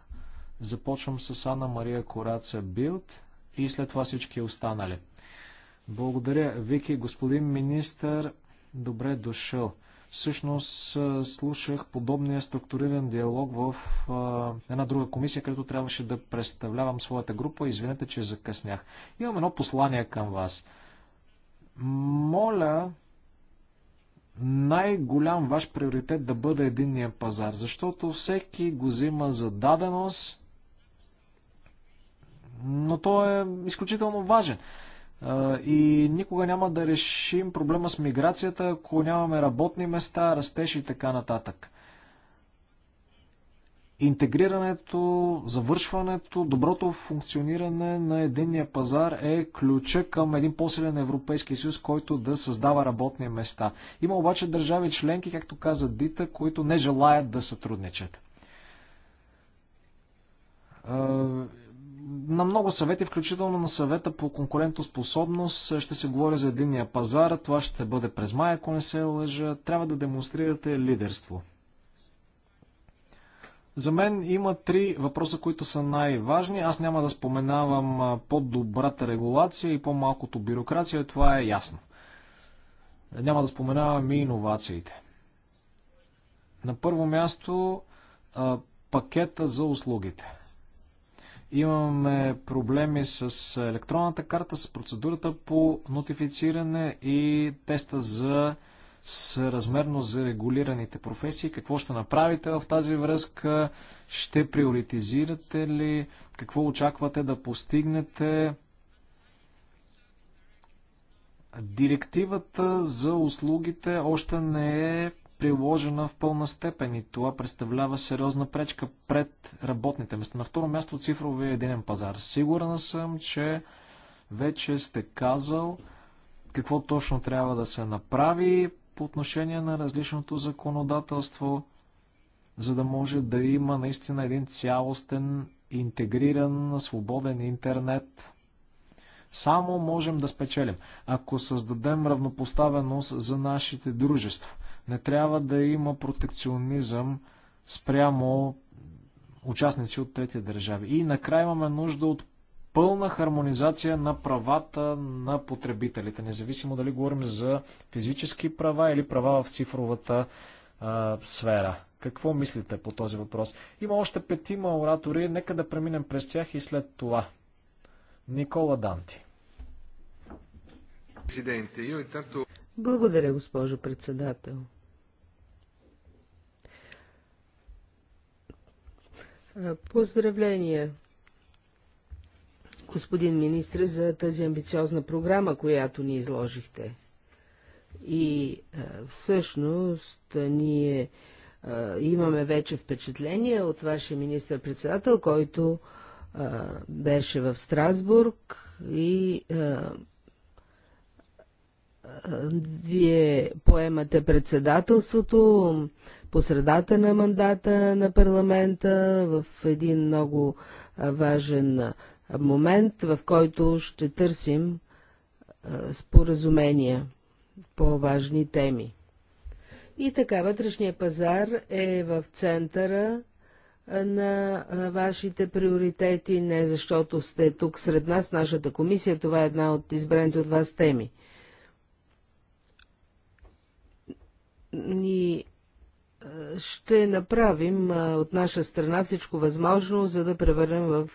S2: Започвам с Анна Мария Кораца Билд и след това всички останали. Благодаря, Вики. Господин министър, добре дошъл. Всъщност слушах подобния структуриран диалог в а, една друга комисия, където трябваше да представлявам своята група. Извинете, че закъснях. Имам едно послание към вас. Моля най-голям ваш приоритет да бъде единния пазар, защото всеки го взима за даденост, но той е изключително важен. И никога няма да решим проблема с миграцията, ако нямаме работни места, растеж и така нататък. Интегрирането, завършването, доброто функциониране на единния пазар е ключа към един по-силен Европейски съюз, който да създава работни места. Има обаче държави членки, както каза Дита, които не желаят да сътрудничат. Е, на много съвети, включително на съвета по конкурентоспособност, ще се говори за единния пазар. Това ще бъде през май, ако не се лъжа. Трябва да демонстрирате лидерство. За мен има три въпроса, които са най-важни. Аз няма да споменавам по-добрата регулация и по-малкото бюрокрация, това е ясно. Няма да споменавам и иновациите. На първо място пакета за услугите. Имаме проблеми с електронната карта, с процедурата по нотифициране и теста за съразмерно за регулираните професии? Какво ще направите в тази връзка? Ще приоритизирате ли? Какво очаквате да постигнете? Директивата за услугите още не е приложена в пълна степен и това представлява сериозна пречка пред работните места. На второ място цифровия единен пазар. Сигурен съм, че вече сте казал какво точно трябва да се направи по отношение на различното законодателство, за да може да има наистина един цялостен, интегриран, свободен интернет. Само можем да спечелим, ако създадем равнопоставеност за нашите дружества. Не трябва да има протекционизъм спрямо участници от трети държави. И накрая имаме нужда от пълна хармонизация на правата на потребителите, независимо дали говорим за физически права или права в цифровата а, сфера. Какво мислите по този въпрос? Има още петима оратори, нека да преминем през тях и след това. Никола Данти. Благодаря, госпожо
S4: председател. Поздравления господин министре, за тази амбициозна програма, която ни изложихте. И всъщност ние имаме вече впечатление от вашия министр-председател, който беше в Страсбург и вие поемате председателството по средата на мандата на парламента в един много важен момент, в който ще търсим споразумения по важни теми. И така, вътрешния пазар е в центъра на вашите приоритети, не защото сте тук сред нас, нашата комисия, това е една от избраните от вас теми. И ще направим от наша страна всичко възможно, за да превърнем в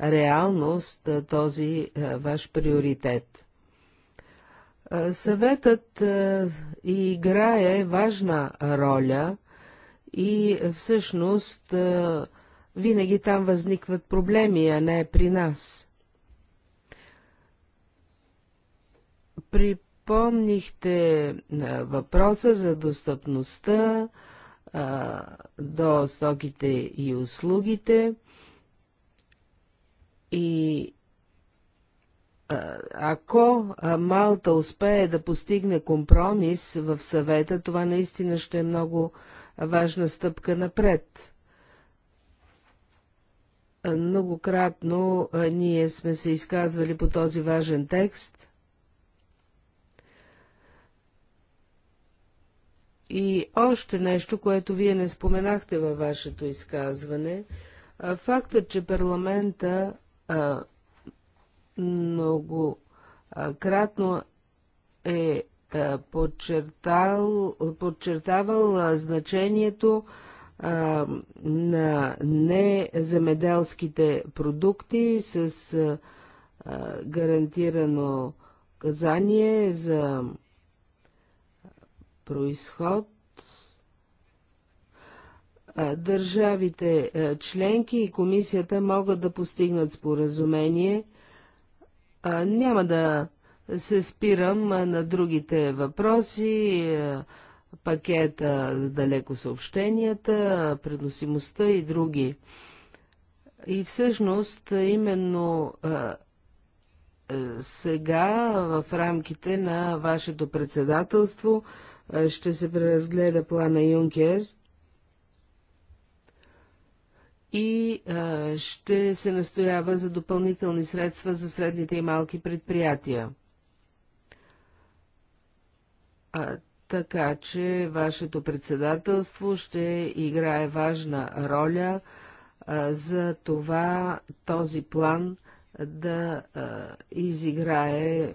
S4: реалност този ваш приоритет. Съветът играе важна роля и всъщност винаги там възникват проблеми, а не при нас. Припомнихте въпроса за достъпността, а, до стоките и услугите и ако Малта успее да постигне компромис в съвета, това наистина ще е много важна стъпка напред. Многократно ние сме се изказвали по този важен текст И още нещо, което вие не споменахте във вашето изказване. Фактът, че парламента а, много а, кратно е а, подчертал, подчертавал а, значението а, на неземеделските продукти с а, гарантирано казание за происход, държавите членки и комисията могат да постигнат споразумение. Няма да се спирам на другите въпроси, пакета далеко съобщенията, преносимостта и други. И всъщност именно сега в рамките на вашето председателство е, ще се преразгледа плана Юнкер и а, е, ще се настоява за допълнителни средства за средните и малки предприятия. А, така че вашето председателство ще играе важна роля а, е, за това този план да а, изиграе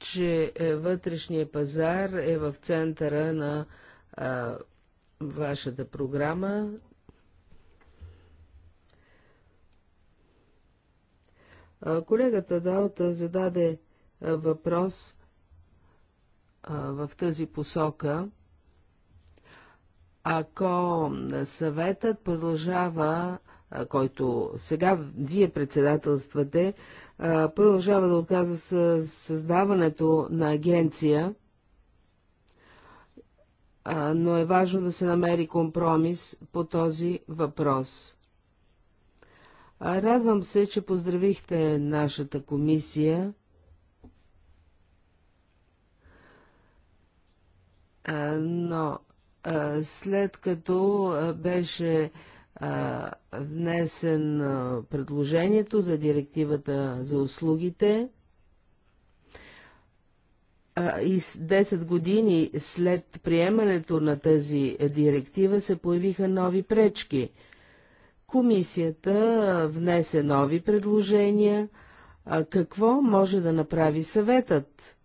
S4: че е, вътрешния пазар е в центъра на а, вашата програма. А, колегата Далта зададе а, въпрос а, в тази посока. Ако съветът продължава, а, който сега вие председателствате, продължава да отказва създаването на агенция, но е важно да се намери компромис по този въпрос. Радвам се, че поздравихте нашата комисия. Но след като беше внесен предложението за директивата за услугите и 10 години след приемането на тази директива се появиха нови пречки. Комисията внесе нови предложения. Какво може да направи съветът?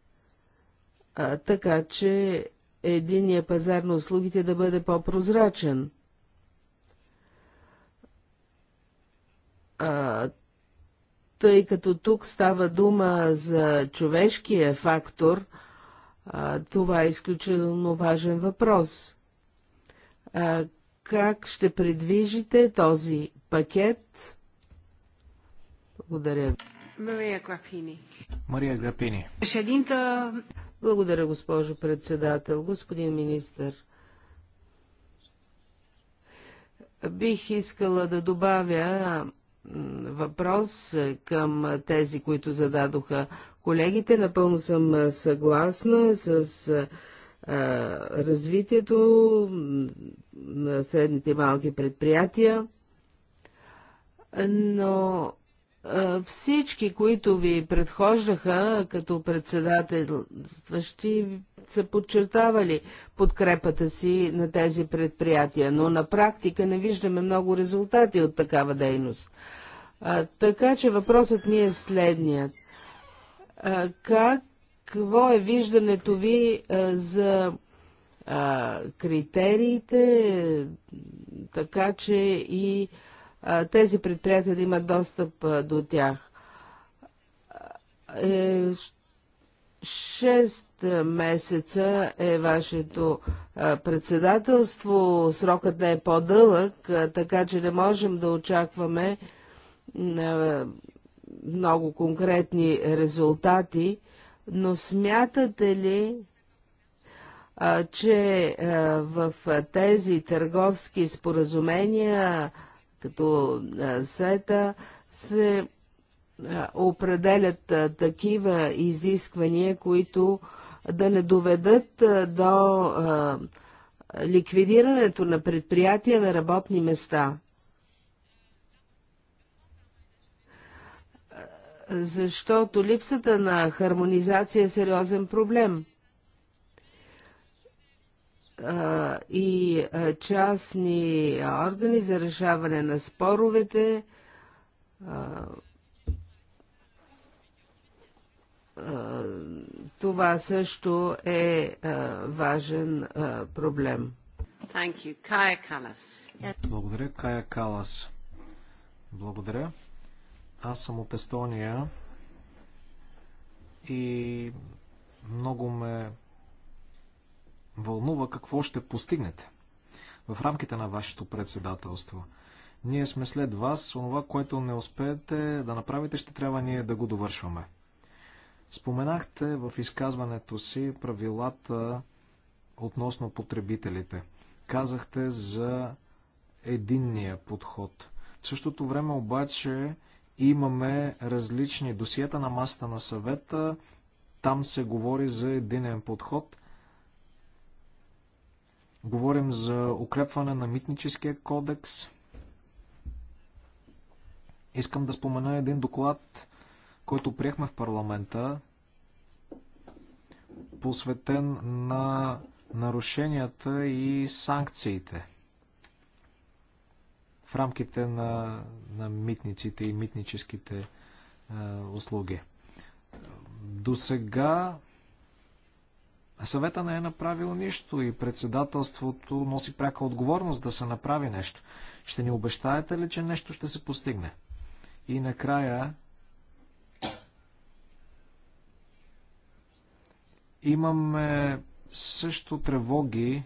S4: Така че единия пазар на услугите да бъде по-прозрачен. а, тъй като тук става дума за човешкия фактор, а, това е изключително важен въпрос. А, как ще предвижите този пакет? Благодаря Мария Грапини.
S2: Мария Грапини.
S4: Шединта... Благодаря, госпожо председател. Господин министр, бих искала да добавя въпрос е, към тези, които зададоха колегите. Напълно съм е, съгласна с е, развитието на средните и малки предприятия, но всички, които ви предхождаха като председателстващи, са подчертавали подкрепата си на тези предприятия, но на практика не виждаме много резултати от такава дейност. А, така че въпросът ми е следният. А, какво е виждането ви а, за а, критериите, така че и а, тези предприятия да имат достъп а, до тях? Е, 6 месеца е вашето председателство, срокът не е по-дълъг, така че не можем да очакваме много конкретни резултати, но смятате ли, че в тези търговски споразумения, като сета, се определят такива изисквания, които да не доведат до ликвидирането на предприятия на работни места. Защото липсата на хармонизация е сериозен проблем. И частни органи за решаване на споровете, това също е важен проблем.
S2: Благодаря, Кая Калас. Благодаря. Аз съм от Естония и много ме вълнува какво ще постигнете в рамките на вашето председателство. Ние сме след вас, онова, което не успеете да направите, ще трябва ние да го довършваме. Споменахте в изказването си правилата относно потребителите. Казахте за единния подход. В същото време обаче имаме различни досиета на масата на съвета. Там се говори за единен подход. Говорим за укрепване на митническия кодекс. Искам да спомена един доклад, който приехме в парламента, посветен на нарушенията и санкциите в рамките на, на митниците и митническите е, услуги. До сега съвета не е направил нищо и председателството носи пряка отговорност да се направи нещо. Ще ни обещаете ли, че нещо ще се постигне? И накрая Имаме също тревоги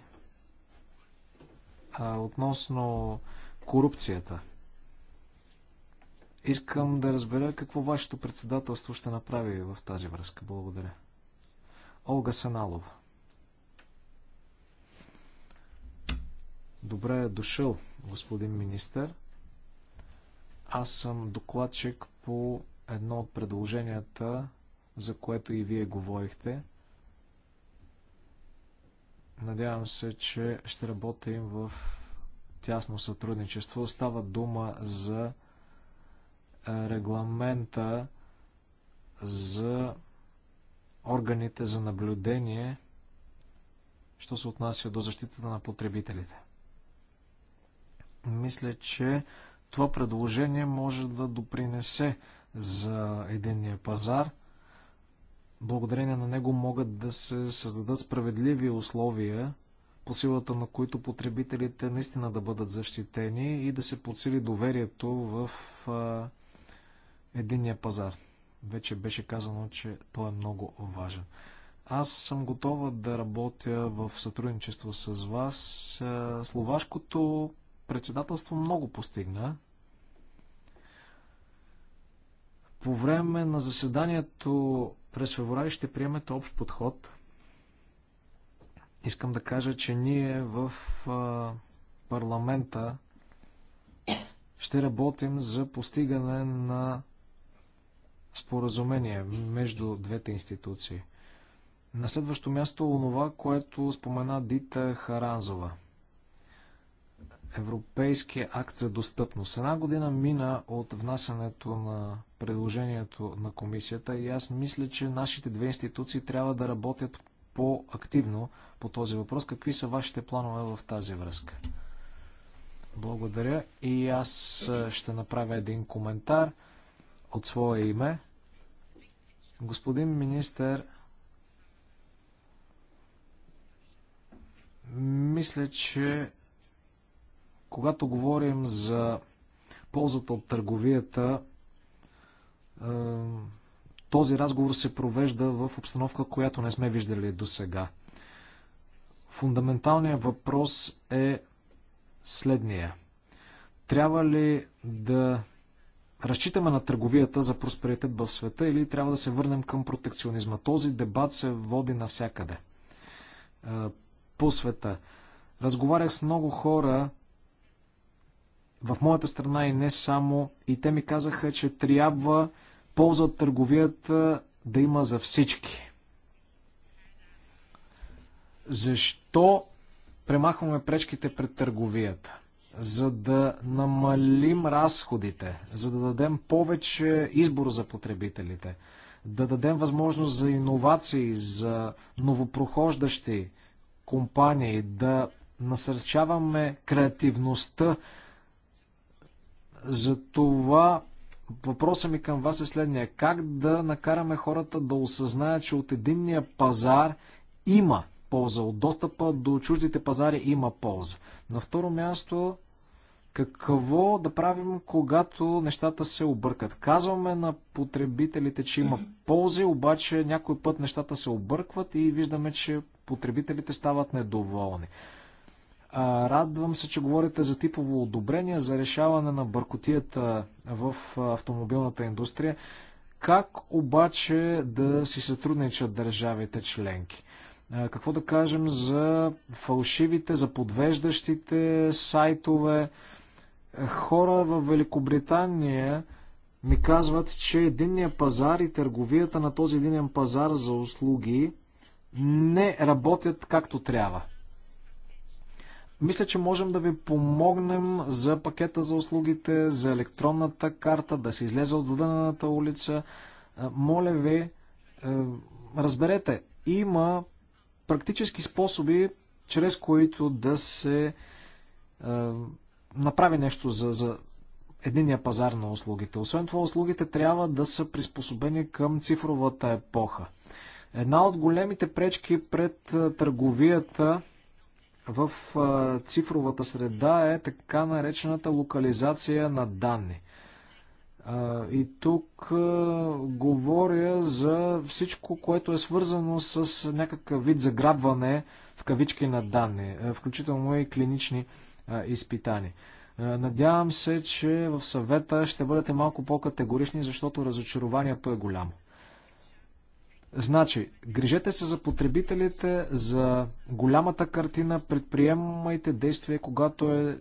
S2: а, относно корупцията. Искам да разбера какво вашето председателство ще направи в тази връзка. Благодаря. Олга Саналова. Добре е дошъл, господин министър. Аз съм докладчик по едно от предложенията, за което и вие говорихте – Надявам се, че ще работим в тясно сътрудничество. Става дума за е, регламента за органите за наблюдение, що се отнася до защитата на потребителите. Мисля, че това предложение може да допринесе за единния пазар. Благодарение на него могат да се създадат справедливи условия, по силата на които потребителите наистина да бъдат защитени и да се подсили доверието в а, единния пазар. Вече беше казано, че той е много важен. Аз съм готова да работя в сътрудничество с вас. Словашкото председателство много постигна. По време на заседанието през феврари ще приемете общ подход. Искам да кажа, че ние в парламента ще работим за постигане на споразумение между двете институции. На следващо място онова, което спомена Дита Харанзова – Европейския акт за достъпност. Една година мина от внасянето на предложението на комисията и аз мисля, че нашите две институции трябва да работят по-активно по този въпрос. Какви са вашите планове в тази връзка? Благодаря и аз ще направя един коментар от свое име. Господин министър, мисля, че когато говорим за ползата от търговията, този разговор се провежда в обстановка, която не сме виждали до сега. Фундаменталният въпрос е следния. Трябва ли да разчитаме на търговията за просперитет в света или трябва да се върнем към протекционизма? Този дебат се води навсякъде по света. Разговарях с много хора, в моята страна и не само. И те ми казаха, че трябва полза от търговията да има за всички. Защо премахваме пречките пред търговията? За да намалим разходите, за да дадем повече избор за потребителите, да дадем възможност за иновации, за новопрохождащи компании, да насърчаваме креативността, затова въпросът ми към вас е следния. Как да накараме хората да осъзнаят, че от единния пазар има полза, от достъпа до чуждите пазари има полза? На второ място, какво да правим, когато нещата се объркат? Казваме на потребителите, че има ползи, обаче някой път нещата се объркват и виждаме, че потребителите стават недоволни. А Радвам се, че говорите за типово одобрение, за решаване на бъркотията в автомобилната индустрия. Как обаче да си сътрудничат държавите членки? Какво да кажем за фалшивите, за подвеждащите сайтове? Хора в Великобритания ми казват, че единния пазар и търговията на този единен пазар за услуги не работят както трябва. Мисля, че можем да ви помогнем за пакета за услугите, за електронната карта, да се излезе от задънената улица. Е, моля ви, е, разберете, има практически способи, чрез които да се е, направи нещо за, за единия пазар на услугите. Освен това, услугите трябва да са приспособени към цифровата епоха. Една от големите пречки пред търговията в цифровата среда е така наречената локализация на данни. И тук говоря за всичко, което е свързано с някакъв вид заграбване в кавички на данни, включително и клинични изпитания. Надявам се, че в съвета ще бъдете малко по-категорични, защото разочарованието е голямо. Значи, грижете се за потребителите, за голямата картина, предприемайте действия, когато е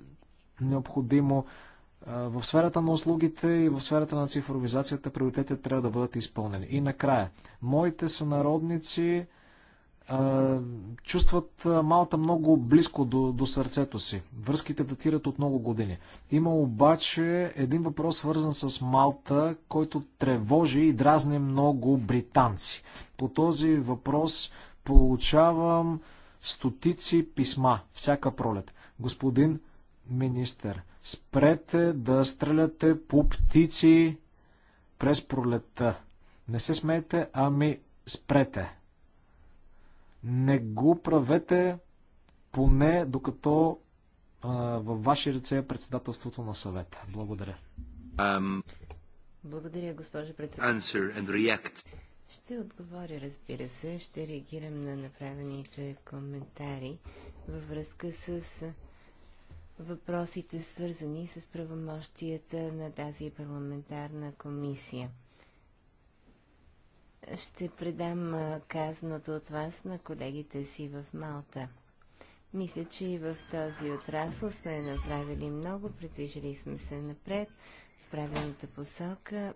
S2: необходимо. В сферата на услугите и в сферата на цифровизацията приоритетите трябва да бъдат изпълнени. И накрая, моите сънародници чувстват Малта много близко до, до сърцето си. Връзките датират от много години. Има обаче един въпрос, свързан с Малта, който тревожи и дразни много британци. По този въпрос получавам стотици писма всяка пролет. Господин министър, спрете да стреляте по птици през пролетта. Не се смейте, ами спрете. Не го правете поне докато а, във ваши ръце е председателството на съвета. Благодаря.
S1: Um,
S3: Благодаря, госпожа председател. Ще отговоря, разбира се. Ще реагирам на направените коментари във връзка с въпросите, свързани с правомощията на тази парламентарна комисия. Ще предам казаното от вас на колегите си в Малта. Мисля, че и в този отрасъл сме направили много, предвижили сме се напред в правилната посока,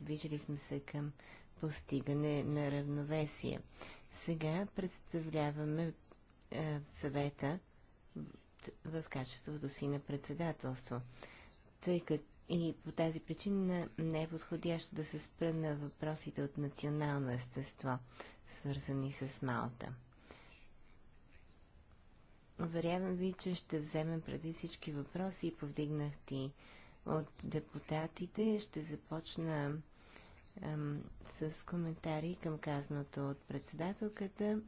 S3: движили сме се към постигане на равновесие. Сега представляваме е, съвета в качеството си на председателство. Тъй като и по тази причина не е подходящо да се спра на въпросите от национално естество, свързани с Малта. Уверявам ви, че ще вземем преди всички въпроси и ти от депутатите. Ще започна ем, с коментари към казаното от председателката,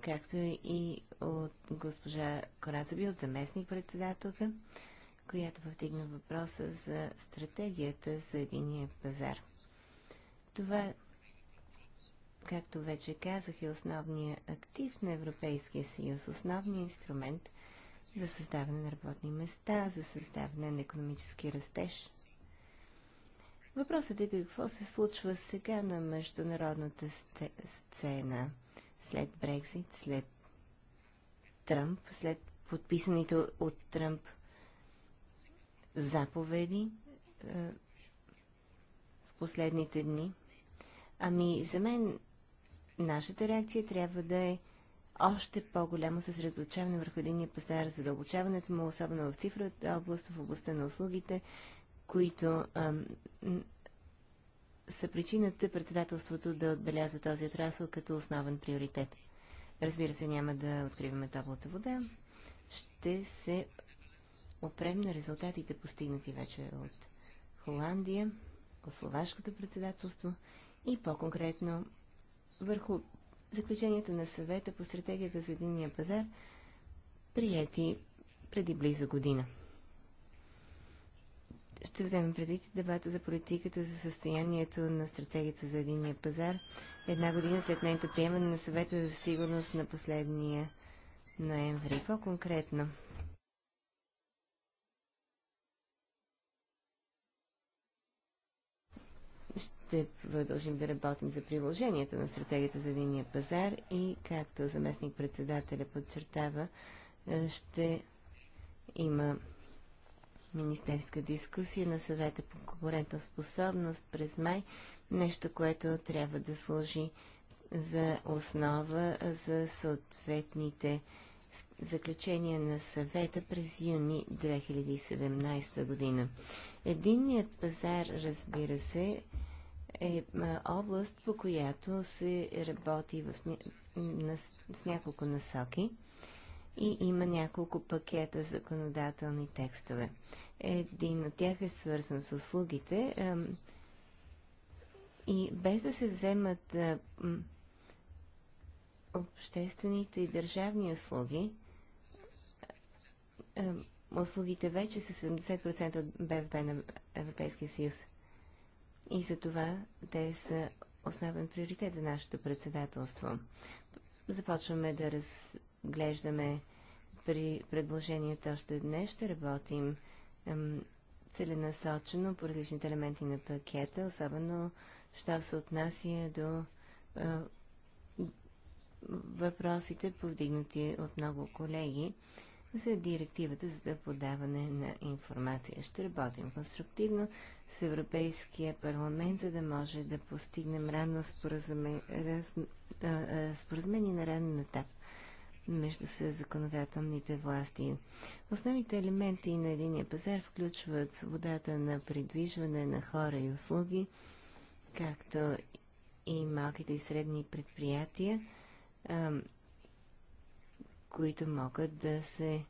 S3: както и от госпожа Корацаби, от заместник председателка която повдигна въпроса за стратегията за единия пазар. Това, както вече казах, е основният актив на Европейския съюз, основният инструмент за създаване на работни места, за създаване на економически растеж. Въпросът е какво се случва сега на международната сцена след Брекзит, след Тръмп, след подписаните от Тръмп заповеди е, в последните дни. Ами, за мен нашата реакция трябва да е още по-голямо съсредоточаване върху единния пазар, задълбочаването му, особено в цифровата област, в областта на услугите, които ам, са причината председателството да отбелязва този отрасъл като основен приоритет. Разбира се, няма да откриваме топлата вода. Ще се опрем на резултатите постигнати вече от Холандия, от Словашкото председателство и по-конкретно върху заключението на съвета по стратегията за единния пазар, прияти преди близо година. Ще вземем предвид дебата за политиката за състоянието на стратегията за единния пазар една година след нейното приемане на съвета за сигурност на последния ноември. По-конкретно – ще продължим да работим за приложението на стратегията за единния пазар и, както заместник председателя подчертава, е, ще има министерска дискусия на съвета по конкурентоспособност през май, нещо, което трябва да служи за основа за съответните заключения на съвета през юни 2017 година. Единният пазар, разбира се, е област, по която се работи в, в няколко насоки и има няколко пакета законодателни текстове. Един от тях е свързан с услугите и без да се вземат обществените и държавни услуги, услугите вече са 70% от БВП на Европейския съюз и за това те са основен приоритет за нашето председателство. Започваме да разглеждаме при предложенията още днес. Ще работим целенасочено по различните елементи на пакета, особено що се отнася до е, въпросите, повдигнати от много колеги за директивата за подаване на информация. Ще работим конструктивно с Европейския парламент, за да може да постигнем ранно споразумение, раз, на ранен етап между законодателните власти. Основните елементи на единия пазар включват свободата на придвижване на хора и услуги, както и малките и средни предприятия, които могат да се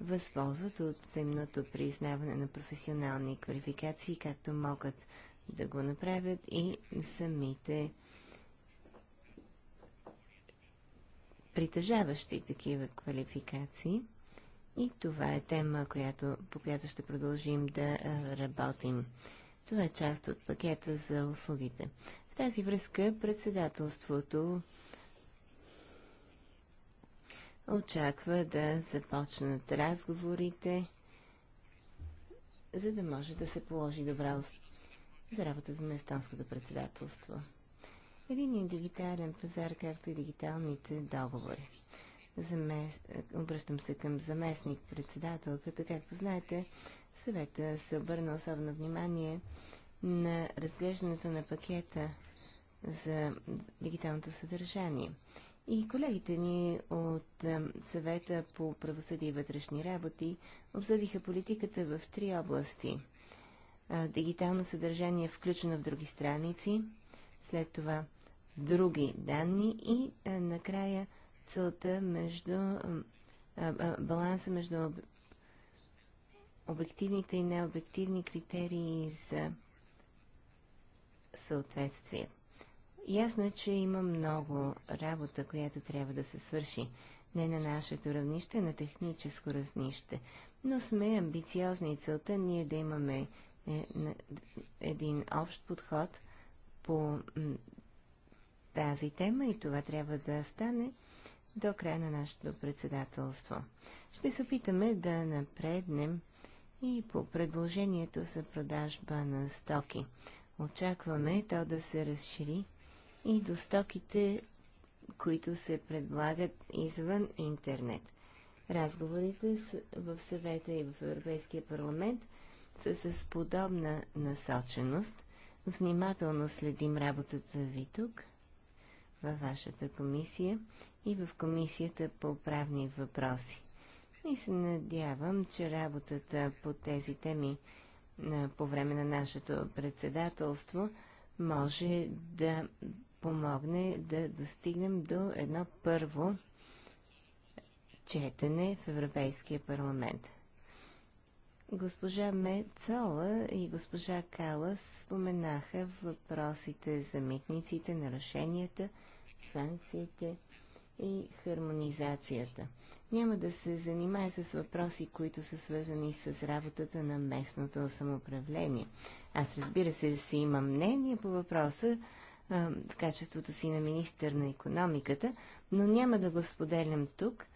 S3: възползват от земното признаване на професионални квалификации, както могат да го направят и самите притежаващи такива квалификации. И това е тема, която, по която ще продължим да работим. Това е част от пакета за услугите. В тази връзка председателството очаква да започнат разговорите, за да може да се положи добра за работата на естонското председателство. Един дигитален пазар, както и дигиталните договори. Заме... Обръщам се към заместник председателката. Както знаете, съвета се обърна особено внимание на разглеждането на пакета за дигиталното съдържание и колегите ни от е, съвета по правосъдие и вътрешни работи обсъдиха политиката в три области. Е, дигитално съдържание включено в други страници, след това други данни и е, накрая целта между баланса между обективните и необективни критерии за съответствие. Ясно е, че има много работа, която трябва да се свърши. Не на нашето равнище, на техническо равнище. Но сме амбициозни и целта ние да имаме е, един общ подход по тази тема и това трябва да стане до края на нашето председателство. Ще се опитаме да напреднем и по предложението за продажба на стоки. Очакваме то да се разшири и до стоките, които се предлагат извън интернет. Разговорите в съвета и в Европейския парламент са с подобна насоченост. Внимателно следим работата ви тук, във вашата комисия и в комисията по правни въпроси. И се надявам, че работата по тези теми по време на нашето председателство може да помогне да достигнем до едно първо четене в Европейския парламент. Госпожа Мецола и госпожа Калас споменаха въпросите за митниците, нарушенията, санкциите и хармонизацията. Няма да се занимая с въпроси, които са свързани с работата на местното самоуправление. Аз разбира се си имам мнение по въпроса, в качеството си на министър на економиката, но няма да го споделям тук.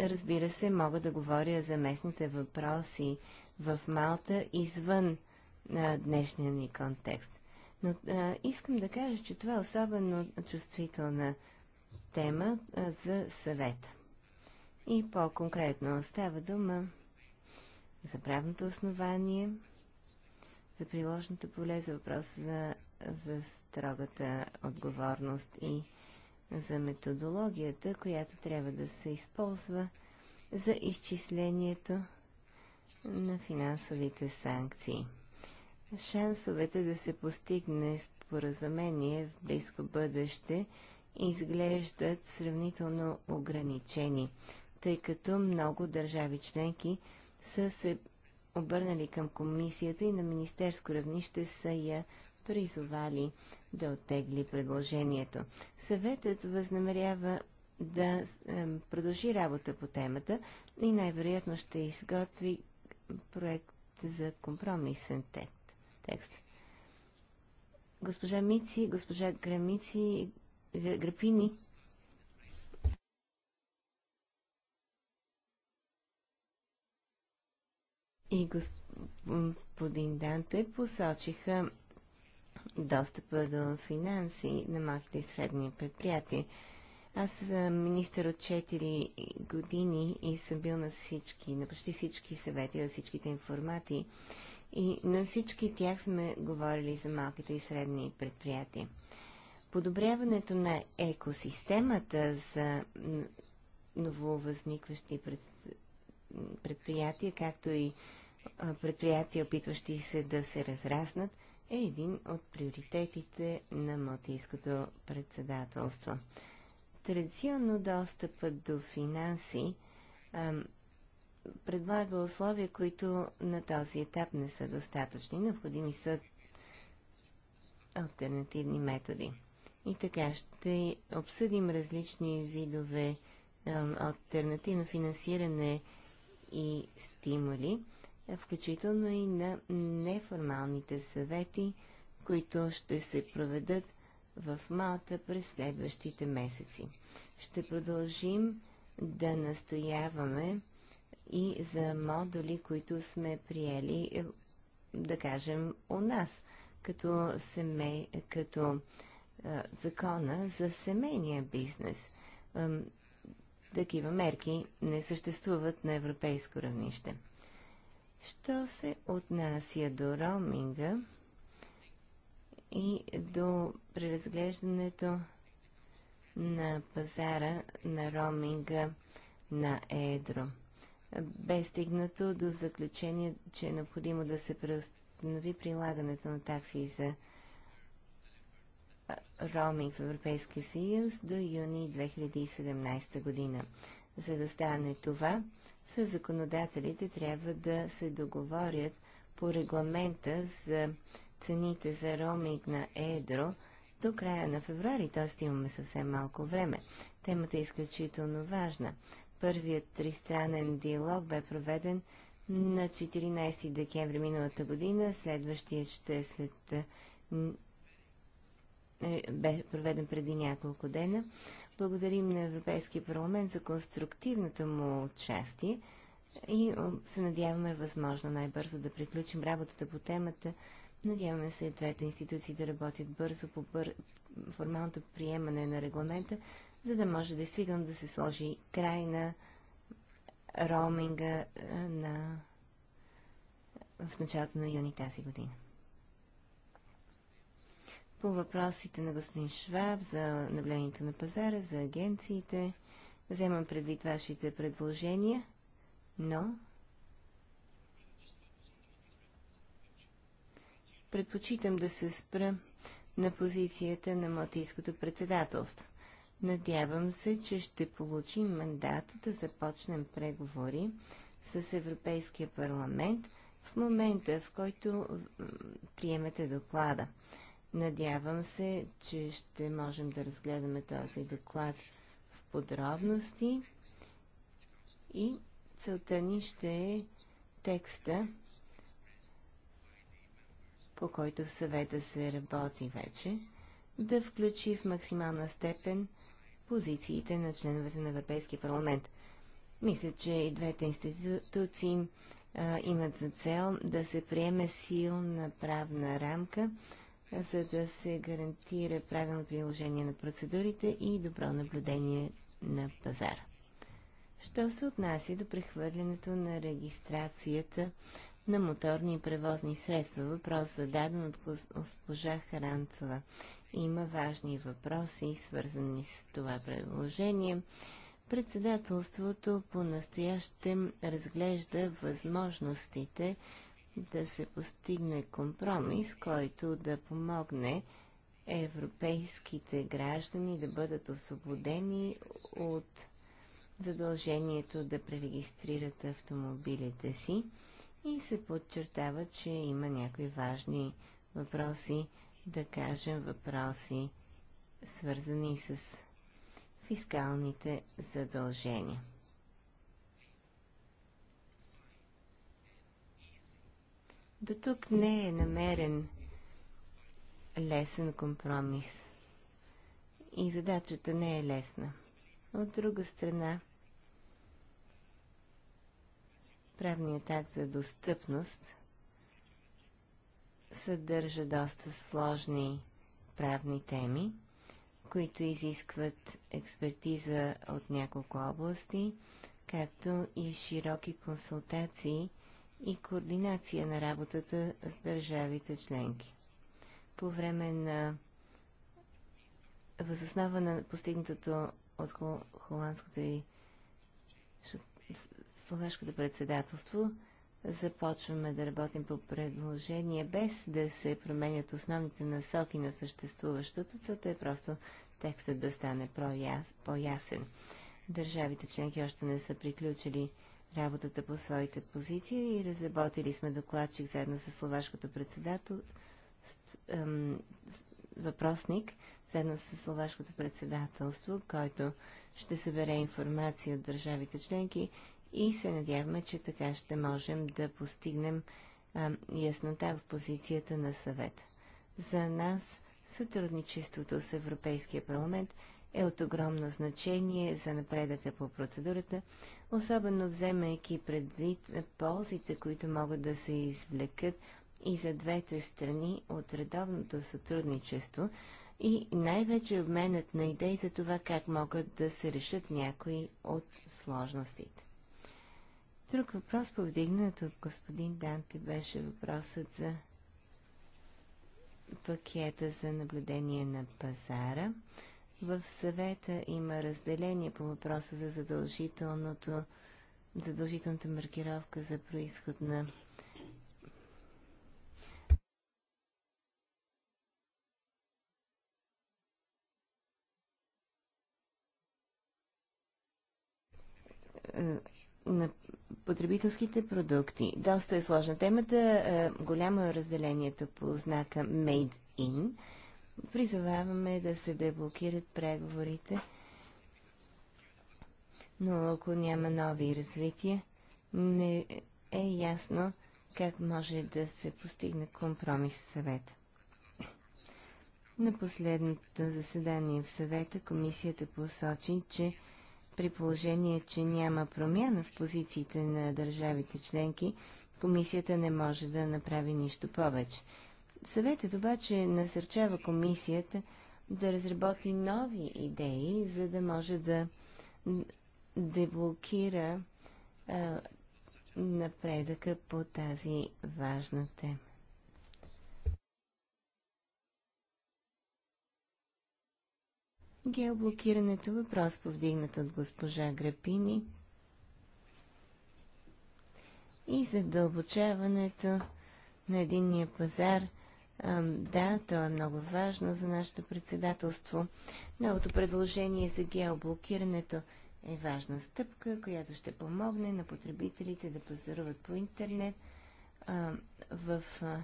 S3: Разбира се, мога да говоря за местните въпроси в Малта извън днешния ни контекст. Но а, искам да кажа, че това е особено чувствителна тема а, за съвета. И по-конкретно става дума за правното основание, за приложното поле, за въпроса за за строгата отговорност и за методологията, която трябва да се използва за изчислението на финансовите санкции. Шансовете да се постигне споразумение в близко бъдеще изглеждат сравнително ограничени, тъй като много държави членки са се обърнали към комисията и на министерско равнище са я призовали да оттегли предложението. Съветът възнамерява да продължи работа по темата и най-вероятно ще изготви проект за компромисен текст. Госпожа Мици, госпожа Грамици, Грапини. И господин Данте посочиха достъпа до финанси на малките и средни предприятия. Аз съм министър от 4 години и съм бил на всички, на почти всички съвети, на всичките информати и на всички тях сме говорили за малките и средни предприятия. Подобряването на екосистемата за нововъзникващи предприятия, както и предприятия, опитващи се да се разраснат, е един от приоритетите на Малтийското председателство. Традиционно достъпът до финанси а, предлага условия, които на този етап не са достатъчни. Необходими са альтернативни методи. И така ще обсъдим различни видове а, альтернативно финансиране и стимули включително и на неформалните съвети, които ще се проведат в Малта през следващите месеци. Ще продължим да настояваме и за модули, които сме приели, е, да кажем, у нас, като, семе... като а, е, закона за семейния бизнес. А, такива мерки не съществуват на европейско равнище. Що се отнася до роуминга и до преразглеждането на пазара на роуминга на Едро. Бе стигнато до заключение, че е необходимо да се преустанови прилагането на такси за роуминг в Европейския съюз до юни 2017 година. За да стане това, със законодателите трябва да се договорят по регламента за цените за роминг на Едро до края на февруари, т.е. имаме съвсем малко време. Темата е изключително важна. Първият тристранен диалог бе проведен на 14 декември миналата година, следващият ще е след е, бе проведен преди няколко дена. Благодарим на Европейския парламент за конструктивното му участие и се надяваме възможно най-бързо да приключим работата по темата. Надяваме се двете институции да работят бързо по бър... формалното приемане на регламента, за да може действително да се сложи край на роуминга е, на... в началото на юни тази година по въпросите на господин Шваб за наблението на пазара, за агенциите. Вземам предвид вашите предложения, но предпочитам да се спра на позицията на Малтийското председателство. Надявам се, че ще получим мандат да започнем преговори с Европейския парламент в момента, в който приемете доклада. Надявам се, че ще можем да разгледаме този доклад в подробности и целта ни ще е текста, по който в съвета се работи вече, да включи в максимална степен позициите на членовете на Европейския парламент. Мисля, че и двете институции а, имат за цел да се приеме силна правна рамка, за да се гарантира правилно приложение на процедурите и добро наблюдение на пазара. Що се отнася до прехвърлянето на регистрацията на моторни и превозни средства? Въпрос зададен от госпожа Харанцева. Има важни въпроси, свързани с това предложение. Председателството по настоящем разглежда възможностите да се постигне компромис, който да помогне европейските граждани да бъдат освободени от задължението да пререгистрират автомобилите си и се подчертава, че има някои важни въпроси, да кажем въпроси, свързани с фискалните задължения. До тук не е намерен лесен компромис. И задачата не е лесна. От друга страна, правният акт за достъпност съдържа доста сложни правни теми, които изискват експертиза от няколко области, както и широки консултации и координация на работата с държавите членки. По време на възоснова на постигнатото от холандското и словешкото председателство, започваме да работим по предложение, без да се променят основните насоки на съществуващото. Целта е просто текстът да стане по-ясен. Държавите членки още не са приключили работата по своите позиции и разработили сме докладчик заедно с Словашкото председател, въпросник, заедно с Словашкото председателство, който ще събере информация от държавите членки и се надяваме, че така ще можем да постигнем яснота в позицията на съвета. За нас сътрудничеството с Европейския парламент – е от огромно значение за напредъка по процедурата, особено вземайки предвид ползите, които могат да се извлекат и за двете страни от редовното сътрудничество и най-вече обменът на идеи за това как могат да се решат някои от сложностите. Друг въпрос, повдигнат от господин Данте, беше въпросът за пакета за наблюдение на пазара. В съвета има разделение по въпроса за задължителното, задължителната маркировка за происход на на потребителските продукти. Доста е сложна темата. Голямо е разделението по знака Made in призоваваме да се деблокират преговорите, но ако няма нови развития, не е ясно как може да се постигне компромис в съвета. На последното заседание в съвета комисията посочи, че при положение, че няма промяна в позициите на държавите членки, комисията не може да направи нищо повече. Съветът обаче насърчава комисията да разработи нови идеи, за да може да деблокира а, напредъка по тази важна тема. Геоблокирането е въпрос повдигнат от госпожа Грапини и задълбочаването на единния пазар да, то е много важно за нашето председателство. Новото предложение за геоблокирането е важна стъпка, която ще помогне на потребителите да пазаруват по интернет а, в, а,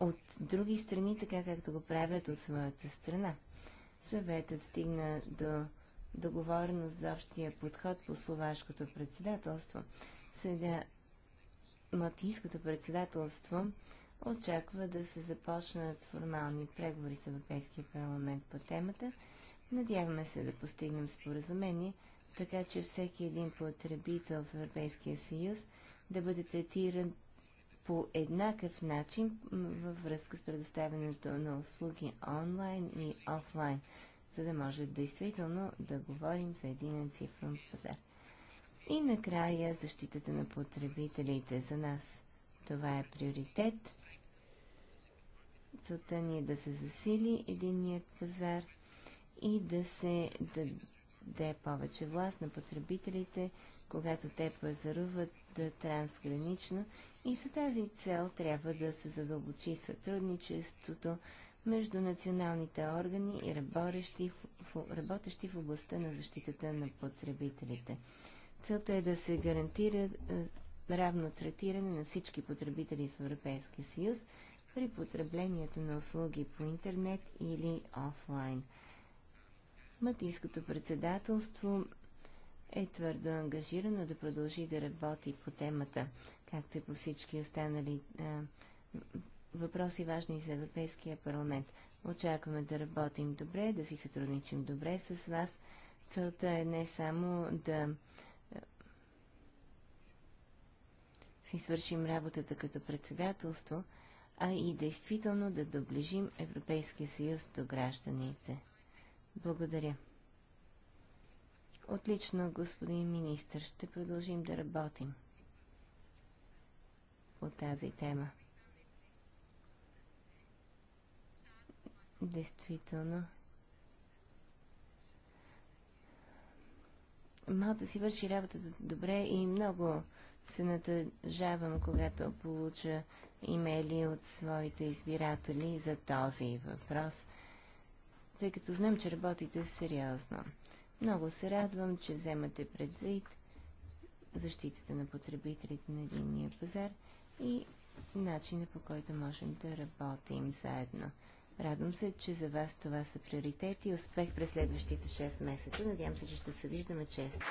S3: от други страни, така както го правят от своята страна. Съветът стигна до договореност за общия подход по словашкото председателство. Сега матийското председателство очаква да се започнат формални преговори с Европейския парламент по темата. Надяваме се да постигнем споразумение, така че всеки един потребител в Европейския съюз да бъде третиран по еднакъв начин във връзка с предоставянето на услуги онлайн и офлайн, за да може действително да говорим за един цифрон пазар. И накрая защитата на потребителите за нас. Това е приоритет Целта ни е да се засили единният пазар и да се даде повече власт на потребителите, когато те пазаруват да трансгранично и за тази цел трябва да се задълбочи сътрудничеството между националните органи и работещи в, работещи в областта на защитата на потребителите. Целта е да се гарантира е, равно третиране на всички потребители в Европейския съюз – при потреблението на услуги по интернет или офлайн. Матийското председателство е твърдо ангажирано да продължи да работи по темата, както и по всички останали а, въпроси важни за Европейския парламент. Очакваме да работим добре, да си сътрудничим добре с вас. Целта е не само да си свършим работата като председателство, а и действително да доближим Европейския съюз до гражданите. Благодаря. Отлично, господин министр. Ще продължим да работим по тази тема. Действително. Малта си върши работата добре и много се натъжавам, когато получа имейли от своите избиратели за този въпрос, тъй като знам, че работите сериозно. Много се радвам, че вземате предвид защитата на потребителите на единния пазар и начина по който можем да работим заедно. Радвам се, че за вас това са приоритети и успех през следващите 6 месеца. Надявам се, че ще се виждаме често.